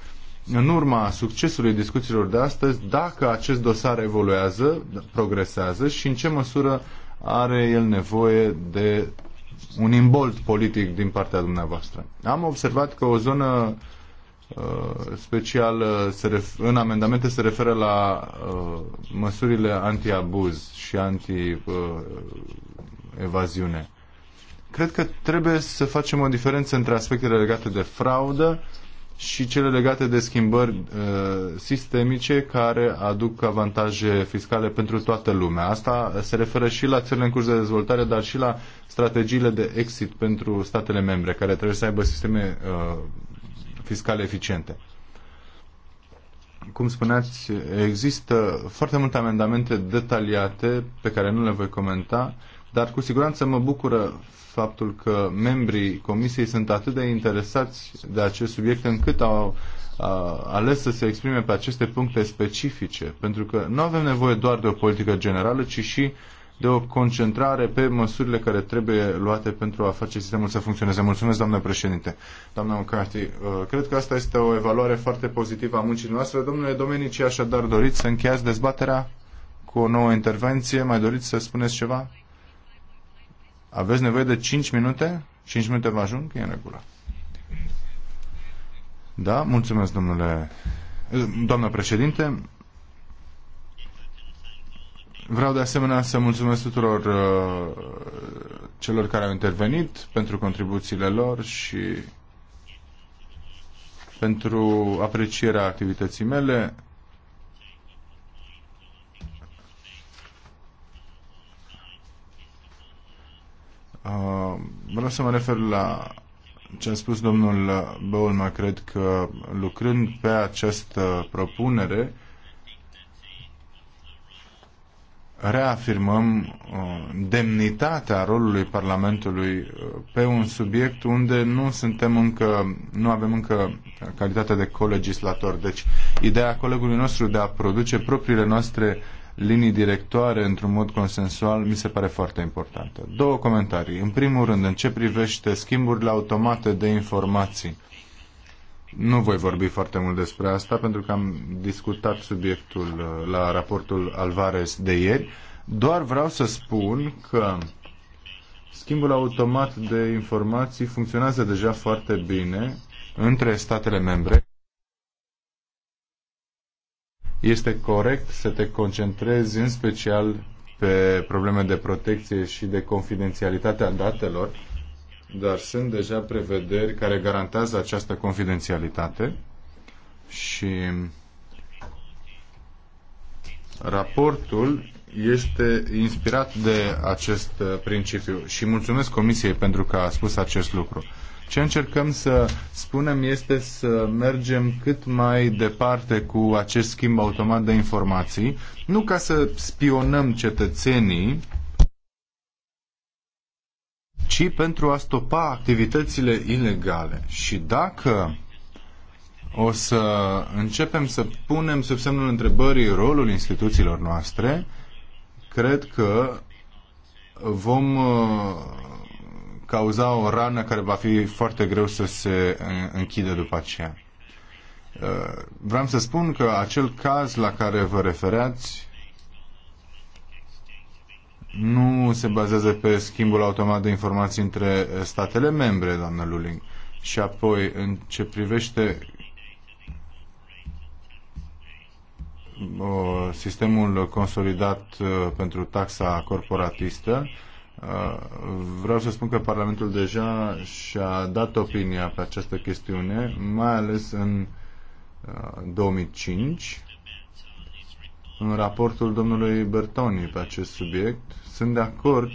în urma succesului discuțiilor de astăzi dacă acest dosar evoluează, progresează și în ce măsură are el nevoie de un imbold politic din partea dumneavoastră. Am observat că o zonă uh, special uh, se ref, în amendamente se referă la uh, măsurile anti-abuz și anti-evaziune. Uh, Cred că trebuie să facem o diferență între aspectele legate de fraudă uh, și cele legate de schimbări uh, sistemice care aduc avantaje fiscale pentru toată lumea. Asta se referă și la țările în curs de dezvoltare, dar și la strategiile de exit pentru statele membre, care trebuie să aibă sisteme uh, fiscale eficiente. Cum spuneați, există foarte multe amendamente detaliate pe care nu le voi comenta, dar cu siguranță mă bucură faptul că membrii Comisiei sunt atât de interesați de acest subiect încât au a, ales să se exprime pe aceste puncte specifice, pentru că nu avem nevoie doar de o politică generală, ci și de o concentrare pe măsurile care trebuie luate pentru a face sistemul să funcționeze. Mulțumesc, doamnă președinte. Doamna McCarthy, uh, cred că asta este o evaluare foarte pozitivă a muncii noastre. Domnule Domenici, așadar doriți să încheiați dezbaterea cu o nouă intervenție? Mai doriți să spuneți ceva? Aveți nevoie de 5 minute? 5 minute vă ajung? E în regulă. Da, mulțumesc, domnule, Doamna președinte. Vreau de asemenea să mulțumesc tuturor uh, celor care au intervenit pentru contribuțiile lor și pentru aprecierea activității mele. Vreau să mă refer la ce a spus domnul Băulma. Cred că lucrând pe această propunere, reafirmăm uh, demnitatea rolului Parlamentului uh, pe un subiect unde nu suntem încă, nu avem încă calitatea de colegislator. Deci, ideea colegului nostru de a produce propriile noastre uh, linii directoare într-un mod consensual mi se pare foarte importantă. Două comentarii. În primul rând, în ce privește schimburile automate de informații. Nu voi vorbi foarte mult despre asta pentru că am discutat subiectul uh, la raportul Alvarez de ieri. Doar vreau să spun că schimbul automat de informații funcționează deja foarte bine între statele membre este corect să te concentrezi în special pe probleme de protecție și de confidențialitate a datelor, dar sunt deja prevederi care garantează această confidențialitate și raportul este inspirat de acest principiu și mulțumesc Comisiei pentru că a spus acest lucru. Ce încercăm să spunem este să mergem cât mai departe cu acest schimb automat de informații, nu ca să spionăm cetățenii, ci pentru a stopa activitățile ilegale. Și dacă o să începem să punem sub semnul întrebării rolul instituțiilor noastre, cred că vom uh, cauza o rană care va fi foarte greu să se închidă după aceea. Uh, vreau să spun că acel caz la care vă refereați nu se bazează pe schimbul automat de informații între statele membre, doamnă Luling. Și apoi, în ce privește uh, sistemul consolidat uh, pentru taxa corporatistă, Vreau să spun că Parlamentul deja și-a dat opinia pe această chestiune, mai ales în 2005, uh, în raportul domnului Bertoni pe acest subiect. Sunt de acord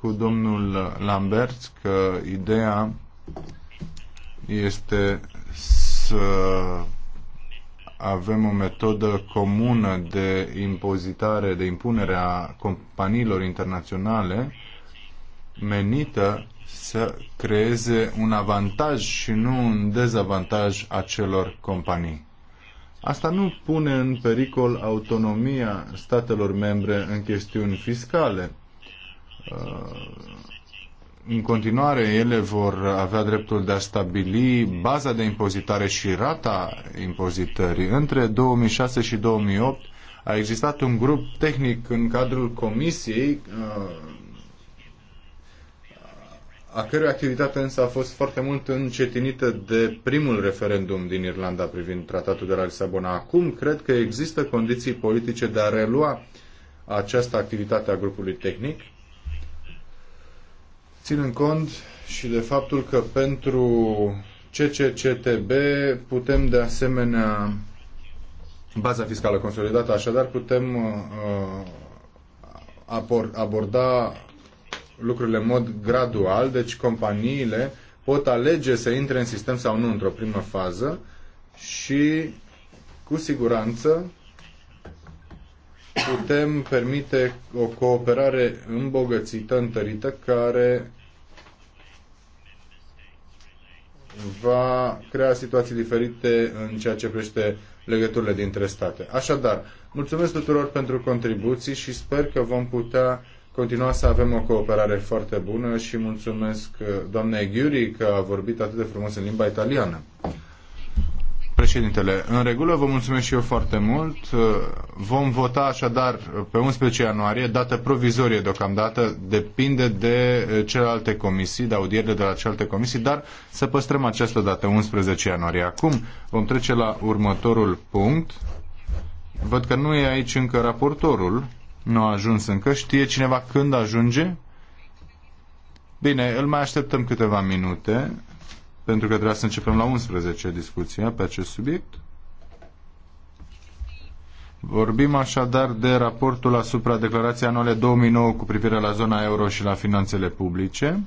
cu domnul Lambert că ideea este să avem o metodă comună de impozitare, de impunere a companiilor internaționale menită să creeze un avantaj și nu un dezavantaj acelor companii. Asta nu pune în pericol autonomia statelor membre în chestiuni fiscale în continuare ele vor avea dreptul de a stabili baza de impozitare și rata impozitării. Între 2006 și 2008 a existat un grup tehnic în cadrul comisiei a cărui activitate însă a fost foarte mult încetinită de primul referendum din Irlanda privind tratatul de la Lisabona. Acum cred că există condiții politice de a relua această activitate a grupului tehnic ținând cont și de faptul că pentru CCCTB putem de asemenea baza fiscală consolidată, așadar putem uh, uh aborda lucrurile în mod gradual, deci companiile pot alege să intre în sistem sau nu într-o primă fază și cu siguranță putem permite o cooperare îmbogățită, întărită, care va crea situații diferite în ceea ce privește legăturile dintre state. Așadar, mulțumesc tuturor pentru contribuții și sper că vom putea continua să avem o cooperare foarte bună și mulțumesc uh, doamnei Ghiuri că a vorbit atât de frumos în limba italiană. Președintele, în regulă, vă mulțumesc și eu foarte mult. Vom vota așadar pe 11 ianuarie, dată provizorie deocamdată, depinde de celelalte comisii, de audierile de la celelalte comisii, dar să păstrăm această dată, 11 ianuarie. Acum vom trece la următorul punct. Văd că nu e aici încă raportorul, nu a ajuns încă. Știe cineva când ajunge? Bine, îl mai așteptăm câteva minute pentru că trebuie să începem la 11 discuția pe acest subiect. Vorbim așadar de raportul asupra declarației anuale 2009 cu privire la zona euro și la finanțele publice.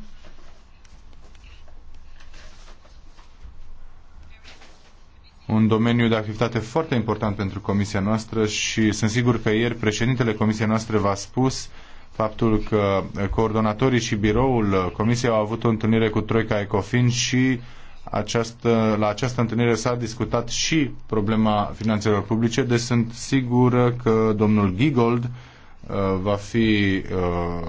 un domeniu de activitate foarte important pentru comisia noastră și sunt sigur că ieri președintele comisiei noastre v-a spus uh, faptul că coordonatorii și biroul Comisiei au avut o întâlnire cu Troica Ecofin și această, la această întâlnire s-a discutat și problema finanțelor publice, deci sunt sigur că domnul Gigold uh, va fi uh,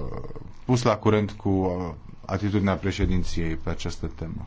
pus la curent cu uh, atitudinea președinției pe această temă.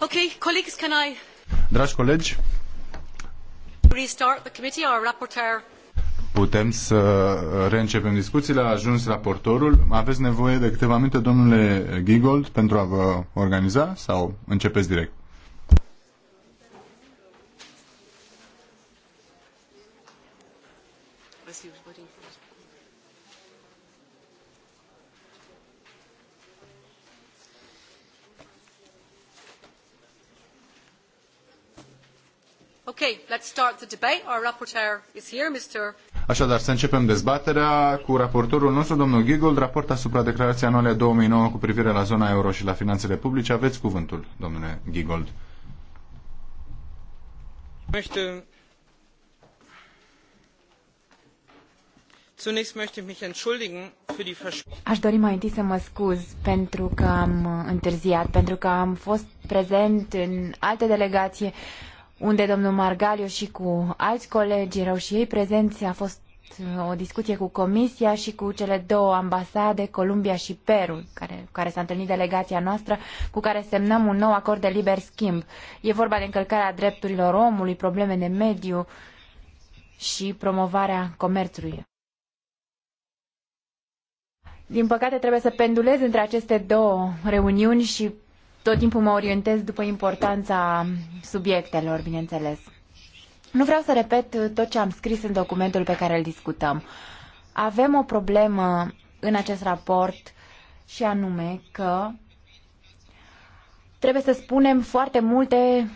Okay, colleagues, can I... Dragi colegi, restart the committee, our rapporteur. Putem să reîncepem discuțiile. A ajuns raportorul. Aveți nevoie de câteva minute, domnule Gigold, pentru a vă organiza sau începeți direct? Așadar, să începem dezbaterea cu raportorul nostru, domnul Giggle, raport asupra declarației anuale 2009 cu privire la zona euro și la finanțele publice. Aveți cuvântul, domnule Giggold. Aș dori mai întâi să mă scuz pentru că am întârziat, pentru că am fost prezent în alte delegații unde domnul Margaliu și cu alți colegi erau și ei prezenți, a fost uh, o discuție cu Comisia și cu cele două ambasade, Columbia și Peru, care, care s-a întâlnit delegația noastră, cu care semnăm un nou acord de liber schimb. E vorba de încălcarea drepturilor omului, probleme de mediu și promovarea comerțului. Din păcate trebuie să pendulez între aceste două reuniuni și tot timpul mă orientez după importanța subiectelor, bineînțeles. Nu vreau să repet tot ce am scris în documentul pe care îl discutăm. Avem o problemă în acest raport și anume că trebuie să spunem foarte multe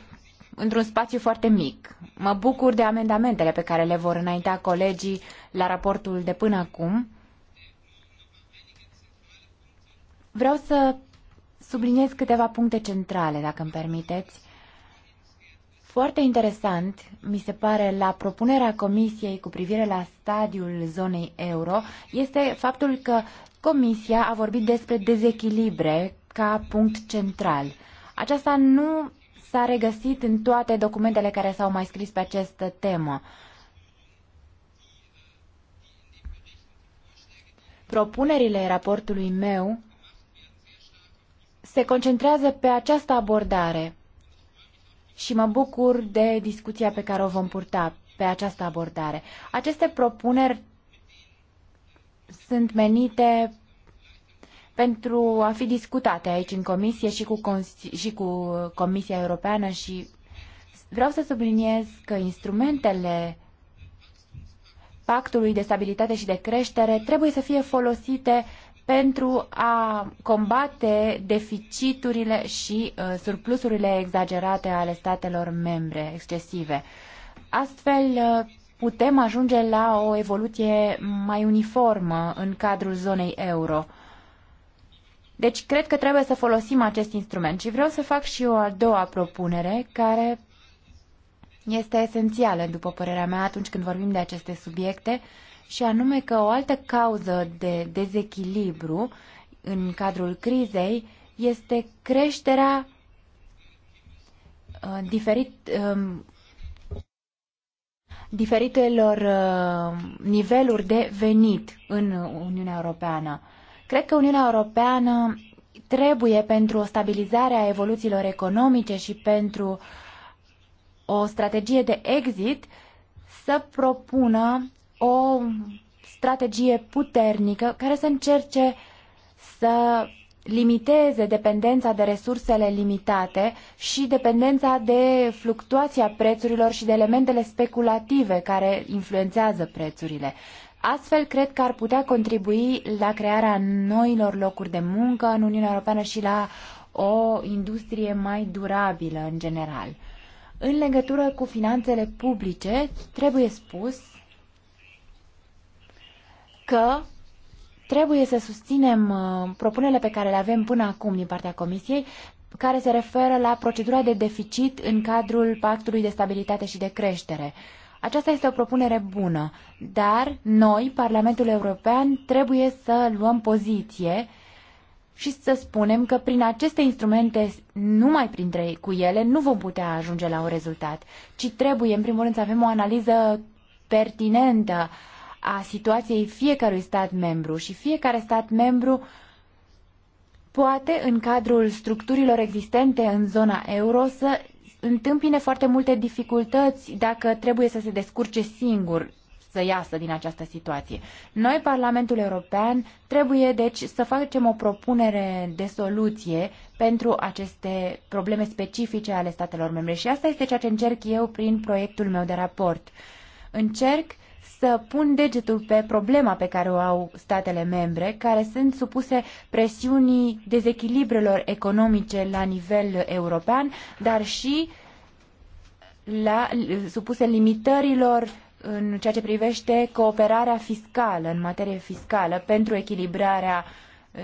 într-un spațiu foarte mic. Mă bucur de amendamentele pe care le vor înainta colegii la raportul de până acum. Vreau să subliniez câteva puncte centrale, dacă îmi permiteți. Foarte interesant, mi se pare, la propunerea Comisiei cu privire la stadiul zonei euro, este faptul că Comisia a vorbit despre dezechilibre ca punct central. Aceasta nu s-a regăsit în toate documentele care s-au mai scris pe această temă. Propunerile raportului meu se concentrează pe această abordare și mă bucur de discuția pe care o vom purta pe această abordare. Aceste propuneri sunt menite pentru a fi discutate aici în comisie și cu, și cu Comisia Europeană și vreau să subliniez că instrumentele Pactului de Stabilitate și de Creștere trebuie să fie folosite uh, pentru a combate deficiturile și uh, surplusurile exagerate ale statelor membre excesive. Astfel, uh, putem ajunge la o evoluție mai uniformă în cadrul zonei euro. Deci, cred că trebuie să folosim acest instrument și vreau să fac și o a doua propunere care este esențială, după părerea mea, atunci când vorbim de aceste subiecte, uh, și anume că o altă cauză de dezechilibru în cadrul crizei este creșterea uh, diferit, uh, diferitelor uh, niveluri de venit în Uniunea Europeană. Cred că Uniunea Europeană trebuie pentru o stabilizare a evoluțiilor economice și pentru o strategie de exit să propună o strategie puternică care să încerce să limiteze dependența de resursele limitate și dependența de fluctuația prețurilor și de elementele speculative care influențează prețurile. Astfel, cred că ar putea contribui la crearea noilor locuri de muncă în Uniunea Europeană și la o industrie mai durabilă în general. În legătură cu finanțele publice, trebuie spus că trebuie să susținem uh, propunerile pe care le avem până acum din partea Comisiei, care se referă la procedura de deficit în cadrul Pactului de Stabilitate și de Creștere. Aceasta este o propunere bună, dar noi, Parlamentul European, trebuie să luăm poziție și să spunem că prin aceste instrumente, numai printre cu ele, nu vom putea ajunge la un rezultat, ci trebuie, în primul rând, să avem o analiză pertinentă a situației fiecărui stat membru și fiecare stat membru poate, în cadrul structurilor existente în zona euro, să întâmpine foarte multe dificultăți dacă trebuie să se descurce singur să iasă din această situație. Noi, Parlamentul European, trebuie deci să facem o propunere de soluție pentru aceste probleme specifice ale statelor membre și asta este ceea ce încerc eu prin proiectul meu de raport. Încerc să pun degetul pe problema pe care o au statele membre, care sunt supuse presiunii dezechilibrelor economice la nivel european, dar și la, supuse limitărilor în ceea ce privește cooperarea fiscală, în materie fiscală, pentru echilibrarea eh,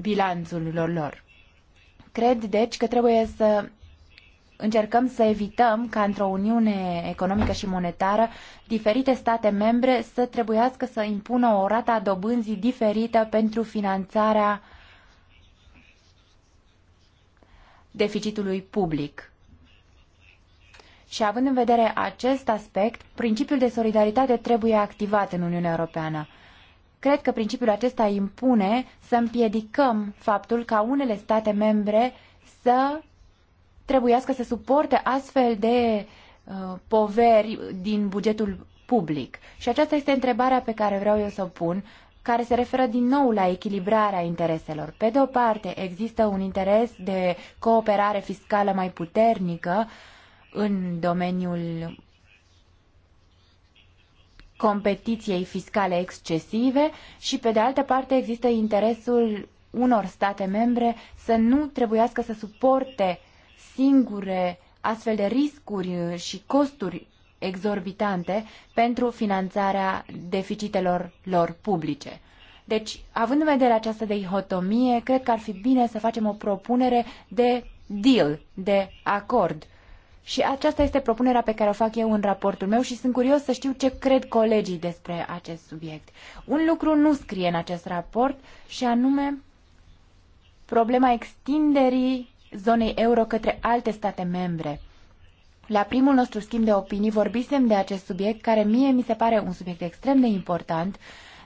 bilanțurilor lor. Cred, deci, că trebuie să încercăm să evităm ca într-o uniune economică și monetară diferite state membre să trebuiască să impună o rată a dobânzii diferită pentru finanțarea deficitului public. Și având în vedere acest aspect, principiul de solidaritate trebuie activat în Uniunea Europeană. Cred că principiul acesta impune să împiedicăm faptul ca unele state membre să trebuiască să suporte astfel de uh, poveri din bugetul public. Și aceasta este întrebarea pe care vreau eu să o pun, care se referă din nou la echilibrarea intereselor. Pe de o parte, există un interes de cooperare fiscală mai puternică în domeniul competiției fiscale excesive și, pe de altă parte, există interesul unor state membre să nu trebuiască să suporte singure astfel de riscuri și costuri exorbitante pentru finanțarea deficitelor lor publice. Deci, având în vedere această dihotomie, cred că ar fi bine să facem o propunere de deal, de acord. Și aceasta este propunerea pe care o fac eu în raportul meu și sunt curios să știu ce cred colegii despre acest subiect. Un lucru nu scrie în acest raport și anume problema extinderii zonei euro către alte state membre. La primul nostru schimb de opinii vorbisem de acest subiect, care mie mi se pare un subiect extrem de important,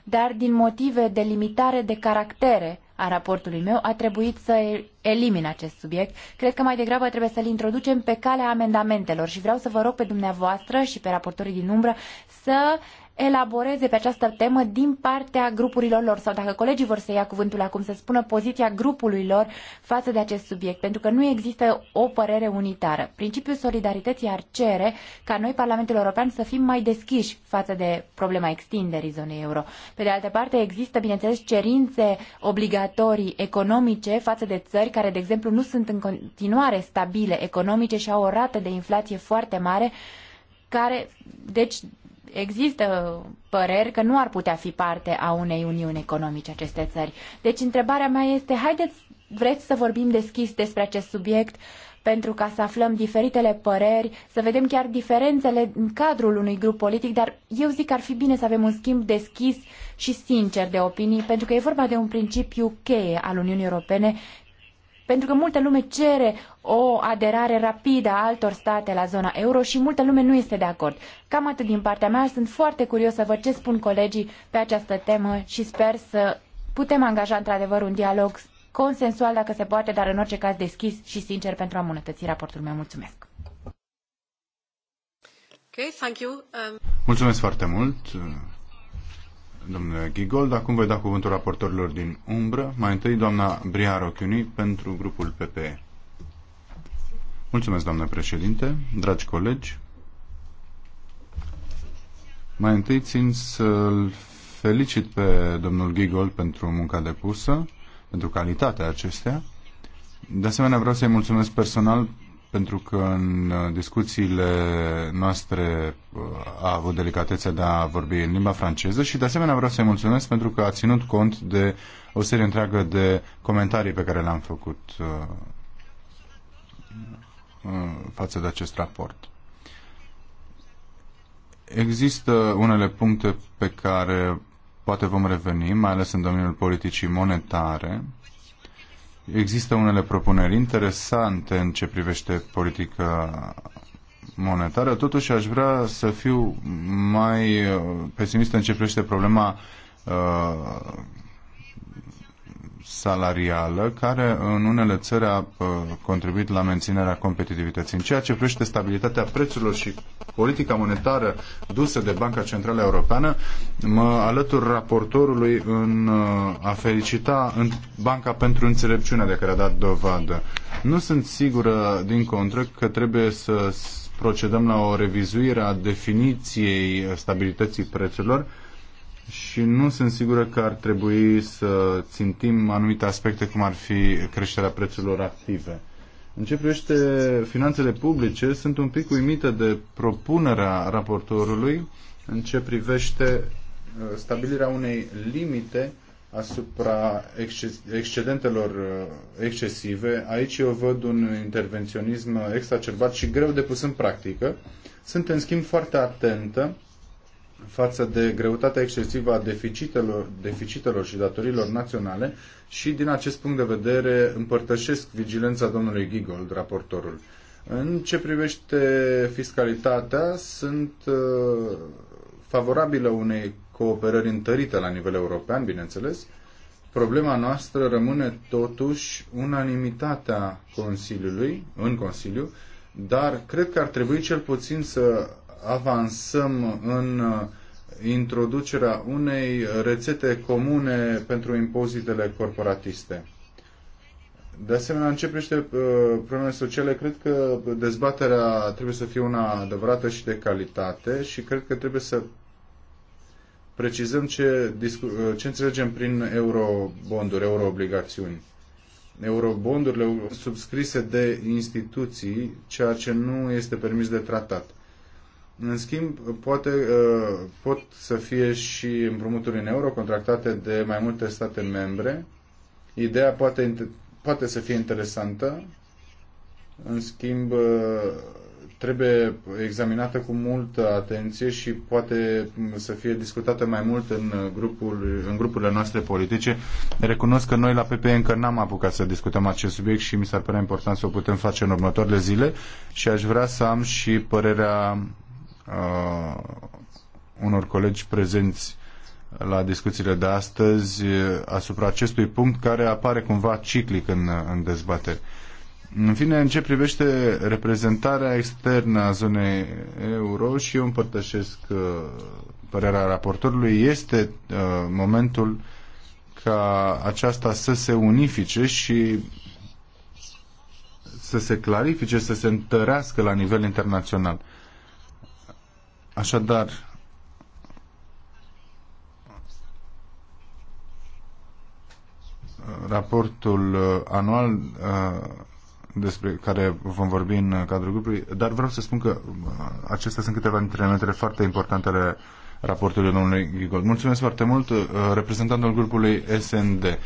dar din motive de limitare de caractere a raportului meu a trebuit să elimin acest subiect. Cred că mai degrabă trebuie să-l introducem pe calea amendamentelor și vreau să vă rog pe dumneavoastră și pe raportorii din umbră să elaboreze pe această temă din partea grupurilor lor sau dacă colegii vor să ia cuvântul acum să spună poziția grupului lor față de acest subiect, pentru că nu există o părere unitară. Principiul solidarității ar cere ca noi, Parlamentul European, să fim mai deschiși față de problema extinderii zonei euro. Pe de altă parte, există, bineînțeles, cerințe obligatorii economice față de țări care, de exemplu, nu sunt în continuare stabile economice și au o rată de inflație foarte mare, care, deci, există păreri că nu ar putea fi parte a unei uniuni economice aceste țări. Deci întrebarea mea este, haideți, vreți să vorbim deschis despre acest subiect pentru ca să aflăm diferitele păreri, să vedem chiar diferențele în cadrul unui grup politic, dar eu zic că ar fi bine să avem un schimb deschis și sincer de opinii, pentru că e vorba de un principiu cheie al Uniunii Europene pentru că multă lume cere o aderare rapidă a altor state la zona euro și multă lume nu este de acord. Cam atât din partea mea. Sunt foarte curios să văd ce spun colegii pe această temă și sper să putem angaja într-adevăr un dialog consensual dacă se poate, dar în orice caz deschis și sincer pentru a îmbunătăți raportul meu. Mulțumesc! Okay, thank you. Um... Mulțumesc foarte mult! domnule Gigold. Acum voi da cuvântul raportorilor din umbră. Mai întâi, doamna Bria Rochiuni, pentru grupul PPE. Mulțumesc, doamnă președinte, dragi colegi. Mai întâi țin să-l felicit pe domnul Gigol pentru munca depusă, pentru calitatea acestea. De asemenea, vreau să-i mulțumesc personal pentru că în uh, discuțiile noastre uh, a avut delicatețea de a vorbi în limba franceză și de asemenea vreau să-i mulțumesc pentru că a ținut cont de o serie întreagă de comentarii pe care le-am făcut uh, față de acest raport. Există unele puncte pe care poate vom reveni, mai ales în domeniul politicii monetare, Există unele propuneri interesante în ce privește politica monetară, totuși aș vrea să fiu mai uh, pesimist în ce privește problema uh, salarială care în unele țări a contribuit la menținerea competitivității. În ceea ce privește stabilitatea prețurilor și politica monetară dusă de Banca Centrală Europeană, mă alătur raportorului în a felicita în Banca pentru înțelepciunea de care a dat dovadă. Nu sunt sigură din contră că trebuie să procedăm la o revizuire a definiției stabilității prețurilor, și nu sunt sigură că ar trebui să țintim anumite aspecte cum ar fi creșterea prețurilor active. În ce privește finanțele publice, sunt un pic uimită de propunerea raportorului în ce privește uh, stabilirea unei limite asupra excedentelor uh, excesive. Aici eu văd un intervenționism exacerbat și greu de pus în practică. Sunt, în schimb, foarte atentă față de greutatea excesivă a deficitelor, deficitelor și datorilor naționale și din acest punct de vedere împărtășesc vigilența domnului Gigold, raportorul. În ce privește fiscalitatea, sunt uh, favorabilă unei cooperări întărite la nivel european, bineînțeles. Problema noastră rămâne totuși unanimitatea Consiliului, în Consiliu, dar cred că ar trebui cel puțin să avansăm în uh, introducerea unei rețete comune pentru impozitele corporatiste. De asemenea, în ce privește uh, problemele sociale, cred că dezbaterea trebuie să fie una adevărată și de calitate și cred că trebuie să precizăm ce, uh, ce înțelegem prin eurobonduri, euroobligațiuni. Eurobondurile subscrise de instituții, ceea ce nu este permis de tratat. În schimb, poate, uh, pot să fie și împrumuturi în euro contractate de mai multe state membre. Ideea poate, poate să fie interesantă. În schimb, uh, trebuie examinată cu multă atenție și poate să fie discutată mai mult în, grupul, în grupurile noastre politice. Recunosc că noi la PPE încă n-am apucat să discutăm acest subiect și mi s-ar părea important să o putem face în următoarele zile și aș vrea să am și părerea uh, unor colegi prezenți la discuțiile de astăzi asupra acestui punct care apare cumva ciclic în, în dezbateri. În fine, în ce privește reprezentarea externă a zonei euro și eu împărtășesc părerea raportorului, este uh, momentul ca aceasta să se unifice și să se clarifice, să se întărească la nivel internațional. Așadar, raportul uh, anual uh, despre care vom vorbi în cadrul grupului, dar vreau să spun că uh, acestea sunt câteva dintre elementele foarte importante ale raportului domnului Gigol. Mulțumesc foarte mult, reprezentantul grupului SND.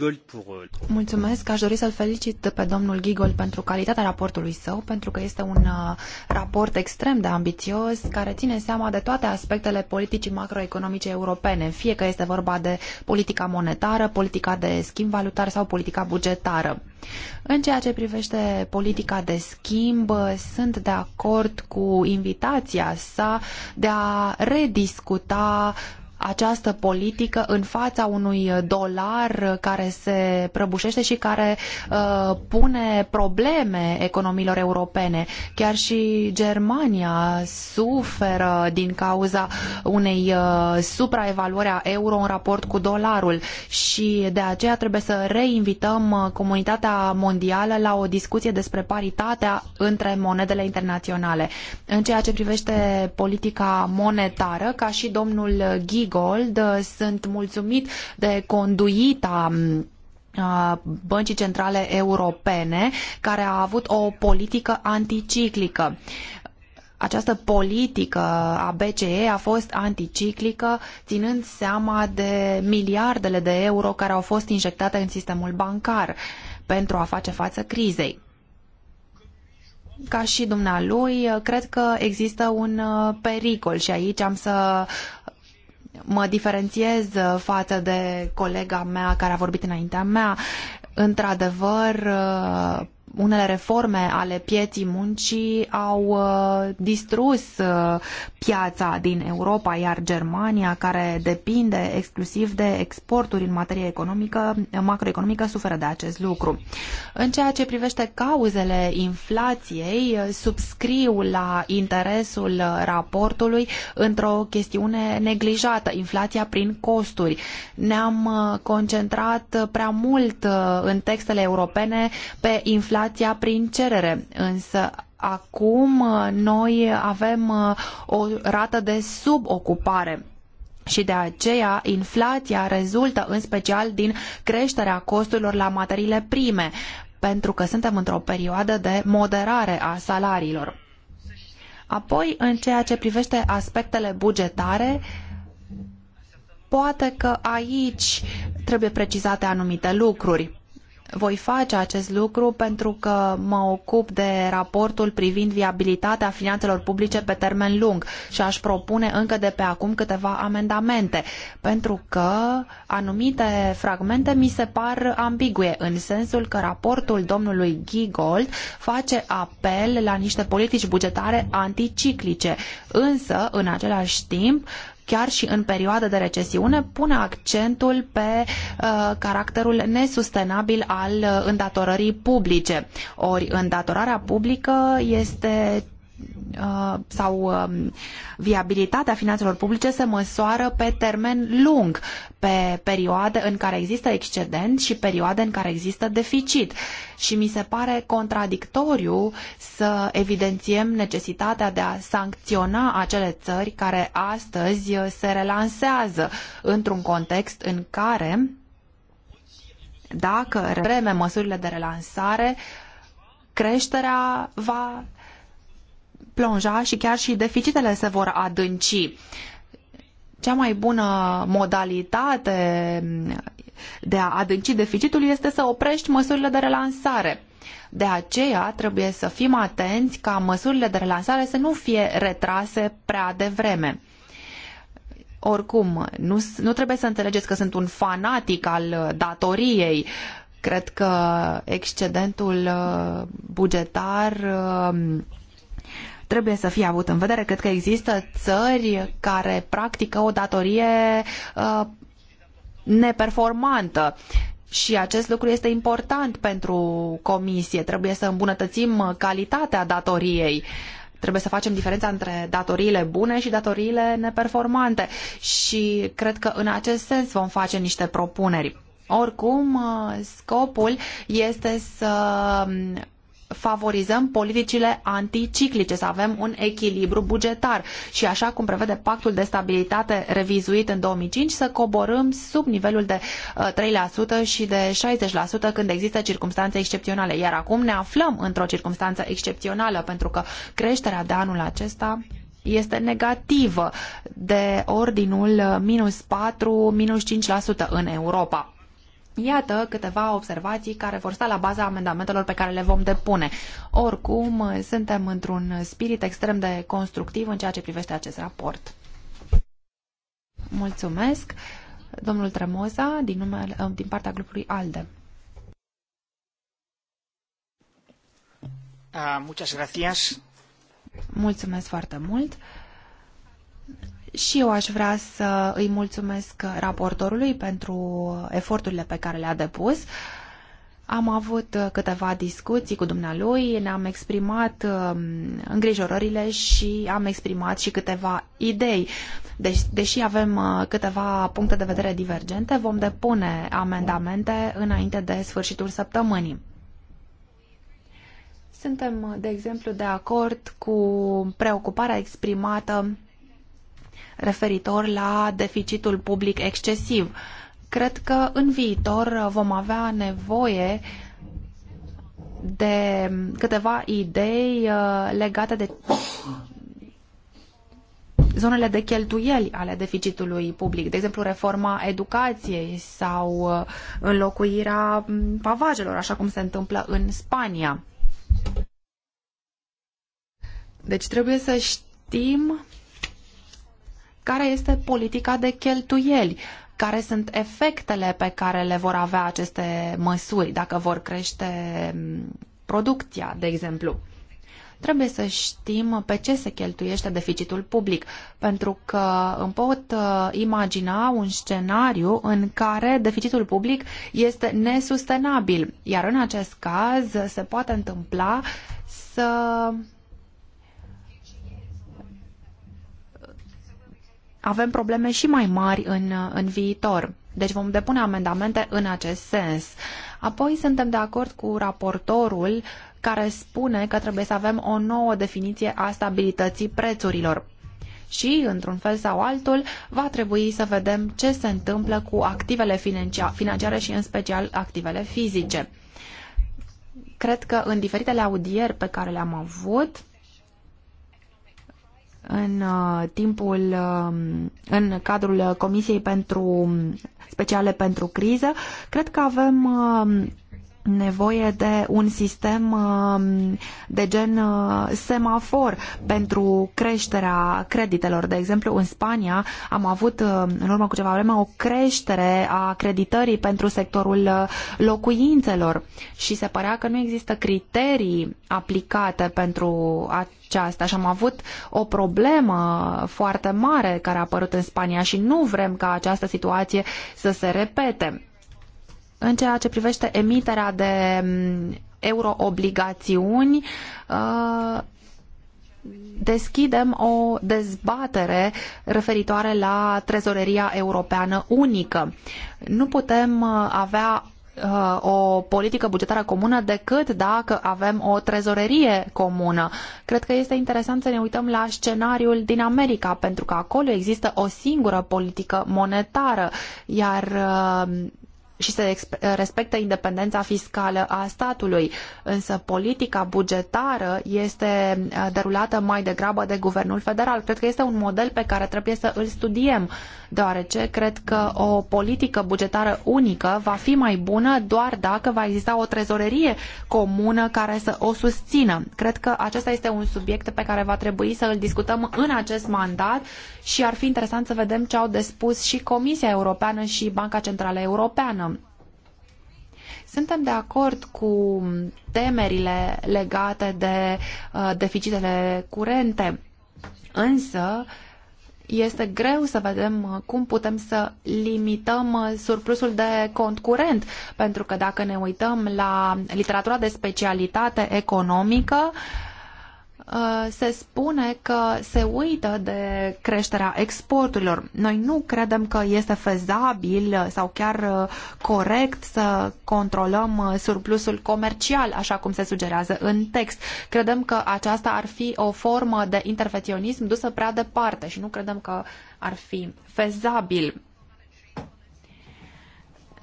Euh, Mulțumesc, aș dori să-l felicit pe domnul Gigol pentru calitatea raportului său, pentru că este un uh, raport extrem de ambițios care ține seama de toate aspectele politicii macroeconomice europene, fie că este vorba de politica monetară, politica de schimb valutar sau politica bugetară. În ceea ce privește politica de schimb, sunt de acord cu invitația sa de a rediscuta uh, această politică în fața unui dolar care se prăbușește și care uh, pune probleme economiilor europene. Chiar și Germania suferă din cauza unei uh, supraevaluări a euro în raport cu dolarul și de aceea trebuie să reinvităm uh, comunitatea mondială la o discuție despre paritatea între monedele internaționale. În ceea ce privește politica monetară, ca și domnul Gig Gold. Uh, sunt mulțumit de conduita mm, Băncii Centrale Europene, care a avut o politică anticiclică. Această politică a BCE a fost anticiclică, ținând seama de miliardele de euro care au fost injectate în sistemul bancar pentru a face față crizei. Ca și dumnealui, cred că există un uh, pericol și aici am să mă diferențiez uh, față de colega mea care a vorbit înaintea mea. Într-adevăr, uh, unele reforme ale pieții muncii au uh, distrus uh, piața din Europa, iar Germania, care depinde exclusiv de exporturi în materie economică, macroeconomică, suferă de acest lucru. În ceea ce privește cauzele inflației, uh, subscriu la interesul raportului într-o chestiune neglijată, inflația prin costuri. Ne-am concentrat prea mult în textele europene pe inflație legislația prin cerere, însă acum uh, noi avem uh, o rată de subocupare și de aceea inflația rezultă în special din creșterea costurilor la materiile prime, pentru că suntem într-o perioadă de moderare a salariilor. Apoi, în ceea ce privește aspectele bugetare, poate că aici trebuie precizate anumite lucruri voi face acest lucru pentru că mă ocup de raportul privind viabilitatea finanțelor publice pe termen lung și aș propune încă de pe acum câteva amendamente, pentru că anumite fragmente mi se par ambigue, în sensul că raportul domnului Gigold face apel la niște politici bugetare anticiclice, însă, în același timp, chiar și în perioada de recesiune, pune accentul pe uh, caracterul nesustenabil al uh, îndatorării publice. Ori îndatorarea publică este Uh, sau um, viabilitatea finanțelor publice se măsoară pe termen lung, pe perioade în care există excedent și perioade în care există deficit. Și mi se pare contradictoriu să evidențiem necesitatea de a sancționa acele țări care astăzi se relansează într-un context în care dacă vreme măsurile de relansare, creșterea va plonja și chiar și deficitele se vor adânci. Cea mai bună modalitate de a adânci deficitul este să oprești măsurile de relansare. De aceea trebuie să fim atenți ca măsurile de relansare să nu fie retrase prea devreme. Oricum, nu, nu trebuie să înțelegeți că sunt un fanatic al datoriei. Cred că excedentul uh, bugetar uh, trebuie să fie avut în vedere. Cred că există țări care practică o datorie uh, neperformantă. Și acest lucru este important pentru comisie. Trebuie să îmbunătățim calitatea datoriei. Trebuie să facem diferența între datoriile bune și datoriile neperformante. Și cred că în acest sens vom face niște propuneri. Oricum, uh, scopul este să um, favorizăm politicile anticiclice, să avem un echilibru bugetar și așa cum prevede pactul de stabilitate revizuit în 2005 să coborâm sub nivelul de 3% uh, și de 60% când există circunstanțe excepționale. Iar acum ne aflăm într-o circunstanță excepțională pentru că creșterea de anul acesta este negativă de ordinul uh, minus 4, minus 5% în Europa. Iată câteva observații care vor sta la baza amendamentelor pe care le vom depune. Oricum, suntem într-un spirit extrem de constructiv în ceea ce privește acest raport. Mulțumesc. Domnul Tremoza, din, numele, uh, din partea grupului ALDE. Uh, muchas gracias. Mulțumesc foarte mult. Uh, și eu aș vrea să îi mulțumesc raportorului pentru eforturile pe care le-a depus. Am avut câteva discuții cu dumnealui, ne-am exprimat um, îngrijorările și am exprimat și câteva idei. Deci, deși avem uh, câteva puncte de vedere divergente, vom depune amendamente înainte de sfârșitul săptămânii. Suntem, de exemplu, de acord cu preocuparea exprimată referitor la deficitul public excesiv. Cred că în viitor vom avea nevoie de câteva idei uh, legate de zonele de cheltuieli ale deficitului public, de exemplu reforma educației sau uh, înlocuirea mm, pavajelor, așa cum se întâmplă în Spania. Deci trebuie să știm care este politica de cheltuieli, care sunt efectele pe care le vor avea aceste măsuri, dacă vor crește mm, producția, de exemplu. Trebuie să știm pe ce se cheltuiește deficitul public, pentru că îmi pot uh, imagina un scenariu în care deficitul public este nesustenabil, iar în acest caz se poate întâmpla să avem probleme și mai mari în, în viitor. Deci vom depune amendamente în acest sens. Apoi suntem de acord cu raportorul care spune că trebuie să avem o nouă definiție a stabilității prețurilor. Și, într-un fel sau altul, va trebui să vedem ce se întâmplă cu activele financiare și, în special, activele fizice. Cred că în diferitele audieri pe care le-am avut, în uh, timpul, um, în cadrul Comisiei pentru Speciale pentru Criză. Cred că avem um, nevoie de un sistem um, de gen uh, semafor pentru creșterea creditelor. De exemplu, în Spania am avut uh, în urmă cu ceva vreme o creștere a creditării pentru sectorul uh, locuințelor și se părea că nu există criterii aplicate pentru aceasta și am avut o problemă foarte mare care a apărut în Spania și nu vrem ca această situație să se repete în ceea ce privește emiterea de mm, euroobligațiuni, uh, deschidem o dezbatere referitoare la trezoreria europeană unică. Nu putem uh, avea uh, o politică bugetară comună decât dacă avem o trezorerie comună. Cred că este interesant să ne uităm la scenariul din America, pentru că acolo există o singură politică monetară, iar și se respectă independența fiscală a statului, însă politica bugetară este uh, derulată mai degrabă de guvernul federal. Cred că este un model pe care trebuie să îl studiem, deoarece cred că o politică bugetară unică va fi mai bună doar dacă va exista o trezorerie comună care să o susțină. Cred că acesta este un subiect pe care va trebui să îl discutăm în acest mandat și ar fi interesant să vedem ce au de spus și Comisia Europeană și Banca Centrală Europeană suntem de acord cu temerile legate de uh, deficitele curente, însă este greu să vedem uh, cum putem să limităm uh, surplusul de cont curent, pentru că dacă ne uităm la literatura de specialitate economică, uh, Uh, se spune că se uită de creșterea exporturilor. Noi nu credem că este fezabil sau chiar uh, corect să controlăm uh, surplusul comercial, așa cum se sugerează în text. Credem că aceasta ar fi o formă de intervenționism dusă prea departe și nu credem că ar fi fezabil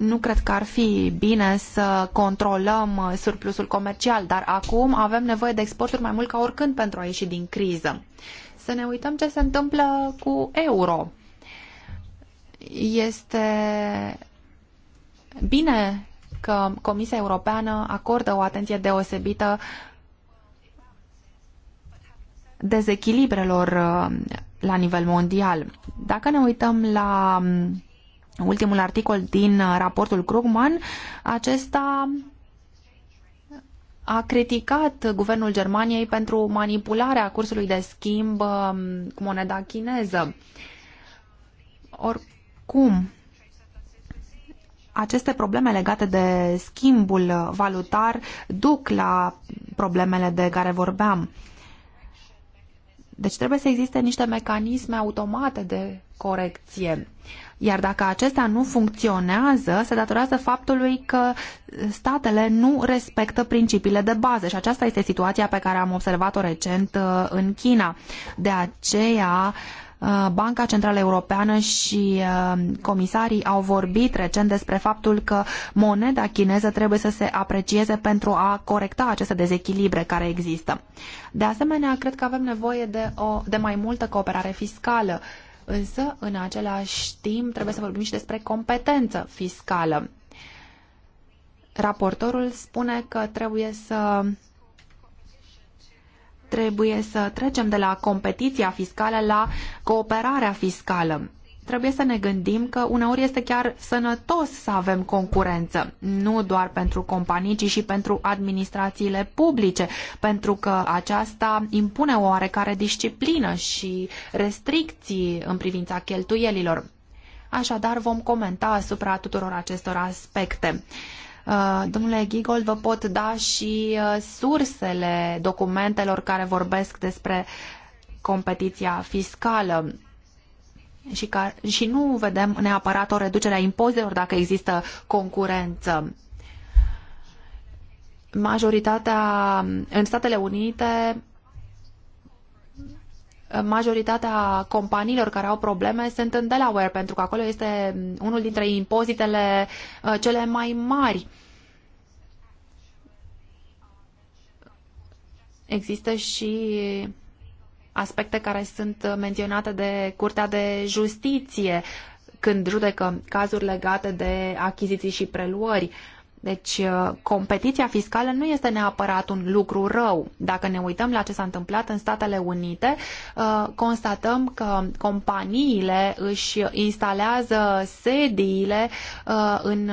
nu cred că ar fi bine să controlăm uh, surplusul comercial, dar acum avem nevoie de exporturi mai mult ca oricând pentru a ieși din criză. Să ne uităm ce se întâmplă cu euro. Este bine că Comisia Europeană acordă o atenție deosebită dezechilibrelor uh, la nivel mondial. Dacă ne uităm la um, ultimul articol din uh, raportul Krugman, acesta a criticat guvernul Germaniei pentru manipularea cursului de schimb um, cu moneda chineză. Oricum, aceste probleme legate de schimbul valutar duc la problemele de care vorbeam. Deci trebuie să existe niște mecanisme automate de corecție. Iar dacă acestea nu funcționează, se datorează faptului că statele nu respectă principiile de bază și aceasta este situația pe care am observat-o recent uh, în China. De aceea, uh, Banca Centrală Europeană și uh, comisarii au vorbit recent despre faptul că moneda chineză trebuie să se aprecieze pentru a corecta aceste dezechilibre care există. De asemenea, cred că avem nevoie de, o, de mai multă cooperare fiscală Însă, în același timp, trebuie să vorbim și despre competență fiscală. Raportorul spune că trebuie să trebuie să trecem de la competiția fiscală la cooperarea fiscală trebuie să ne gândim că uneori este chiar sănătos să avem concurență, nu doar pentru companii, ci și pentru administrațiile publice, pentru că aceasta impune o oarecare disciplină și restricții în privința cheltuielilor. Așadar, vom comenta asupra tuturor acestor aspecte. Uh, domnule Gigol, vă pot da și uh, sursele documentelor care vorbesc despre competiția fiscală și, ca, și nu vedem neapărat o reducere a impozitelor dacă există concurență. Majoritatea în Statele Unite majoritatea companiilor care au probleme sunt în Delaware, pentru că acolo este unul dintre impozitele uh, cele mai mari. Există și aspecte care sunt menționate de Curtea de Justiție când judecă cazuri legate de achiziții și preluări. Deci, uh, competiția fiscală nu este neapărat un lucru rău. Dacă ne uităm la ce s-a întâmplat în Statele Unite, uh, constatăm că companiile își instalează sediile uh, în,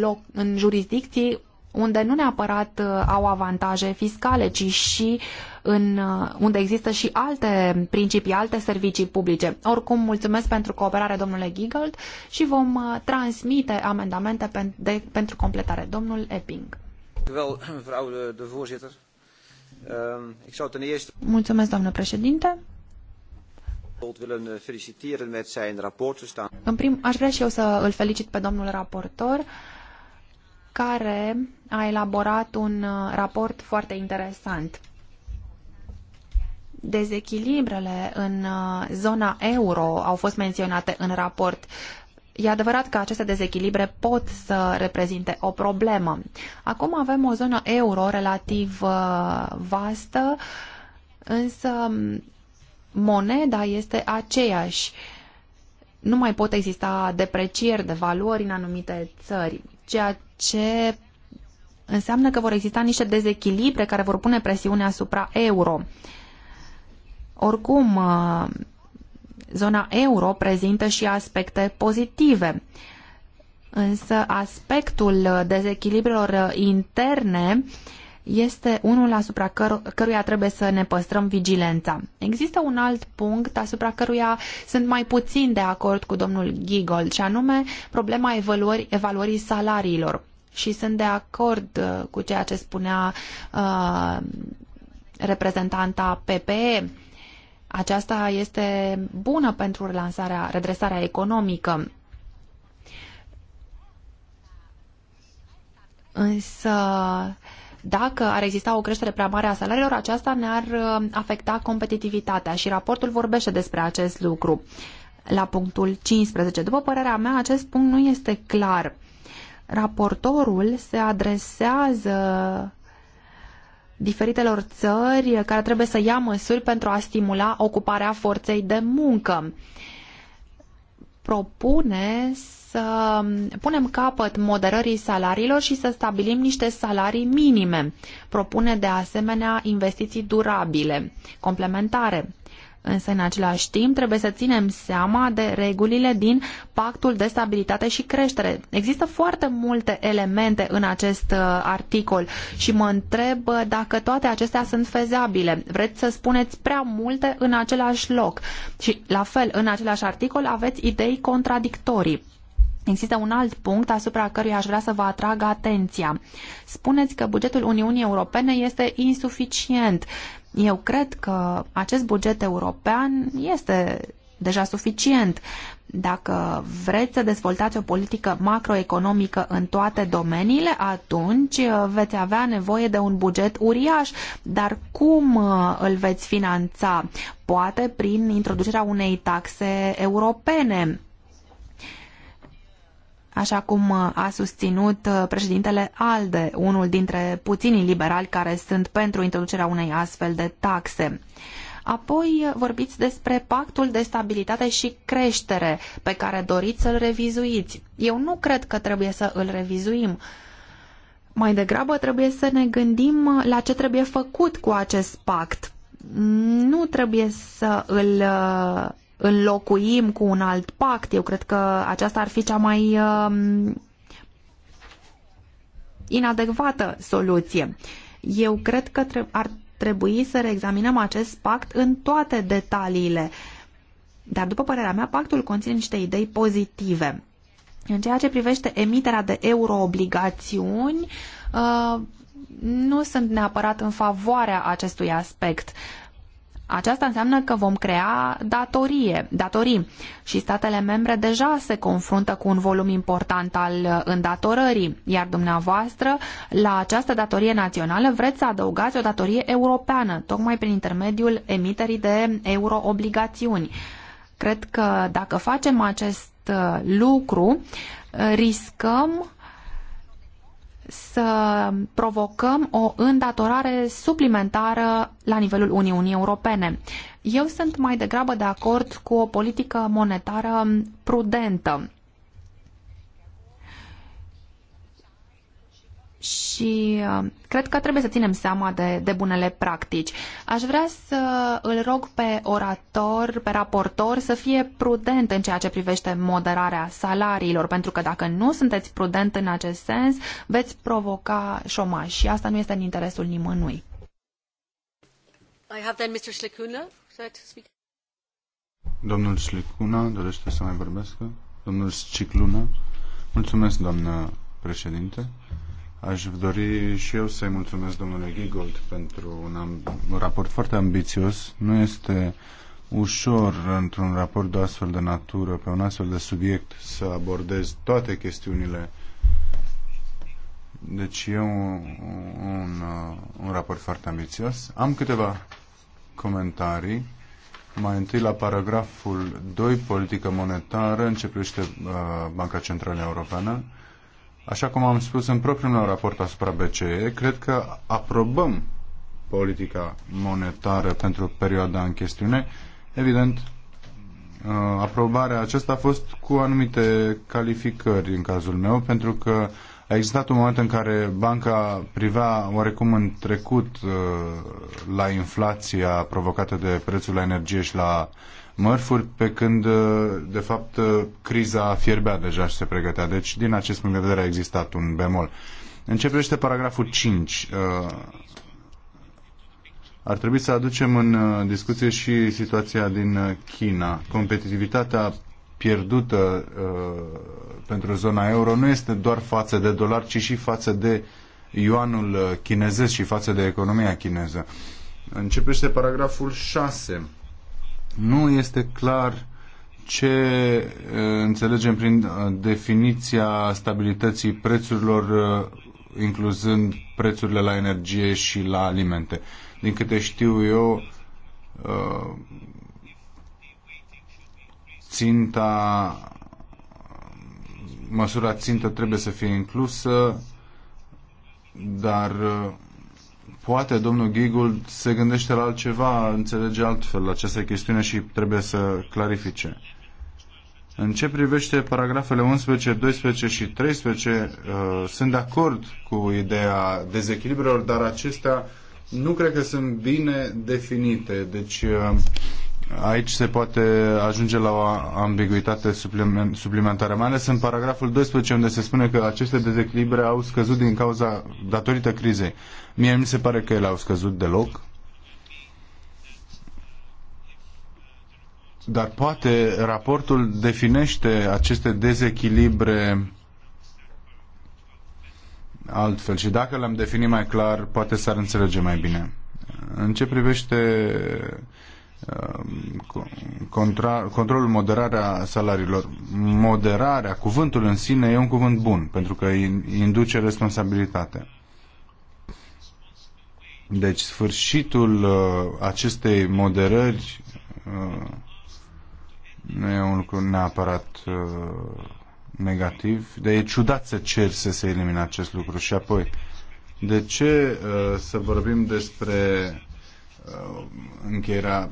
loc, în jurisdicții unde nu neapărat uh, au avantaje fiscale, ci și în, uh, unde există și alte principii, alte servicii publice. Oricum, mulțumesc pentru cooperare, domnule Giggold, și vom uh, transmite amendamente pen, de, pentru completare. Domnul Epping. Ehm, mulțumesc, domnule președinte. Eh, în prim, aș vrea și eu să îl felicit pe domnul raportor care a elaborat un uh, raport foarte interesant. Dezechilibrele în uh, zona euro au fost menționate în raport. E adevărat că aceste dezechilibre pot să reprezinte o problemă. Acum avem o zonă euro relativ uh, vastă, însă moneda este aceeași. Nu mai pot exista deprecieri de valori în anumite țări, ceea ce înseamnă că vor exista niște dezechilibre care vor pune presiune asupra euro. Oricum, uh, zona euro prezintă și aspecte pozitive. Însă aspectul dezechilibrelor interne uh, este unul asupra căr- căruia trebuie să ne păstrăm vigilența. Există un alt punct asupra căruia sunt mai puțin de acord cu domnul Gigol, și anume problema evaluări, evaluării salariilor. Și sunt de acord uh, cu ceea ce spunea uh, reprezentanta PPE. Aceasta este bună pentru relansarea, redresarea economică. Însă, dacă ar exista o creștere prea mare a salariilor, aceasta ne-ar uh, afecta competitivitatea și raportul vorbește despre acest lucru. La punctul 15. După părerea mea, acest punct nu este clar. Raportorul se adresează diferitelor țări care trebuie să ia măsuri pentru a stimula ocuparea forței de muncă. Propune să punem capăt moderării salariilor și să stabilim niște salarii minime. Propune de asemenea investiții durabile, complementare. Însă, în același timp, trebuie să ținem seama de regulile din Pactul de Stabilitate și Creștere. Există foarte multe elemente în acest uh, articol și mă întreb uh, dacă toate acestea sunt fezabile. Vreți să spuneți prea multe în același loc. Și, la fel, în același articol aveți idei contradictorii. Există un alt punct asupra căruia aș vrea să vă atrag atenția. Spuneți că bugetul Uniunii Europene este insuficient. Eu cred că acest buget european este deja suficient. Dacă vreți să dezvoltați o politică macroeconomică în toate domeniile, atunci uh, veți avea nevoie de un buget uriaș. Dar cum uh, îl veți finanța? Poate prin introducerea unei taxe europene așa cum uh, a susținut uh, președintele Alde, unul dintre puținii liberali care sunt pentru introducerea unei astfel de taxe. Apoi uh, vorbiți despre pactul de stabilitate și creștere pe care doriți să-l revizuiți. Eu nu cred că trebuie să îl revizuim. Mai degrabă trebuie să ne gândim la ce trebuie făcut cu acest pact. Nu trebuie să îl înlocuim cu un alt pact. Eu cred că aceasta ar fi cea mai um, inadecvată soluție. Eu cred că ar trebui să reexaminăm acest pact în toate detaliile. Dar, după părerea mea, pactul conține niște idei pozitive. În ceea ce privește emiterea de euroobligațiuni, uh, nu sunt neapărat în favoarea acestui aspect. Aceasta înseamnă că vom crea datorie, datorii și statele membre deja se confruntă cu un volum important al îndatorării, iar dumneavoastră la această datorie națională vreți să adăugați o datorie europeană, tocmai prin intermediul emiterii de euroobligațiuni. Cred că dacă facem acest uh, lucru, uh, riscăm să provocăm o îndatorare suplimentară la nivelul Uniunii Europene. Eu sunt mai degrabă de acord cu o politică monetară prudentă și uh, cred că trebuie să ținem seama de, de bunele practici. Aș vrea să îl rog pe orator, pe raportor să fie prudent în ceea ce privește moderarea salariilor, pentru că dacă nu sunteți prudent în acest sens, veți provoca șomaj și asta nu este în interesul nimănui. I have then Mr. Slicuna. Domnul Slicuna dorește să mai vorbesc, Domnul Cicluna? Mulțumesc, doamnă președinte. Aș dori și eu să-i mulțumesc domnului Gigold pentru un, un raport foarte ambițios. Nu este ușor într-un raport de astfel de natură, pe un astfel de subiect, să abordez toate chestiunile. Deci e un, un, uh, un raport foarte ambițios. Am câteva comentarii. Mai întâi la paragraful 2, politică monetară, începește uh, Banca Centrală Europeană. Așa cum am spus în propriul meu raport asupra BCE, cred că aprobăm politica monetară pentru perioada în chestiune. Evident, uh, aprobarea aceasta a fost cu anumite calificări în cazul meu, pentru că a existat un moment în care banca privea oarecum în trecut uh, la inflația provocată de prețul la energie și la mărfuri, pe când, uh, de fapt, uh, criza fierbea deja și se pregătea. Deci, din acest punct de vedere, a existat un bemol. Începește paragraful 5. Uh, ar trebui să aducem în discuție și situația din China. Competitivitatea pierdută pentru zona euro nu este doar față de dolar, ci și față de yuanul chinezesc și față de economia chineză. Începește paragraful 6 nu este clar ce înțelegem prin definiția stabilității prețurilor incluzând prețurile la energie și la alimente. Din câte știu eu, ținta, măsura țintă trebuie să fie inclusă, dar poate domnul Ghigul se gândește la altceva, înțelege altfel această chestiune și trebuie să clarifice. În ce privește paragrafele 11, 12 și 13, uh, sunt de acord cu ideea dezechilibrelor, dar acestea nu cred că sunt bine definite. Deci uh, Aici se poate ajunge la o ambiguitate suplimentară, mai ales în paragraful 12, unde se spune că aceste dezechilibre au scăzut din cauza, datorită crizei. Mie mi se pare că ele au scăzut deloc. Dar poate raportul definește aceste dezechilibre altfel și dacă le-am definit mai clar, poate s-ar înțelege mai bine. În ce privește Um, contra, controlul, moderarea salariilor. Moderarea, cuvântul în sine, e un cuvânt bun, pentru că induce responsabilitate. Deci sfârșitul uh, acestei moderări uh, nu e un lucru neapărat uh, negativ, dar e ciudat să cer să se elimine acest lucru. Și apoi, de ce uh, să vorbim despre Uh, încheierea,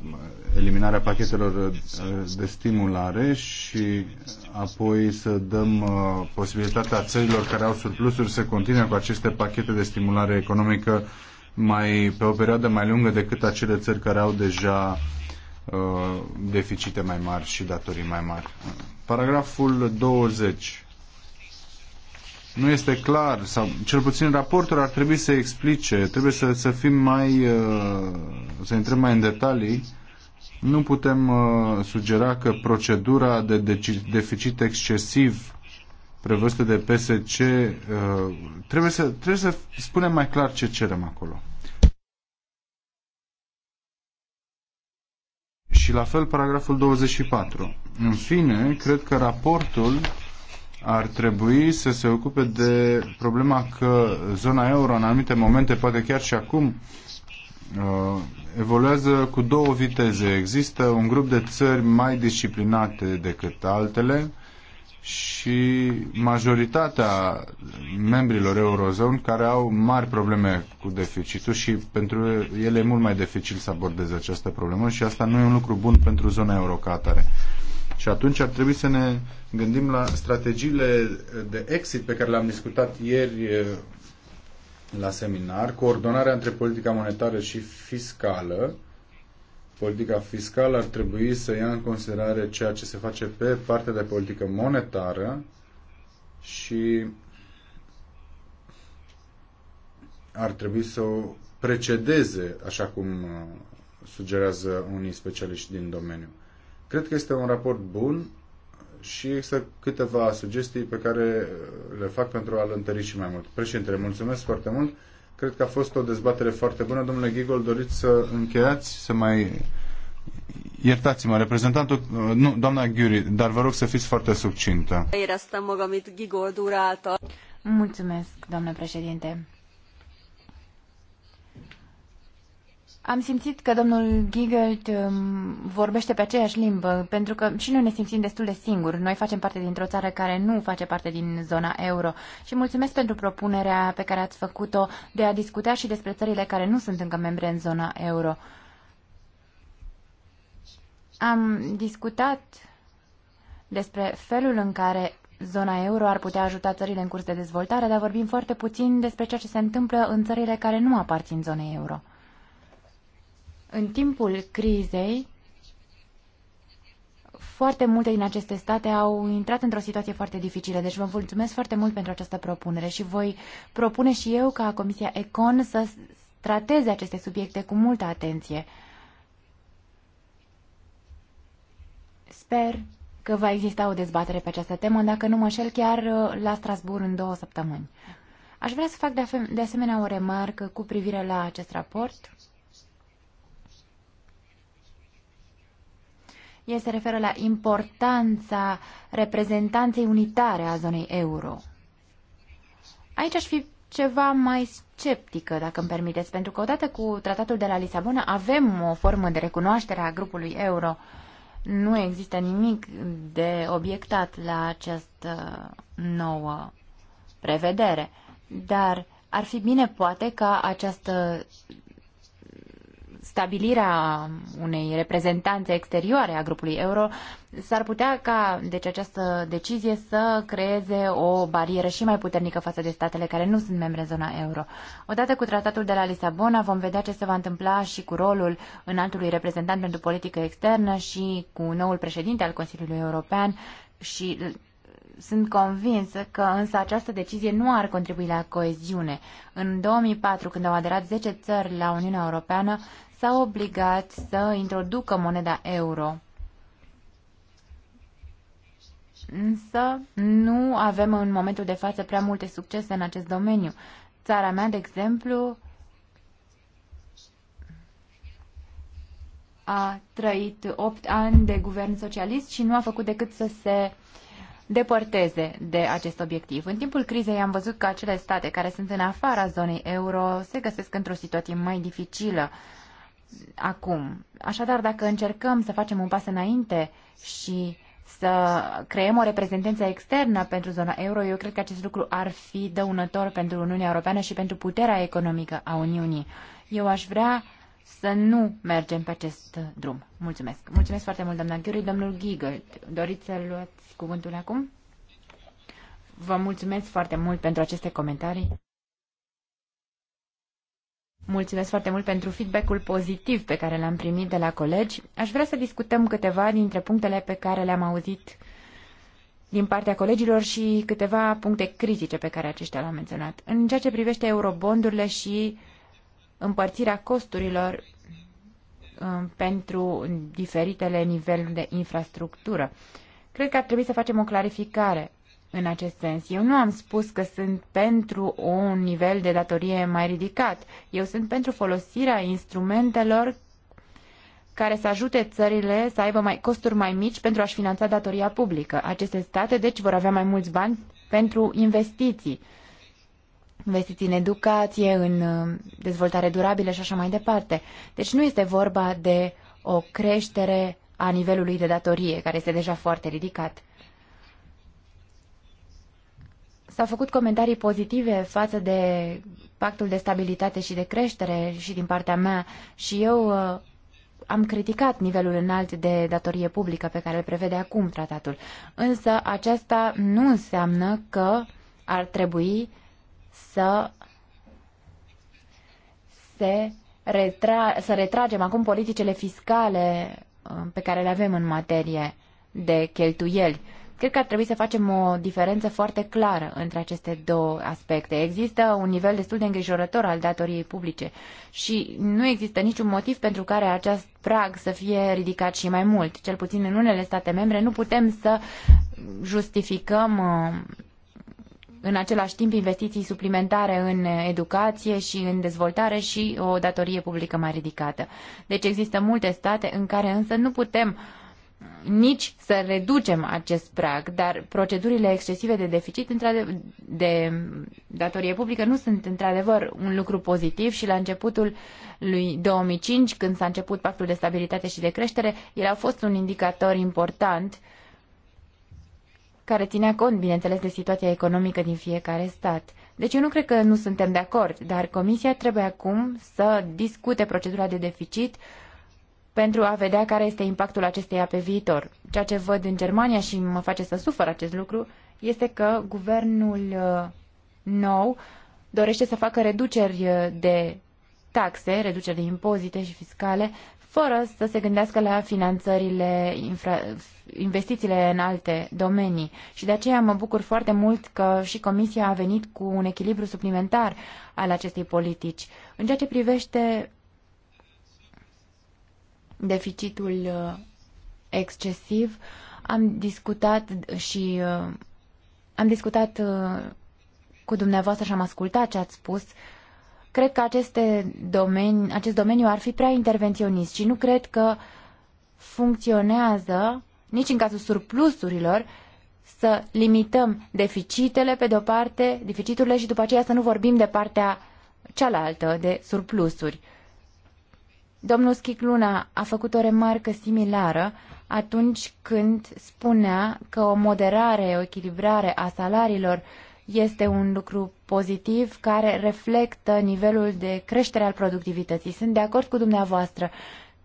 eliminarea pachetelor uh, de stimulare și apoi să dăm uh, posibilitatea țărilor care au surplusuri să continue cu aceste pachete de stimulare economică mai, pe o perioadă mai lungă decât acele țări care au deja deficite mai mari și datorii mai mari. Paragraful 20 nu este clar, sau cel puțin raportul ar trebui să explice, trebuie să, să fim mai, uh, să intrăm mai în detalii. Nu putem uh, sugera că procedura de deci, deficit excesiv prevăzută de PSC uh, trebuie să, trebuie să spunem mai clar ce cerem acolo. Și la fel paragraful 24. În fine, cred că raportul ar trebui să se ocupe de problema că zona euro în anumite momente, poate chiar și acum, uh, evoluează cu două viteze. Există un grup de țări mai disciplinate decât altele și majoritatea membrilor eurozone care au mari probleme cu deficitul și pentru ele e mult mai dificil să abordeze această problemă și asta nu e un lucru bun pentru zona euro ca atare. Și atunci ar trebui să ne gândim la strategiile de exit pe care le-am discutat ieri eh, la seminar, coordonarea între politica monetară și fiscală. Politica fiscală ar trebui să ia în considerare ceea ce se face pe partea de politică monetară și ar trebui să o precedeze, așa cum eh, sugerează unii specialiști din domeniu. Cred că este un raport bun și există câteva sugestii pe care le fac pentru a-l întări și mai mult. Președintele, mulțumesc foarte mult. Cred că a fost o dezbatere foarte bună. Domnule Gigol, doriți să încheiați, să mai... Iertați-mă, reprezentantul, uh, nu, doamna Ghiuri, dar vă rog să fiți foarte subcintă. Mulțumesc, doamnă președinte. Am simțit că domnul um, vorbește pe aceeași limbă, pentru că și noi ne simțim destul de singuri. Noi facem parte dintr-o țară care nu face parte din zona euro. Și mulțumesc pentru propunerea pe care ați făcut-o de a discuta și despre țările care nu sunt încă membre în zona euro. Am discutat despre felul în care Zona euro ar putea ajuta țările în curs de dezvoltare, dar vorbim foarte puțin despre ceea ce se întâmplă în țările care nu aparțin zonei euro. În timpul crizei, foarte multe din aceste state au intrat într-o situație foarte dificilă. Deci vă mulțumesc foarte mult pentru această propunere și voi propune și eu ca Comisia Econ să trateze aceste subiecte cu multă atenție. Sper că va exista o dezbatere pe această temă, dacă nu mă șel chiar uh, la Strasbourg în două săptămâni. Aș vrea să fac de asemenea o remarcă cu privire la acest raport. El se referă la importanța reprezentanței unitare a zonei euro. Aici aș fi ceva mai sceptică, dacă îmi permiteți, pentru că odată cu tratatul de la Lisabona avem o formă de recunoaștere a grupului euro. Nu există nimic de obiectat la această nouă prevedere, dar ar fi bine poate ca această stabilirea unei reprezentanțe exterioare a grupului euro, s-ar putea ca deci, această decizie să creeze o barieră și mai puternică față de statele care nu sunt membre zona euro. Odată cu tratatul de la Lisabona vom vedea ce se va întâmpla și cu rolul înaltului reprezentant pentru politică externă și cu noul președinte al Consiliului European și sunt convinsă că însă această decizie nu ar contribui la coeziune. În 2004, când au aderat 10 țări la Uniunea Europeană, s-au obligat să introducă moneda euro. Însă nu avem în momentul de față prea multe succese în acest domeniu. Țara mea, de exemplu, a trăit 8 ani de guvern socialist și nu a făcut decât să se depărteze de acest obiectiv. În timpul crizei am văzut că acele state care sunt în afara zonei euro se găsesc într-o situație mai dificilă acum. Așadar, dacă încercăm să facem un pas înainte și să creăm o reprezentanță externă pentru zona euro, eu cred că acest lucru ar fi dăunător pentru Uniunea Europeană și pentru puterea economică a Uniunii. Eu aș vrea să nu mergem pe acest drum. Mulțumesc. Mulțumesc foarte mult, doamna Ghiuri. Domnul Giggle, doriți să luați cuvântul acum? Vă mulțumesc foarte mult pentru aceste comentarii. Mulțumesc foarte mult pentru feedback-ul pozitiv pe care l-am primit de la colegi. Aș vrea să discutăm câteva dintre punctele pe care le-am auzit din partea colegilor și câteva puncte critice pe care aceștia l au menționat. În ceea ce privește eurobondurile și împărțirea costurilor um, pentru diferitele niveluri de infrastructură. Cred că ar trebui să facem o clarificare în acest sens. Eu nu am spus că sunt pentru un nivel de datorie mai ridicat. Eu sunt pentru folosirea instrumentelor care să ajute țările să aibă mai, costuri mai mici pentru a-și finanța datoria publică. Aceste state, deci, vor avea mai mulți bani pentru investiții. Investiții în educație, în uh, dezvoltare durabilă și așa mai departe. Deci nu este vorba de o creștere a nivelului de datorie, care este deja foarte ridicat. S-au făcut comentarii pozitive față de pactul de stabilitate și de creștere și din partea mea și eu uh, am criticat nivelul înalt de datorie publică pe care îl prevede acum tratatul. Însă aceasta nu înseamnă că ar trebui să se retra- să retragem acum politicele fiscale uh, pe care le avem în materie de cheltuieli. Cred că ar trebui să facem o diferență foarte clară între aceste două aspecte. Există un nivel destul de îngrijorător al datoriei publice și nu există niciun motiv pentru care acest prag să fie ridicat și mai mult. Cel puțin în unele state membre nu putem să justificăm uh, în același timp investiții suplimentare în educație și în dezvoltare și o datorie publică mai ridicată. Deci există multe state în care însă nu putem uh, nici să reducem acest prag, dar procedurile excesive de deficit de datorie publică nu sunt într-adevăr un lucru pozitiv și la începutul lui 2005, când s-a început pactul de stabilitate și de creștere, el a fost un indicator important care ținea cont, bineînțeles, de situația economică din fiecare stat. Deci eu nu cred că nu suntem de acord, dar Comisia trebuie acum să discute procedura de deficit uh, pentru a vedea care este impactul acesteia pe viitor. Ceea ce văd în Germania și mă face să sufăr acest lucru este că guvernul uh, nou dorește să facă reduceri uh, de taxe, reduceri de impozite și fiscale, fără să se gândească la finanțările, infra, investițiile în alte domenii. Și de aceea mă bucur foarte mult că și Comisia a venit cu un echilibru suplimentar al acestei politici. În ceea ce privește deficitul uh, excesiv. Am discutat și uh, am discutat uh, cu dumneavoastră și am ascultat ce ați spus. Cred că aceste domeni, acest domeniu ar fi prea intervenționist și nu cred că funcționează nici în cazul surplusurilor să limităm deficitele pe de-o parte, deficiturile și după aceea să nu vorbim de partea cealaltă de surplusuri. Domnul Schicluna a făcut o remarcă similară atunci când spunea că o moderare, o echilibrare a salariilor este un lucru pozitiv care reflectă nivelul de creștere al productivității. Sunt de acord cu dumneavoastră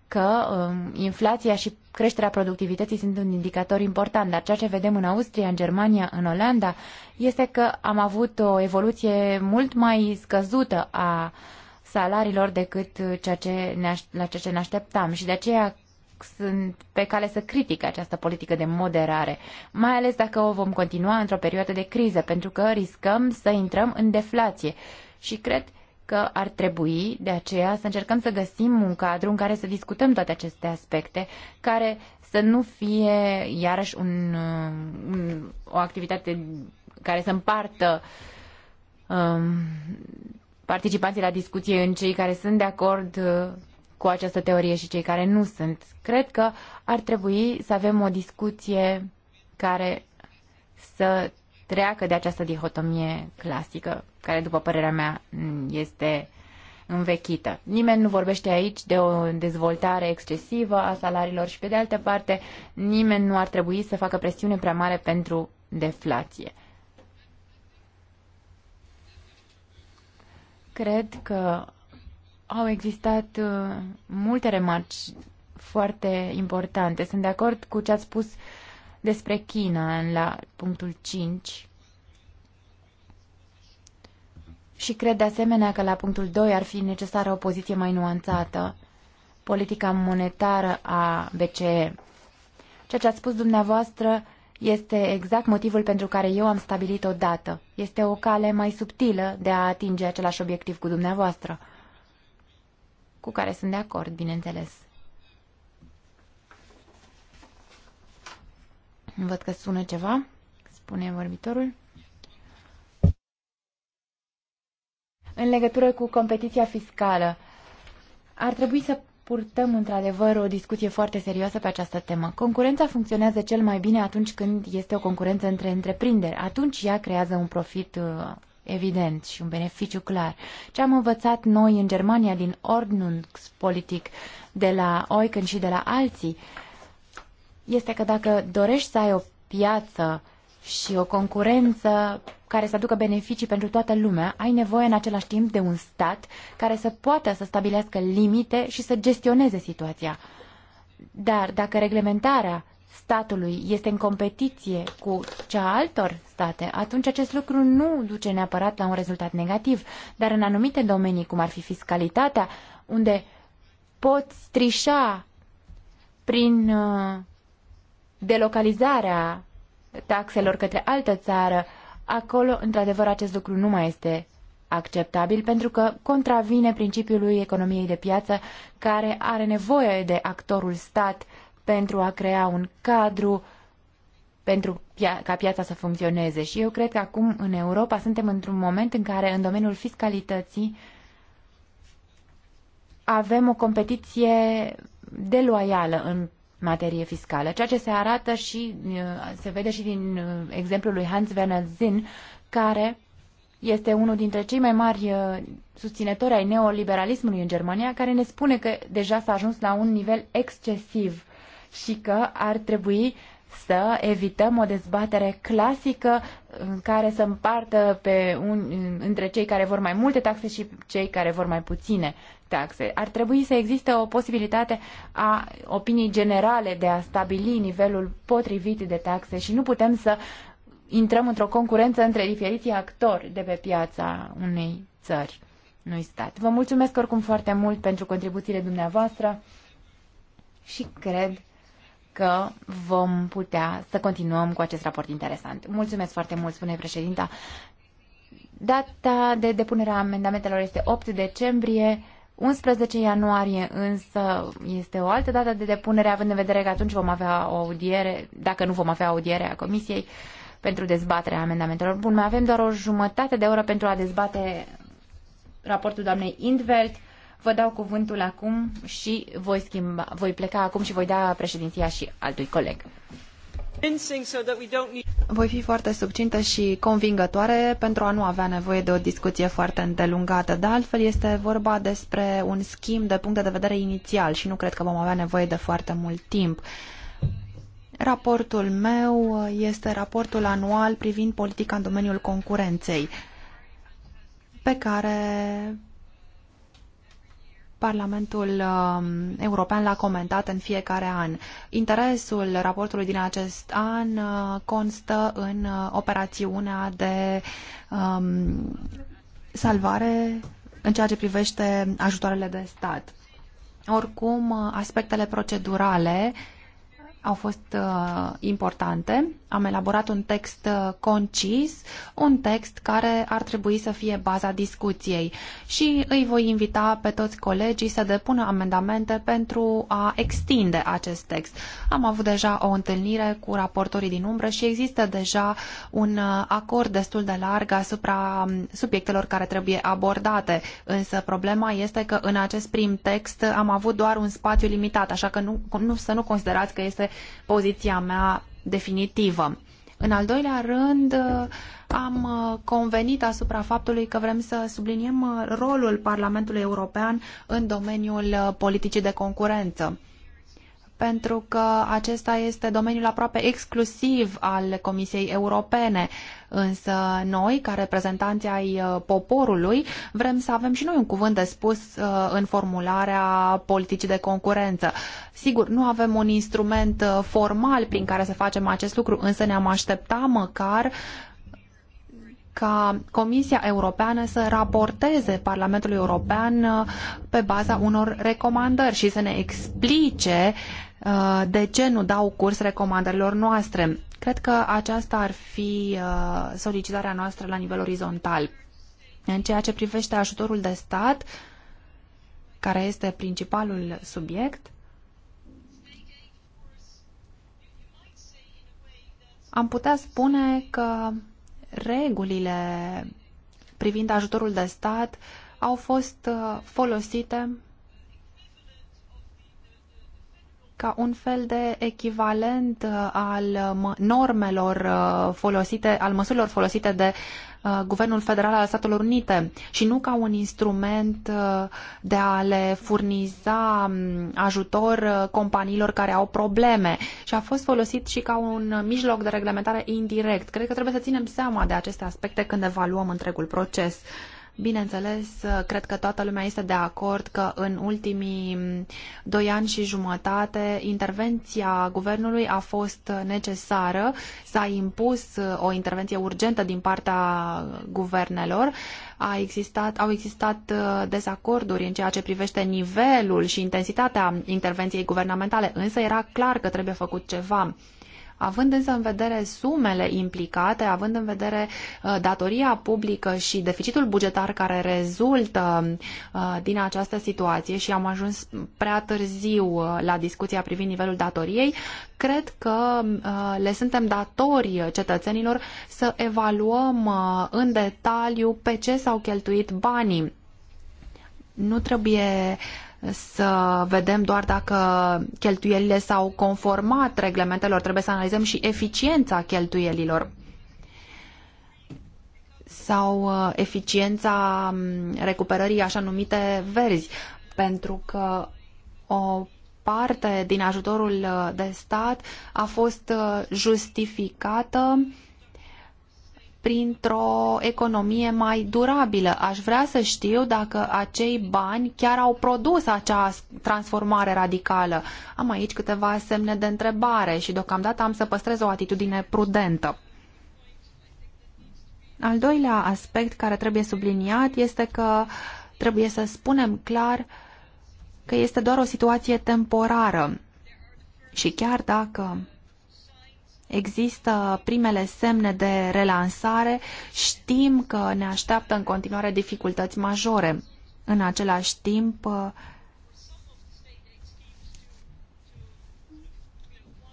că um, inflația și creșterea productivității sunt un indicator important, dar ceea ce vedem în Austria, în Germania, în Olanda este că am avut o evoluție mult mai scăzută a uh, salariilor decât uh, ceea ce ne la ceea ce ne așteptam și de aceea sunt pe cale să critic această politică de moderare, mai ales dacă o vom continua într-o perioadă de criză, pentru că riscăm să intrăm în deflație. Și cred că ar trebui, de aceea, să încercăm să găsim un cadru în care să discutăm toate aceste aspecte, care să nu fie, iarăși, un, uh, un, o activitate care să împartă um, participanții la discuție în cei care sunt de acord uh, cu această teorie și cei care nu sunt. Cred că ar trebui să avem o discuție care să treacă de această dihotomie clasică, care, după părerea mea, este învechită. Nimeni nu vorbește aici de o dezvoltare excesivă a salariilor și, pe de altă parte, nimeni nu ar trebui să facă presiune prea mare pentru deflație. Cred că au existat uh, multe remarci foarte importante. Sunt de acord cu ce ați spus despre China la punctul 5. Și cred de asemenea că la punctul 2 ar fi necesară o poziție mai nuanțată, politica monetară a BCE. Ceea ce ați spus dumneavoastră este exact motivul pentru care eu am stabilit o dată. Este o cale mai subtilă de a atinge același obiectiv cu dumneavoastră, cu care sunt de acord, bineînțeles. Văd că sună ceva, spune vorbitorul. În legătură cu competiția fiscală, ar trebui să purtăm într-adevăr o discuție foarte serioasă pe această temă. Concurența funcționează cel mai bine atunci când este o concurență între întreprinderi. Atunci ea creează un profit uh, evident și un beneficiu clar. Ce am învățat noi în Germania din Ordnungspolitik de la Oiken și de la alții este că dacă dorești să ai o piață și o concurență care să aducă beneficii pentru toată lumea, ai nevoie în același timp de un stat care să poată să stabilească limite și să gestioneze situația. Dar dacă reglementarea statului este în competiție cu cea a altor state, atunci acest lucru nu duce neapărat la un rezultat negativ. Dar în anumite domenii, cum ar fi fiscalitatea, unde poți trișa prin uh, delocalizarea taxelor către altă țară, acolo, într-adevăr, acest lucru nu mai este acceptabil pentru că contravine principiului economiei de piață care are nevoie de actorul stat pentru a crea un cadru pentru ca piața să funcționeze. Și eu cred că acum în Europa suntem într-un moment în care în domeniul fiscalității avem o competiție deloială în materie fiscală, ceea ce se arată și uh, se vede și din uh, exemplul lui Hans Werner Zinn, care este unul dintre cei mai mari uh, susținători ai neoliberalismului în Germania, care ne spune că deja s-a ajuns la un nivel excesiv și că ar trebui să evităm o dezbatere clasică în care să împartă pe un, între cei care vor mai multe taxe și cei care vor mai puține taxe. Ar trebui să existe o posibilitate a opinii generale de a stabili nivelul potrivit de taxe și nu putem să intrăm într-o concurență între diferiții actori de pe piața unei țări, unui stat. Vă mulțumesc oricum foarte mult pentru contribuțiile dumneavoastră și cred că vom putea să continuăm cu acest raport interesant. Mulțumesc foarte mult, spune președinta. Data de depunere a amendamentelor este 8 decembrie 11 ianuarie însă este o altă dată de depunere, având în vedere că atunci vom avea o audiere, dacă nu vom avea audiere a Comisiei, pentru dezbaterea amendamentelor. Bun, mai avem doar o jumătate de oră pentru a dezbate raportul doamnei Indveld. Vă dau cuvântul acum și voi, schimba, voi pleca acum și voi da președinția și altui coleg. Voi fi foarte succintă și convingătoare pentru a nu avea nevoie de o discuție foarte îndelungată. De altfel, este vorba despre un schimb de puncte de vedere inițial și nu cred că vom avea nevoie de foarte mult timp. Raportul meu este raportul anual privind politica în domeniul concurenței, pe care Parlamentul um, European l-a comentat în fiecare an. Interesul raportului din acest an uh, constă în uh, operațiunea de um, salvare în ceea ce privește ajutoarele de stat. Oricum, uh, aspectele procedurale uh, au fost uh, importante. Am elaborat un text uh, concis, un text care ar trebui să fie baza discuției și îi voi invita pe toți colegii să depună amendamente pentru a extinde acest text. Am avut deja o întâlnire cu raportorii din umbră și există deja un uh, acord destul de larg asupra um, subiectelor care trebuie abordate, însă problema este că în acest prim text am avut doar un spațiu limitat, așa că nu, nu, să nu considerați că este poziția mea definitivă. În al doilea rând, am convenit asupra faptului că vrem să subliniem rolul Parlamentului European în domeniul politicii de concurență pentru că acesta este domeniul aproape exclusiv al Comisiei Europene. Însă noi, ca reprezentanți ai uh, poporului, vrem să avem și noi un cuvânt de spus uh, în formularea politicii de concurență. Sigur, nu avem un instrument uh, formal prin care să facem acest lucru, însă ne-am aștepta măcar ca Comisia Europeană să raporteze Parlamentului European pe baza unor recomandări și să ne explice uh, Uh, de ce nu dau curs recomandărilor noastre. Cred că aceasta ar fi uh, solicitarea noastră la nivel orizontal. În ceea ce privește ajutorul de stat, care este principalul subiect, am putea spune că regulile privind ajutorul de stat au fost uh, folosite ca un fel de echivalent uh, al normelor uh, folosite, al măsurilor folosite de uh, Guvernul Federal al Statelor Unite și nu ca un instrument de a le furniza mm, ajutor companiilor care au probleme și a fost folosit și ca un mijloc de reglementare indirect. Cred că trebuie să ținem seama de aceste aspecte când evaluăm întregul proces. Bineînțeles, cred că toată lumea este de acord că în ultimii doi ani și jumătate intervenția guvernului a fost necesară, s-a impus o intervenție urgentă din partea guvernelor, a existat, au existat dezacorduri în ceea ce privește nivelul și intensitatea intervenției guvernamentale, însă era clar că trebuie făcut ceva. Având însă în vedere sumele implicate, având în vedere uh, datoria publică și deficitul bugetar care rezultă uh, din această situație și am ajuns prea târziu uh, la discuția privind nivelul datoriei, cred că le suntem datori cetățenilor să evaluăm în detaliu pe ce s-au cheltuit banii. Nu trebuie uh, să vedem doar dacă cheltuielile s-au conformat reglementelor, trebuie să analizăm și eficiența cheltuielilor sau uh, eficiența recuperării așa numite verzi, pentru că o parte din ajutorul uh, de stat a fost uh, justificată printr-o economie mai durabilă. Aș vrea să știu dacă acei bani chiar au produs acea transformare radicală. Am aici câteva semne de întrebare și deocamdată am să păstrez o atitudine prudentă. Al doilea aspect care trebuie subliniat este că trebuie să spunem clar că este doar o situație temporară. Și chiar dacă există primele semne de relansare, știm că ne așteaptă în continuare dificultăți majore. În același timp,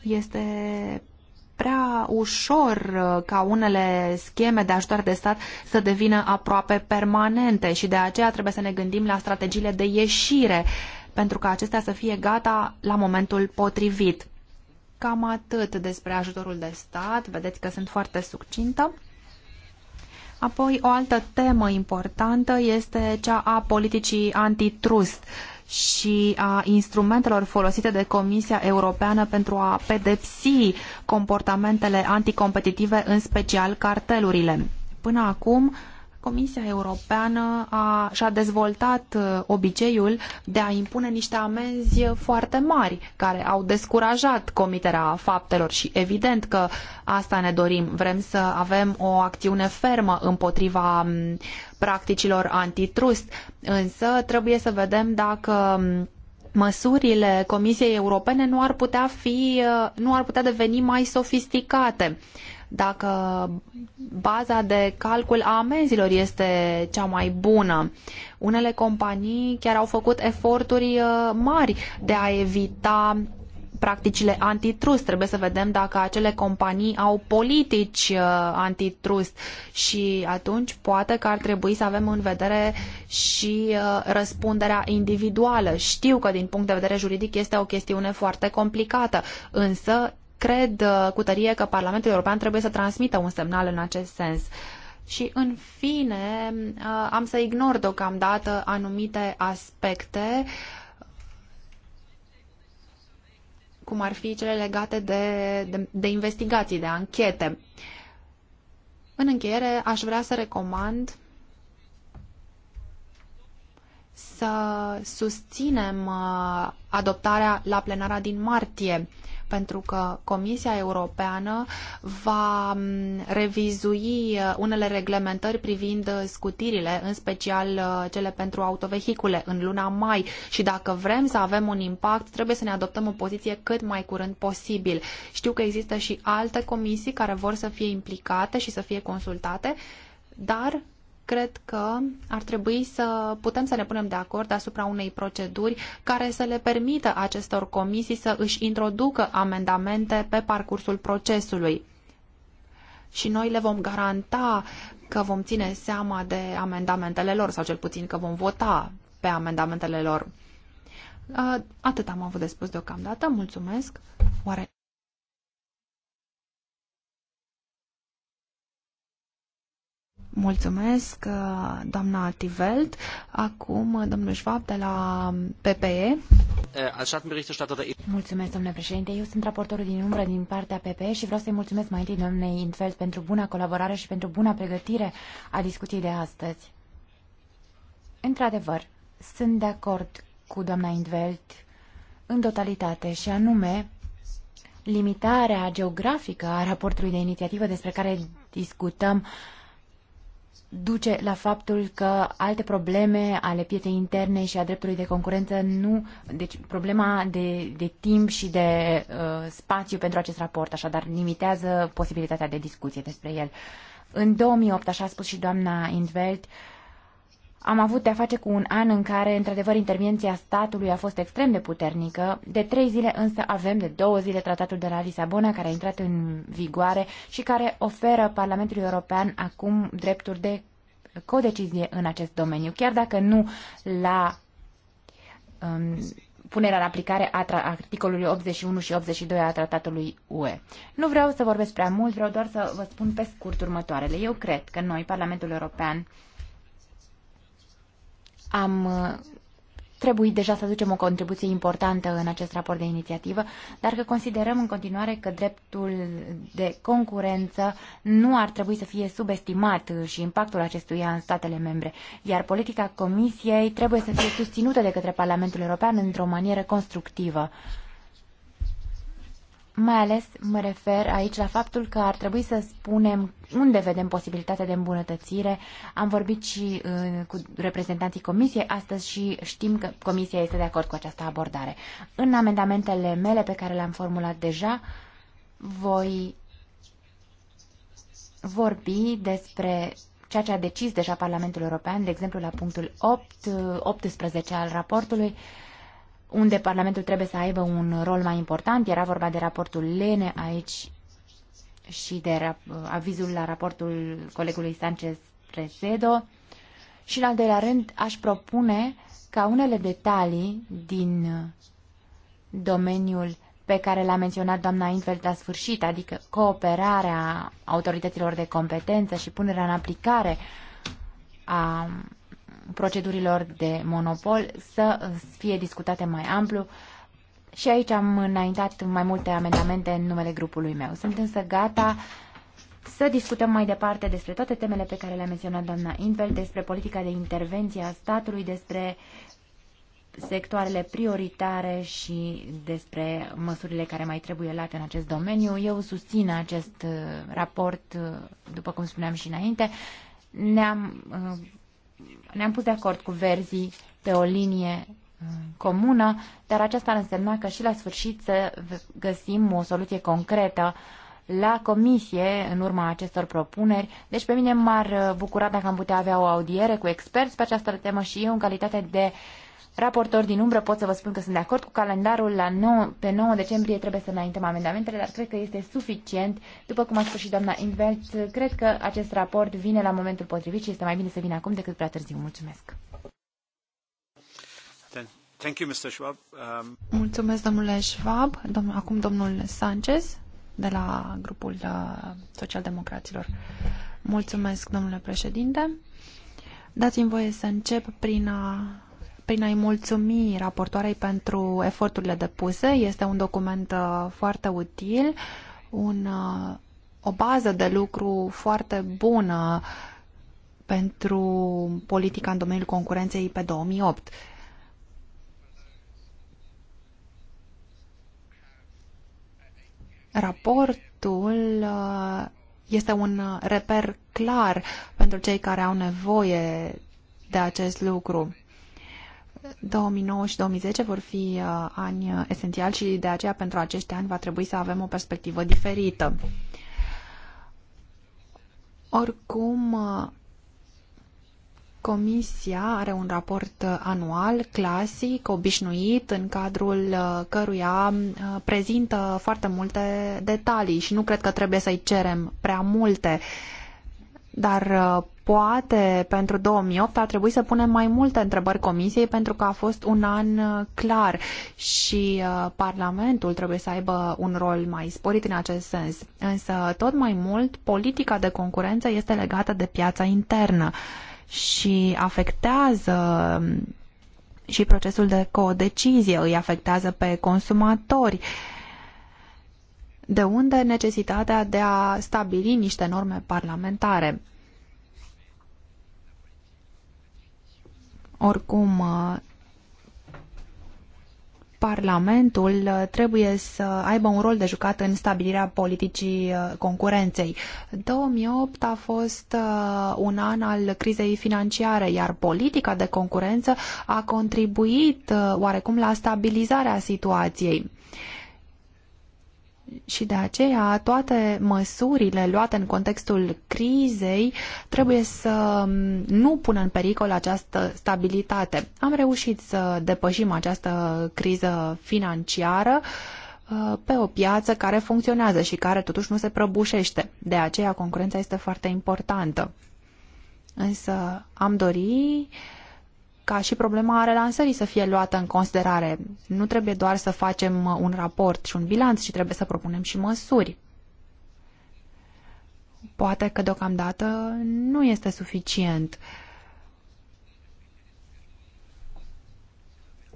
este prea ușor ca unele scheme de ajutor de stat să devină aproape permanente și de aceea trebuie să ne gândim la strategiile de ieșire pentru ca acestea să fie gata la momentul potrivit. Cam atât despre ajutorul de stat, vedeți că sunt foarte succintă. Apoi, o altă temă importantă este cea a politicii antitrust și a instrumentelor folosite de Comisia Europeană pentru a pedepsi comportamentele anticompetitive, în special cartelurile. Până acum, Comisia Europeană a, și-a dezvoltat uh, obiceiul de a impune niște amenzi foarte mari, care au descurajat comiterea faptelor și evident că asta ne dorim. Vrem să avem o acțiune fermă împotriva practicilor antitrust, însă trebuie să vedem dacă măsurile Comisiei Europene nu ar putea fi, uh, nu ar putea deveni mai sofisticate dacă baza de calcul a amenzilor este cea mai bună. Unele companii chiar au făcut eforturi uh, mari de a evita practicile antitrust. Trebuie să vedem dacă acele companii au politici uh, antitrust și atunci poate că ar trebui să avem în vedere și uh, răspunderea individuală. Știu că din punct de vedere juridic este o chestiune foarte complicată, însă cred uh, cu tărie că Parlamentul European trebuie să transmită un semnal în acest sens. Și, în fine, uh, am să ignor deocamdată anumite aspecte cum ar fi cele legate de, de, de investigații, de anchete. În încheiere, aș vrea să recomand să susținem uh, adoptarea la plenara din martie pentru că Comisia Europeană va mm, revizui uh, unele reglementări privind uh, scutirile, în special uh, cele pentru autovehicule, în luna mai și dacă vrem să avem un impact, trebuie să ne adoptăm o poziție cât mai curând posibil. Știu că există și alte comisii care vor să fie implicate și să fie consultate, dar cred că ar trebui să putem să ne punem de acord asupra unei proceduri care să le permită acestor comisii să își introducă amendamente pe parcursul procesului. Și noi le vom garanta că vom ține seama de amendamentele lor, sau cel puțin că vom vota pe amendamentele lor. Uh, atât am avut de spus deocamdată. Mulțumesc. Oare... Mulțumesc, uh, doamna Tivelt. Acum, uh, domnul Schwab de la um, PPE. Uh, mulțumesc, domnule președinte. Eu sunt raportorul din umbră din partea PPE și vreau să-i mulțumesc mai întâi domnei Intveld pentru buna colaborare și pentru buna pregătire a discuției de astăzi. Într-adevăr, sunt de acord cu doamna Intveld în totalitate și anume limitarea geografică a raportului de inițiativă despre care discutăm duce la faptul că alte probleme ale pieței interne și a dreptului de concurență nu... Deci problema de, de timp și de uh, spațiu pentru acest raport, așadar limitează posibilitatea de discuție despre el. În 2008, așa a spus și doamna Invelt, uh, am avut de-a face cu un an în care, într-adevăr, intervenția statului a fost extrem de puternică. De trei zile însă avem de două zile tratatul de la Lisabona, care a intrat în vigoare și care oferă Parlamentului European acum drepturi de codecizie în acest domeniu, chiar dacă nu la um, punerea în aplicare a articolului 81 și 82 a tratatului UE. Nu vreau să vorbesc prea mult, vreau doar să vă spun pe scurt următoarele. Eu cred că noi, Parlamentul European, am uh, trebuit deja să aducem o contribuție importantă în acest raport de inițiativă, dar că considerăm în continuare că dreptul de concurență nu ar trebui să fie subestimat uh, și impactul acestuia în statele membre, iar politica Comisiei trebuie să fie susținută de către Parlamentul European într-o manieră constructivă. Mai ales mă refer aici la faptul că ar trebui să spunem unde vedem posibilitatea de îmbunătățire. Am vorbit și uh, cu reprezentanții comisiei astăzi și știm că comisia este de acord cu această abordare. În amendamentele mele pe care le-am formulat deja, voi vorbi despre ceea ce a decis deja Parlamentul European, de exemplu la punctul 8, 18 uh, al raportului, uh, unde Parlamentul trebuie să aibă un rol mai important. Era vorba de raportul Lene aici și de avizul la raportul colegului Sanchez Presedo. Și, în al doilea rând, aș propune ca unele detalii din domeniul pe care l-a menționat doamna Infeld la sfârșit, adică cooperarea autorităților de competență și punerea în aplicare a procedurilor de monopol să fie discutate mai amplu și aici am înaintat mai multe amendamente în numele grupului meu. Sunt însă gata să discutăm mai departe despre toate temele pe care le-a menționat doamna Invel, despre politica de intervenție a statului, despre sectoarele prioritare și despre măsurile care mai trebuie luate în acest domeniu. Eu susțin acest uh, raport, uh, după cum spuneam și înainte. Ne-am uh, ne-am pus de acord cu verzii pe o linie uh, comună, dar aceasta ar însemna că și la sfârșit să găsim o soluție concretă la comisie în urma acestor propuneri. Deci pe mine m-ar uh, bucura dacă am putea avea o audiere cu experți pe această temă și eu în calitate de uh, raportor din umbră pot să vă spun că sunt de acord cu calendarul. La 9, pe 9 decembrie trebuie să înaintăm amendamentele, dar cred că este suficient. După cum a spus și doamna Invert, cred că acest raport vine la momentul potrivit și este mai bine să vină acum decât prea târziu. Mulțumesc! Thank you, Mr. Schwab. Um... Mulțumesc, domnule Schwab. Domn, acum domnul Sanchez de la grupul uh, socialdemocraților. Mulțumesc, domnule președinte. Dați-mi voie să încep prin a prin a-i mulțumi raportoarei pentru eforturile depuse. Este un document uh, foarte util, un, uh, o bază de lucru foarte bună pentru politica în domeniul concurenței pe 2008. Raportul uh, este un reper clar pentru cei care au nevoie de acest lucru. 2009 și 2010 vor fi uh, ani uh, esențiali și de aceea pentru acești ani va trebui să avem o perspectivă diferită. Oricum, uh, Comisia are un raport anual clasic, obișnuit, în cadrul căruia prezintă foarte multe detalii și nu cred că trebuie să-i cerem prea multe, dar poate pentru 2008 a trebuit să punem mai multe întrebări comisiei pentru că a fost un an uh, clar și uh, Parlamentul trebuie să aibă un rol mai sporit în acest sens. Însă tot mai mult politica de concurență este legată de piața internă și afectează um, și procesul de codecizie îi afectează pe consumatori. De unde necesitatea de a stabili niște norme parlamentare. Oricum, uh, Parlamentul uh, trebuie să aibă un rol de jucat în stabilirea politicii uh, concurenței. 2008 a fost un an al crizei financiare, iar politica de concurență a contribuit oarecum la stabilizarea situației. Și de aceea toate măsurile luate în contextul crizei trebuie să mm, nu pună în pericol această stabilitate. Am reușit să depășim această criză financiară uh, pe o piață care funcționează și care totuși nu se prăbușește. De aceea concurența este foarte importantă. Însă am dorit ca și problema relansării să fie luată în considerare. Nu trebuie doar să facem uh, un raport și un bilanț, ci trebuie să propunem și măsuri. Poate că deocamdată nu este suficient.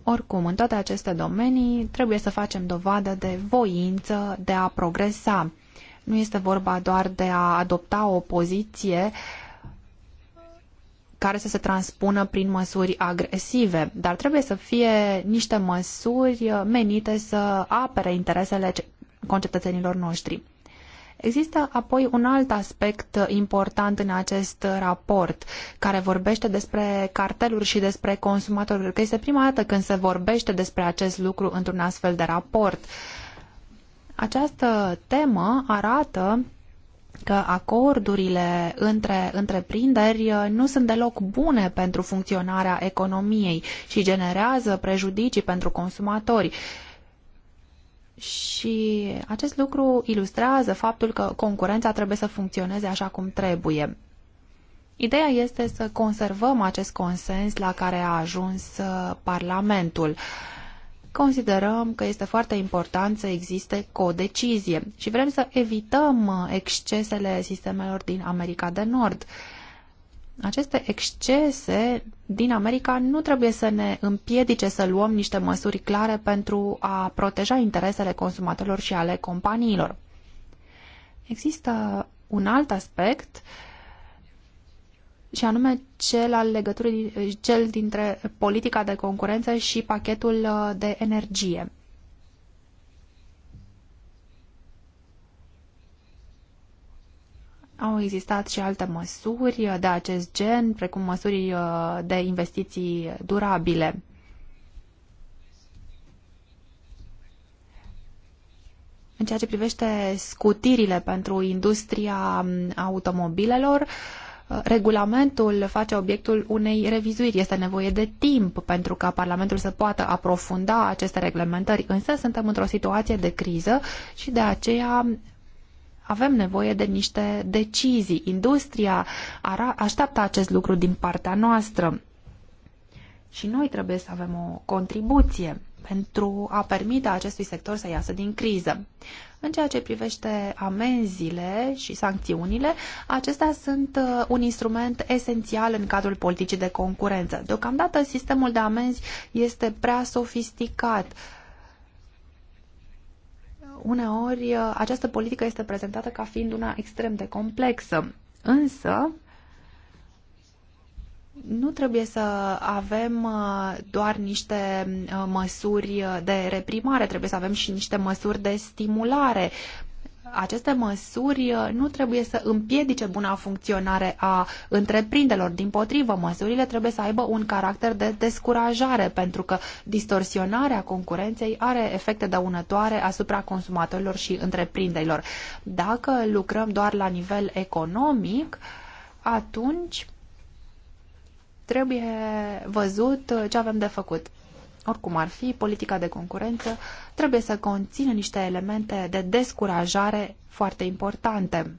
Oricum, în toate aceste domenii trebuie să facem dovadă de voință de a progresa. Nu este vorba doar de a adopta o poziție uh, care să se transpună prin măsuri agresive, dar trebuie să fie niște măsuri uh, menite să apere interesele concetățenilor noștri. Există apoi un alt aspect uh, important în acest raport, care vorbește despre carteluri și despre consumatori, că este prima dată când se vorbește despre acest lucru într-un astfel de raport. Această temă arată că acordurile între întreprinderi uh, nu sunt deloc bune pentru funcționarea economiei și generează prejudicii pentru consumatori. Și acest lucru ilustrează faptul că concurența trebuie să funcționeze așa cum trebuie. Ideea este să conservăm acest consens la care a ajuns uh, Parlamentul. Uh, considerăm că este foarte important să existe codecizie și vrem să evităm uh, excesele sistemelor din America de Nord. Aceste excese din America nu trebuie să ne împiedice să luăm niște măsuri clare pentru a proteja interesele consumatorilor și ale companiilor. Există un alt aspect uh, și anume cel al legăturii, eh, cel dintre politica de concurență și pachetul eh, de energie. Au existat și alte măsuri eh, de acest gen, precum măsuri de investiții durabile. În ceea ce privește scutirile pentru industria mm, automobilelor, uh, Uh, regulamentul face obiectul unei revizuiri. Este nevoie de timp pentru ca Parlamentul să poată aprofunda aceste reglementări, însă suntem într-o situație de criză și de aceea avem nevoie de niște decizii. Industria așteaptă acest lucru din partea noastră și noi trebuie să avem o contribuție pentru a permite acestui sector să iasă din criză. În ceea ce privește amenziile și sancțiunile, acestea sunt uh, un instrument esențial în cadrul politicii de concurență. Deocamdată, sistemul de amenzi este prea sofisticat. Uneori, uh, această politică este prezentată ca fiind una extrem de complexă, însă nu trebuie să avem uh, doar niște uh, măsuri de reprimare, trebuie să avem și niște măsuri de stimulare. Aceste măsuri uh, nu trebuie să împiedice buna funcționare a întreprinderilor. Din potrivă, măsurile trebuie să aibă un caracter de descurajare, pentru că distorsionarea concurenței are efecte dăunătoare asupra consumatorilor și întreprinderilor. Dacă lucrăm doar la nivel economic, atunci trebuie văzut uh, ce avem de făcut. Oricum ar fi, politica de concurență trebuie să conțină niște elemente de descurajare foarte importante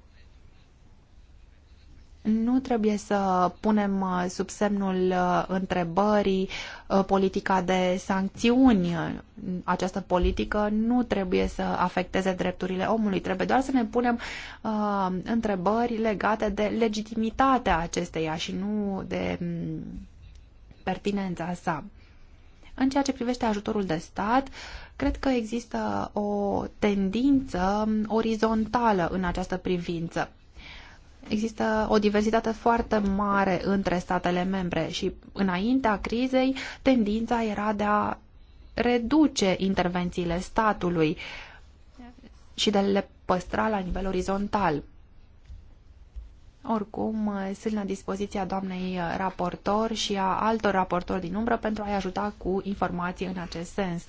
nu trebuie să punem uh, sub semnul uh, întrebării uh, politica de sancțiuni. Această politică nu trebuie să afecteze drepturile omului, trebuie doar să ne punem uh, întrebări legate de legitimitatea acesteia și nu de mm, pertinența sa. În ceea ce privește ajutorul de stat, cred că există o tendință mm, orizontală în această privință Există o diversitate foarte mare între statele membre și înaintea crizei tendința era de a reduce intervențiile statului și de a le păstra la nivel orizontal. Oricum, sunt la dispoziția doamnei raportor și a altor raportori din umbră pentru a-i ajuta cu informații în acest sens.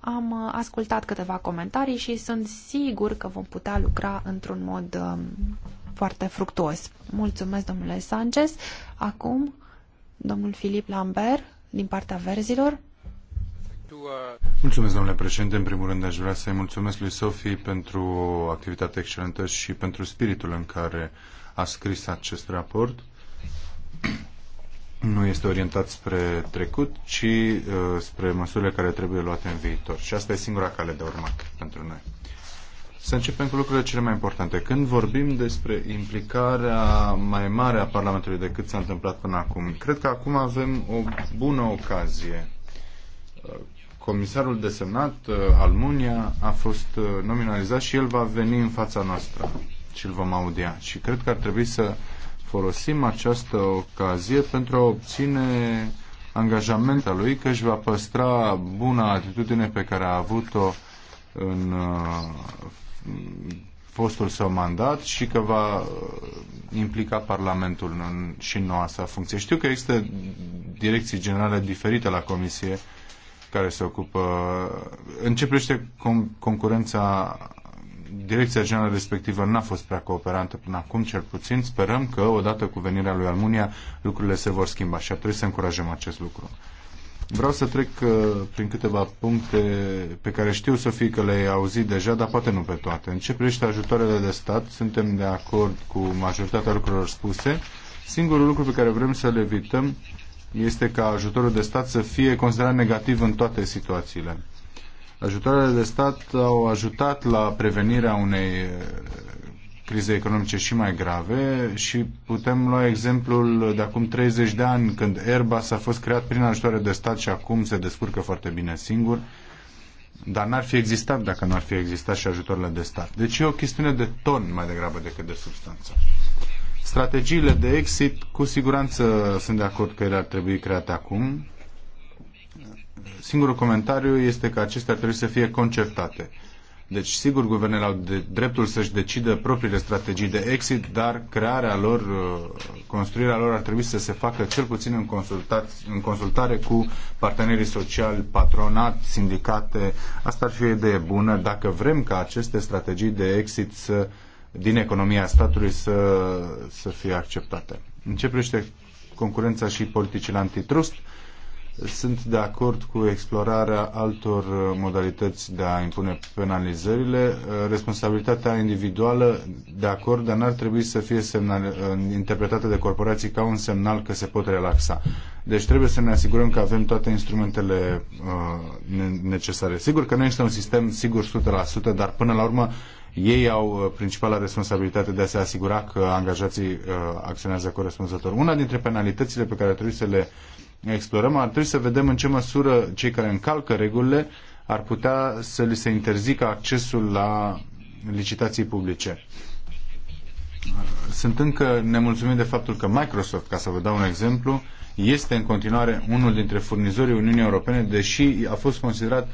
Am ascultat câteva comentarii și sunt sigur că vom putea lucra într-un mod um, foarte fructuos. Mulțumesc, domnule Sanchez. Acum, domnul Filip Lambert, din partea verzilor. Mulțumesc, domnule președinte. În primul rând, aș vrea să-i mulțumesc lui Sofie pentru activitatea excelentă și pentru spiritul în care a scris acest raport. Nu este orientat spre trecut, ci uh, spre măsurile care trebuie luate în viitor. Și asta e singura cale de urmat pentru noi. Să începem cu lucrurile cele mai importante. Când vorbim despre implicarea mai mare a Parlamentului decât s-a întâmplat până acum, cred că acum avem o bună ocazie. Comisarul desemnat, Almunia, a fost uh, nominalizat și el va veni în fața noastră și îl vom audia. Și cred că ar trebui să folosim această ocazie pentru a obține angajamentul lui că își va păstra buna atitudine pe care a avut-o în uh, fostul său mandat și că va uh, implica Parlamentul în, și în noua sa funcție. Știu că există direcții generale diferite la Comisie care se ocupă. Începește con- concurența. Direcția generală respectivă n-a fost prea cooperantă până acum, cel puțin. Sperăm că, odată cu venirea lui Almunia, lucrurile se vor schimba și ar trebui să încurajăm acest lucru. Vreau să trec uh, prin câteva puncte pe care știu, să fie că le-ai auzit deja, dar poate nu pe toate. În ce privește ajutoarele de stat, suntem de acord cu majoritatea lucrurilor spuse. Singurul lucru pe care vrem să l evităm este ca ajutorul de stat să fie considerat negativ în toate situațiile. Ajutoarele de stat au ajutat la prevenirea unei crize economice și mai grave și putem lua exemplul de acum 30 de ani când Airbus a fost creat prin ajutoare de stat și acum se descurcă foarte bine singur, dar n-ar fi existat dacă n-ar fi existat și ajutorile de stat. Deci e o chestiune de ton mai degrabă decât de substanță. Strategiile de exit, cu siguranță sunt de acord că ele ar trebui create acum. Singurul comentariu este că acestea trebuie să fie concertate deci, sigur, guvernele au de dreptul să-și decidă propriile strategii de exit, dar crearea lor, uh, construirea lor ar trebui să se facă cel puțin în, consultat, în consultare cu partenerii sociali, patronat, sindicate. Asta ar fi o idee bună dacă vrem ca aceste strategii de exit să, din economia statului să, să fie acceptate. În ce privește concurența și politicile antitrust, uh, sunt de acord cu explorarea altor uh, modalități de a impune penalizările. Uh, responsabilitatea individuală, de acord, dar n-ar trebui să fie semnal, uh, interpretată de corporații ca un semnal că se pot relaxa. Deci trebuie să ne asigurăm că avem toate instrumentele uh, necesare. Sigur că nu este un sistem sigur 100%, dar până la urmă ei au principala responsabilitate de a se asigura că angajații uh, acționează corespunzător. Una dintre penalitățile pe care trebuie să le uh, explorăm, ar trebui să vedem în ce măsură cei care încalcă regulile ar putea să li se interzică accesul la licitații publice. Sunt încă nemulțumit de faptul că Microsoft, ca să vă dau un exemplu, este în continuare unul dintre furnizorii Uniunii Europene, deși a fost considerat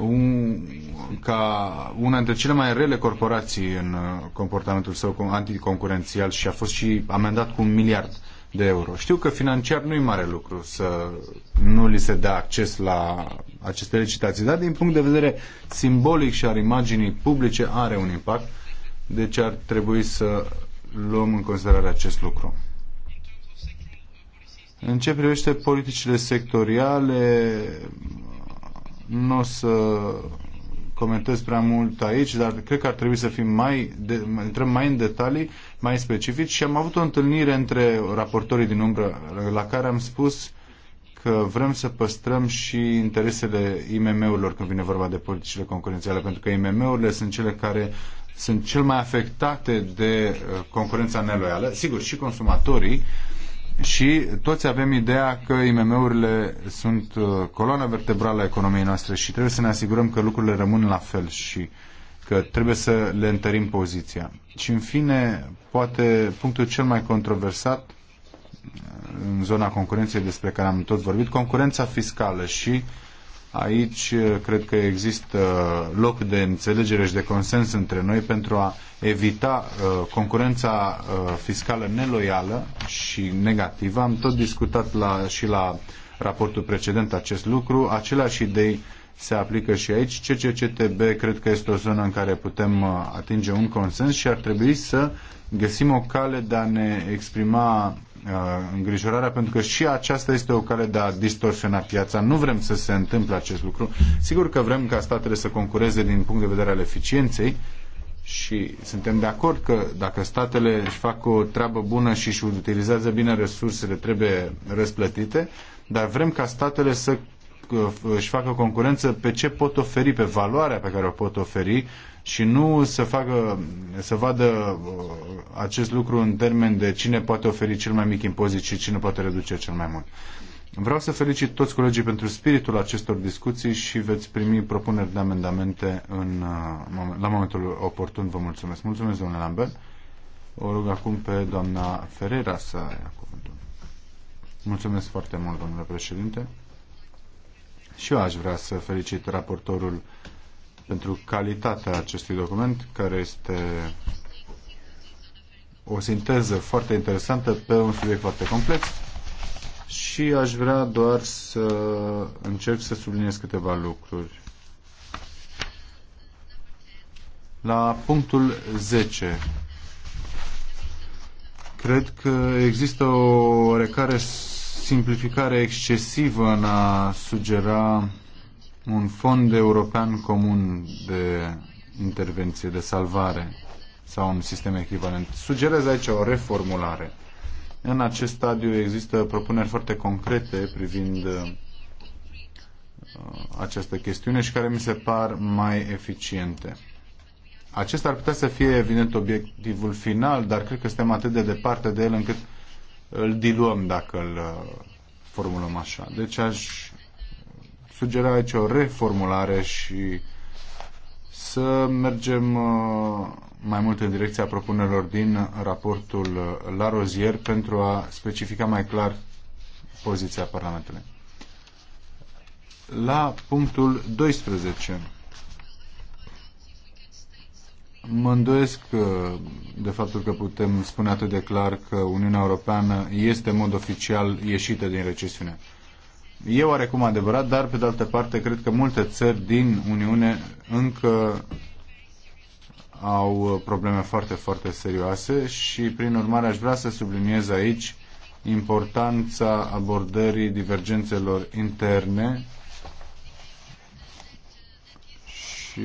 un, ca una dintre cele mai rele corporații în uh, comportamentul său anticoncurențial și a fost și amendat cu un miliard de euro. Știu că financiar nu e mare lucru să nu li se dea acces la aceste licitații, dar din punct de vedere simbolic și al imaginii publice are un impact, deci ar trebui să luăm în considerare acest lucru. În ce privește politicile sectoriale, nu o să comentez prea mult aici, dar cred că ar trebui să fim mai, de, intrăm mai în detalii, mai specifici și am avut o întâlnire între raportorii din umbră la care am spus că vrem să păstrăm și interesele IMM-urilor când vine vorba de politicile concurențiale, pentru că IMM-urile sunt cele care sunt cel mai afectate de uh, concurența neloială, sigur și consumatorii, și toți avem ideea că IMM-urile sunt uh, coloana vertebrală a economiei noastre și trebuie să ne asigurăm că lucrurile rămân la fel și că trebuie să le întărim poziția. Și în fine, poate punctul cel mai controversat uh, în zona concurenței despre care am tot vorbit, concurența fiscală și Aici eh, cred că există loc de înțelegere și de consens între noi pentru a evita uh, concurența uh, fiscală neloială și negativă. Am tot discutat la, și la raportul precedent acest lucru. Aceleași idei se aplică și aici. CCCTB cred că este o zonă în care putem atinge un consens și ar trebui să găsim o cale de a ne exprima Uh, îngrijorarea pentru că și aceasta este o cale de a distorsiona piața. Nu vrem să se întâmple acest lucru. Sigur că vrem ca statele să concureze din punct de vedere al eficienței și suntem de acord că dacă statele își fac o treabă bună și își utilizează bine resursele, trebuie răsplătite, dar vrem ca statele să Uh, își facă concurență pe ce pot oferi, pe valoarea pe care o pot oferi și nu să facă, să vadă uh, acest lucru în termen de cine poate oferi cel mai mic impozit și cine poate reduce cel mai mult. Vreau să felicit toți colegii pentru spiritul acestor discuții și veți primi propuneri de amendamente în, uh, la momentul oportun. Vă mulțumesc. Mulțumesc, domnule Lambert. O rog acum pe doamna Ferreira să ia cuvântul. Mulțumesc foarte mult, domnule președinte. Și eu aș vrea să felicit raportorul pentru calitatea acestui document, care este o sinteză foarte interesantă pe un subiect foarte complex și aș vrea doar să încerc să subliniez câteva lucruri. La punctul 10 cred că există o oarecare simplificare excesivă în a sugera un fond european comun de intervenție, de salvare sau un sistem echivalent. Sugerez aici o reformulare. În acest stadiu există propuneri foarte concrete privind uh, această chestiune și care mi se par mai eficiente. Acesta ar putea să fie, evident, obiectivul final, dar cred că suntem atât de departe de el încât uh, îl diluăm dacă îl uh, formulăm așa. Deci aș sugera aici o reformulare și să mergem uh, mai mult în direcția propunerilor din raportul uh, la rozier pentru a specifica mai clar poziția Parlamentului. La punctul 12 Mă îndoiesc uh, de faptul că putem spune atât de clar că Uniunea Europeană este în mod oficial ieșită din recesiune. E oarecum adevărat, dar pe de altă parte cred că multe țări din Uniune încă au probleme foarte, foarte serioase și prin urmare aș vrea să subliniez aici importanța abordării divergențelor interne și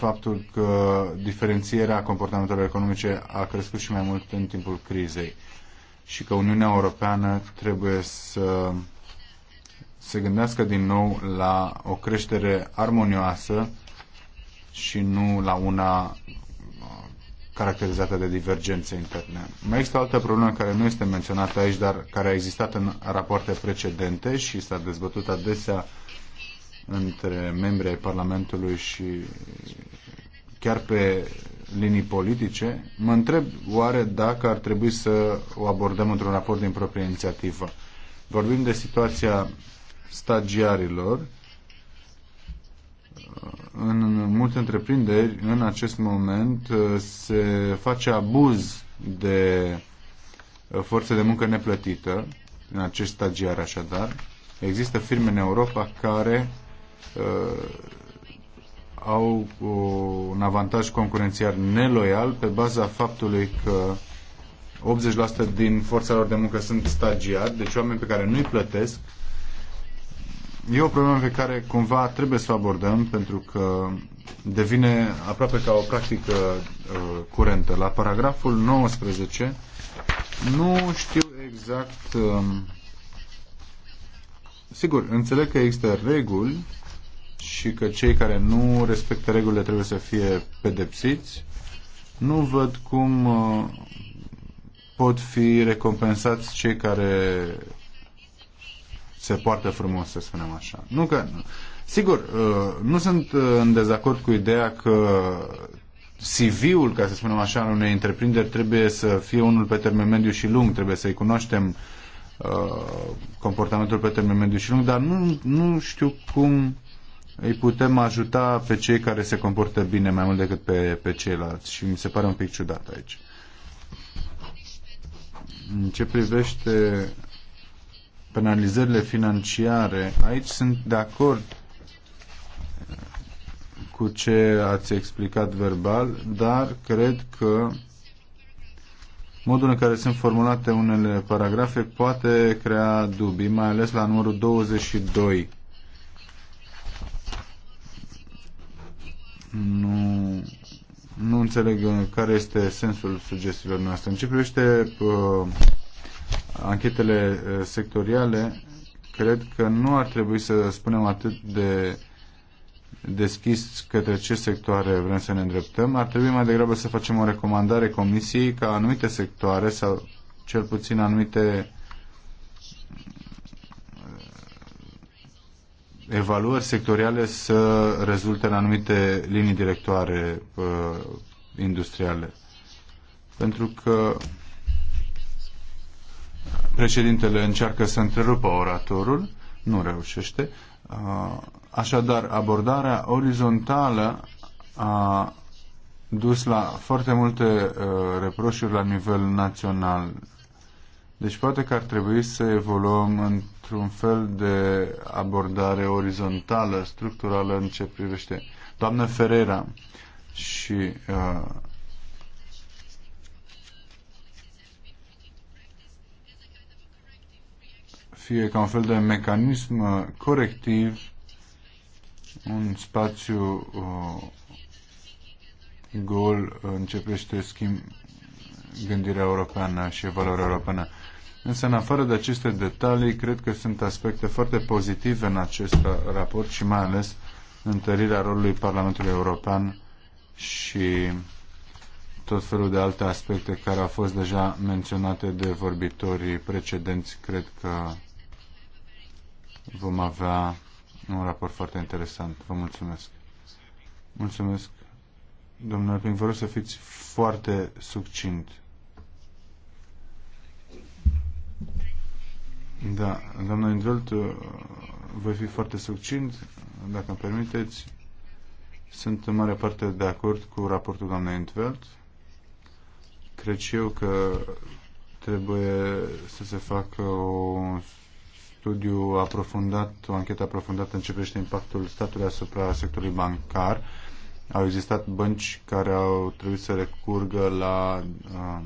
faptul că diferențierea comportamentelor economice a crescut și mai mult în timpul crizei și că Uniunea Europeană trebuie să se gândească din nou la o creștere armonioasă și nu la una uh, caracterizată de divergențe interne. Mai există o altă problemă care nu este menționată aici, dar care a existat în rapoarte precedente și s-a dezbătut adesea între membrii ai Parlamentului și chiar pe linii politice, mă întreb oare dacă ar trebui să o abordăm într-un raport din proprie inițiativă. Vorbim de situația stagiarilor. În multe întreprinderi, în acest moment, se face abuz de forță de muncă neplătită, în acești stagiari așadar. Există firme în Europa care Uh, au un avantaj concurențial neloial pe baza faptului că 80% din forța lor de muncă sunt stagiari, deci oameni pe care nu-i plătesc. E o problemă pe care cumva trebuie să o abordăm pentru că devine aproape ca o practică uh, curentă. La paragraful 19 nu știu exact. Uh, sigur, înțeleg că există reguli și că cei care nu respectă regulile trebuie să fie pedepsiți. Nu văd cum uh, pot fi recompensați cei care se poartă frumos, să spunem așa. Nu că, sigur, uh, nu sunt uh, în dezacord cu ideea că CV-ul, ca să spunem așa, în unei întreprinderi trebuie să fie unul pe termen mediu și lung, trebuie să-i cunoaștem comportamentul pe termen mediu și lung, dar nu, nu știu cum îi putem ajuta pe cei care se comportă bine mai mult decât pe, pe ceilalți și mi se pare un pic ciudat aici. În ce privește penalizările financiare, aici sunt de acord cu ce ați explicat verbal, dar cred că modul în care sunt formulate unele paragrafe poate crea dubii, mai ales la numărul 22 Nu, nu înțeleg uh, care este sensul sugestiilor noastre. În ce privește uh, anchetele uh, sectoriale, cred că nu ar trebui să spunem atât de deschis către ce sectoare vrem să ne îndreptăm. Ar trebui mai degrabă să facem o recomandare comisiei ca anumite sectoare sau cel puțin anumite evaluări sectoriale să rezulte în anumite linii directoare uh, industriale. Pentru că președintele încearcă să întrerupă oratorul, nu reușește. Uh, așadar, abordarea orizontală a dus la foarte multe uh, reproșuri la nivel național deci poate că ar trebui să evoluăm într-un fel de abordare orizontală, structurală în ce privește. Doamnă Ferreira și uh, fie ca un fel de mecanism corectiv, un spațiu uh, gol începește schimb gândirea europeană și valoarea europeană. Însă, în afară de aceste detalii, cred că sunt aspecte foarte pozitive în acest raport și mai ales întărirea rolului Parlamentului European și tot felul de alte aspecte care au fost deja menționate de vorbitorii precedenți. Cred că vom avea un raport foarte interesant. Vă mulțumesc. Mulțumesc. Domnule Pling, vă rog să fiți foarte succint. Da, doamna Indvelt, uh, voi fi foarte succint, dacă îmi permiteți. Sunt în mare parte de acord cu raportul doamnei Indvelt. Cred și eu că trebuie să se facă un studiu aprofundat, o anchetă aprofundată în ce privește impactul statului asupra sectorului bancar. Au existat bănci care au trebuit să recurgă la uh,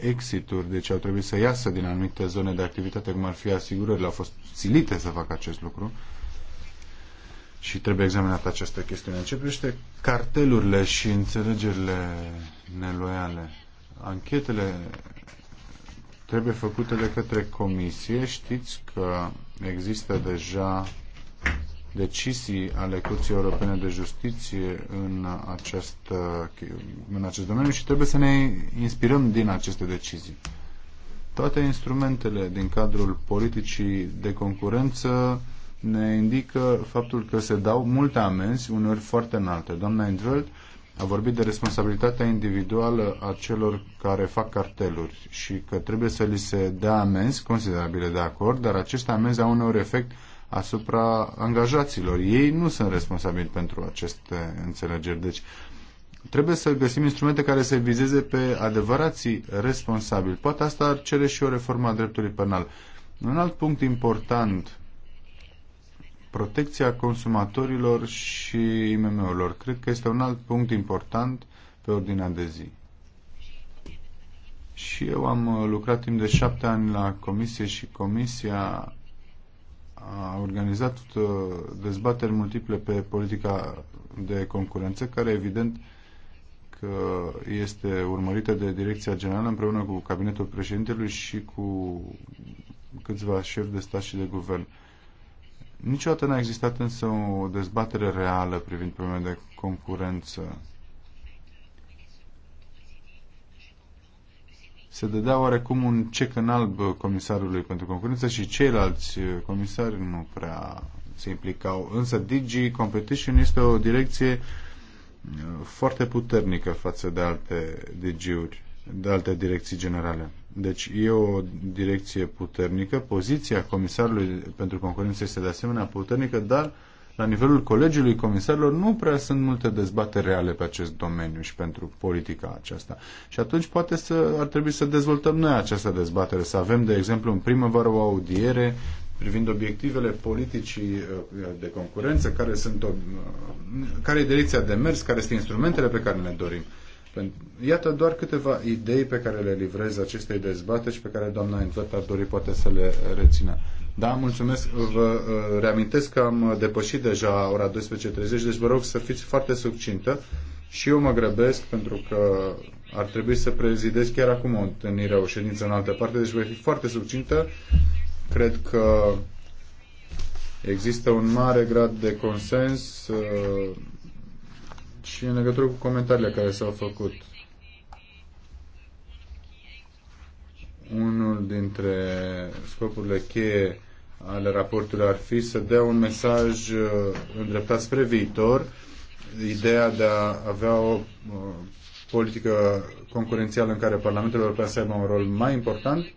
exituri, deci au trebuit să iasă din anumite zone de activitate, cum ar fi asigurările, au fost silite să facă acest lucru și trebuie examinată această chestiune. În ce privește cartelurile și înțelegerile neloiale, anchetele trebuie făcute de către comisie. Știți că există deja decizii ale Curții Europene de Justiție în acest, în acest domeniu și trebuie să ne inspirăm din aceste decizii. Toate instrumentele din cadrul politicii de concurență ne indică faptul că se dau multe amenzi, uneori foarte înalte. Doamna Endveld a vorbit de responsabilitatea individuală a celor care fac carteluri și că trebuie să li se dea amenzi considerabile de acord, dar aceste amenzi au uneori efect asupra angajaților. Ei nu sunt responsabili pentru aceste înțelegeri. Deci trebuie să găsim instrumente care să vizeze pe adevărații responsabili. Poate asta ar cere și o reformă a dreptului penal. Un alt punct important, protecția consumatorilor și IMM-urilor. Cred că este un alt punct important pe ordinea de zi. Și eu am uh, lucrat timp de șapte ani la comisie și comisia a organizat uh, dezbateri multiple pe politica de concurență, care evident că este urmărită de Direcția Generală împreună cu Cabinetul Președintelui și cu câțiva șefi de stat și de guvern. Niciodată n-a existat însă o dezbatere reală privind probleme de concurență. se dădea oarecum un cec în alb uh, comisarului pentru concurență și ceilalți uh, comisari nu prea se implicau. Însă Digi Competition este o direcție uh, foarte puternică față de alte DG-uri, de alte direcții generale. Deci e o direcție puternică, poziția comisarului pentru concurență este de asemenea puternică, dar uh, la nivelul Colegiului Comisarilor nu prea sunt multe dezbateri reale pe acest domeniu și pentru politica aceasta. Și atunci poate să, ar trebui să dezvoltăm noi această dezbatere, să avem, de exemplu, în primăvară o audiere privind obiectivele politicii uh, de concurență, care, sunt, uh, care e direcția de mers, care sunt instrumentele pe care ne dorim. Iată doar câteva idei pe care le livrez acestei dezbateri și pe care doamna Invert ar dori poate să le rețină. Da, mulțumesc. Vă uh, reamintesc că am depășit deja ora 12.30, deci vă rog să fiți foarte succintă. Și eu mă grăbesc pentru că ar trebui să prezidez chiar acum o întâlnire, o ședință în altă parte, deci voi fi foarte succintă. Cred că există un mare grad de consens uh, și în legătură cu comentariile care s-au făcut. Unul dintre scopurile cheie ale raportului ar fi să dea un mesaj uh, îndreptat spre viitor, ideea de a avea o uh, politică concurențială în care Parlamentul European să aibă un rol mai important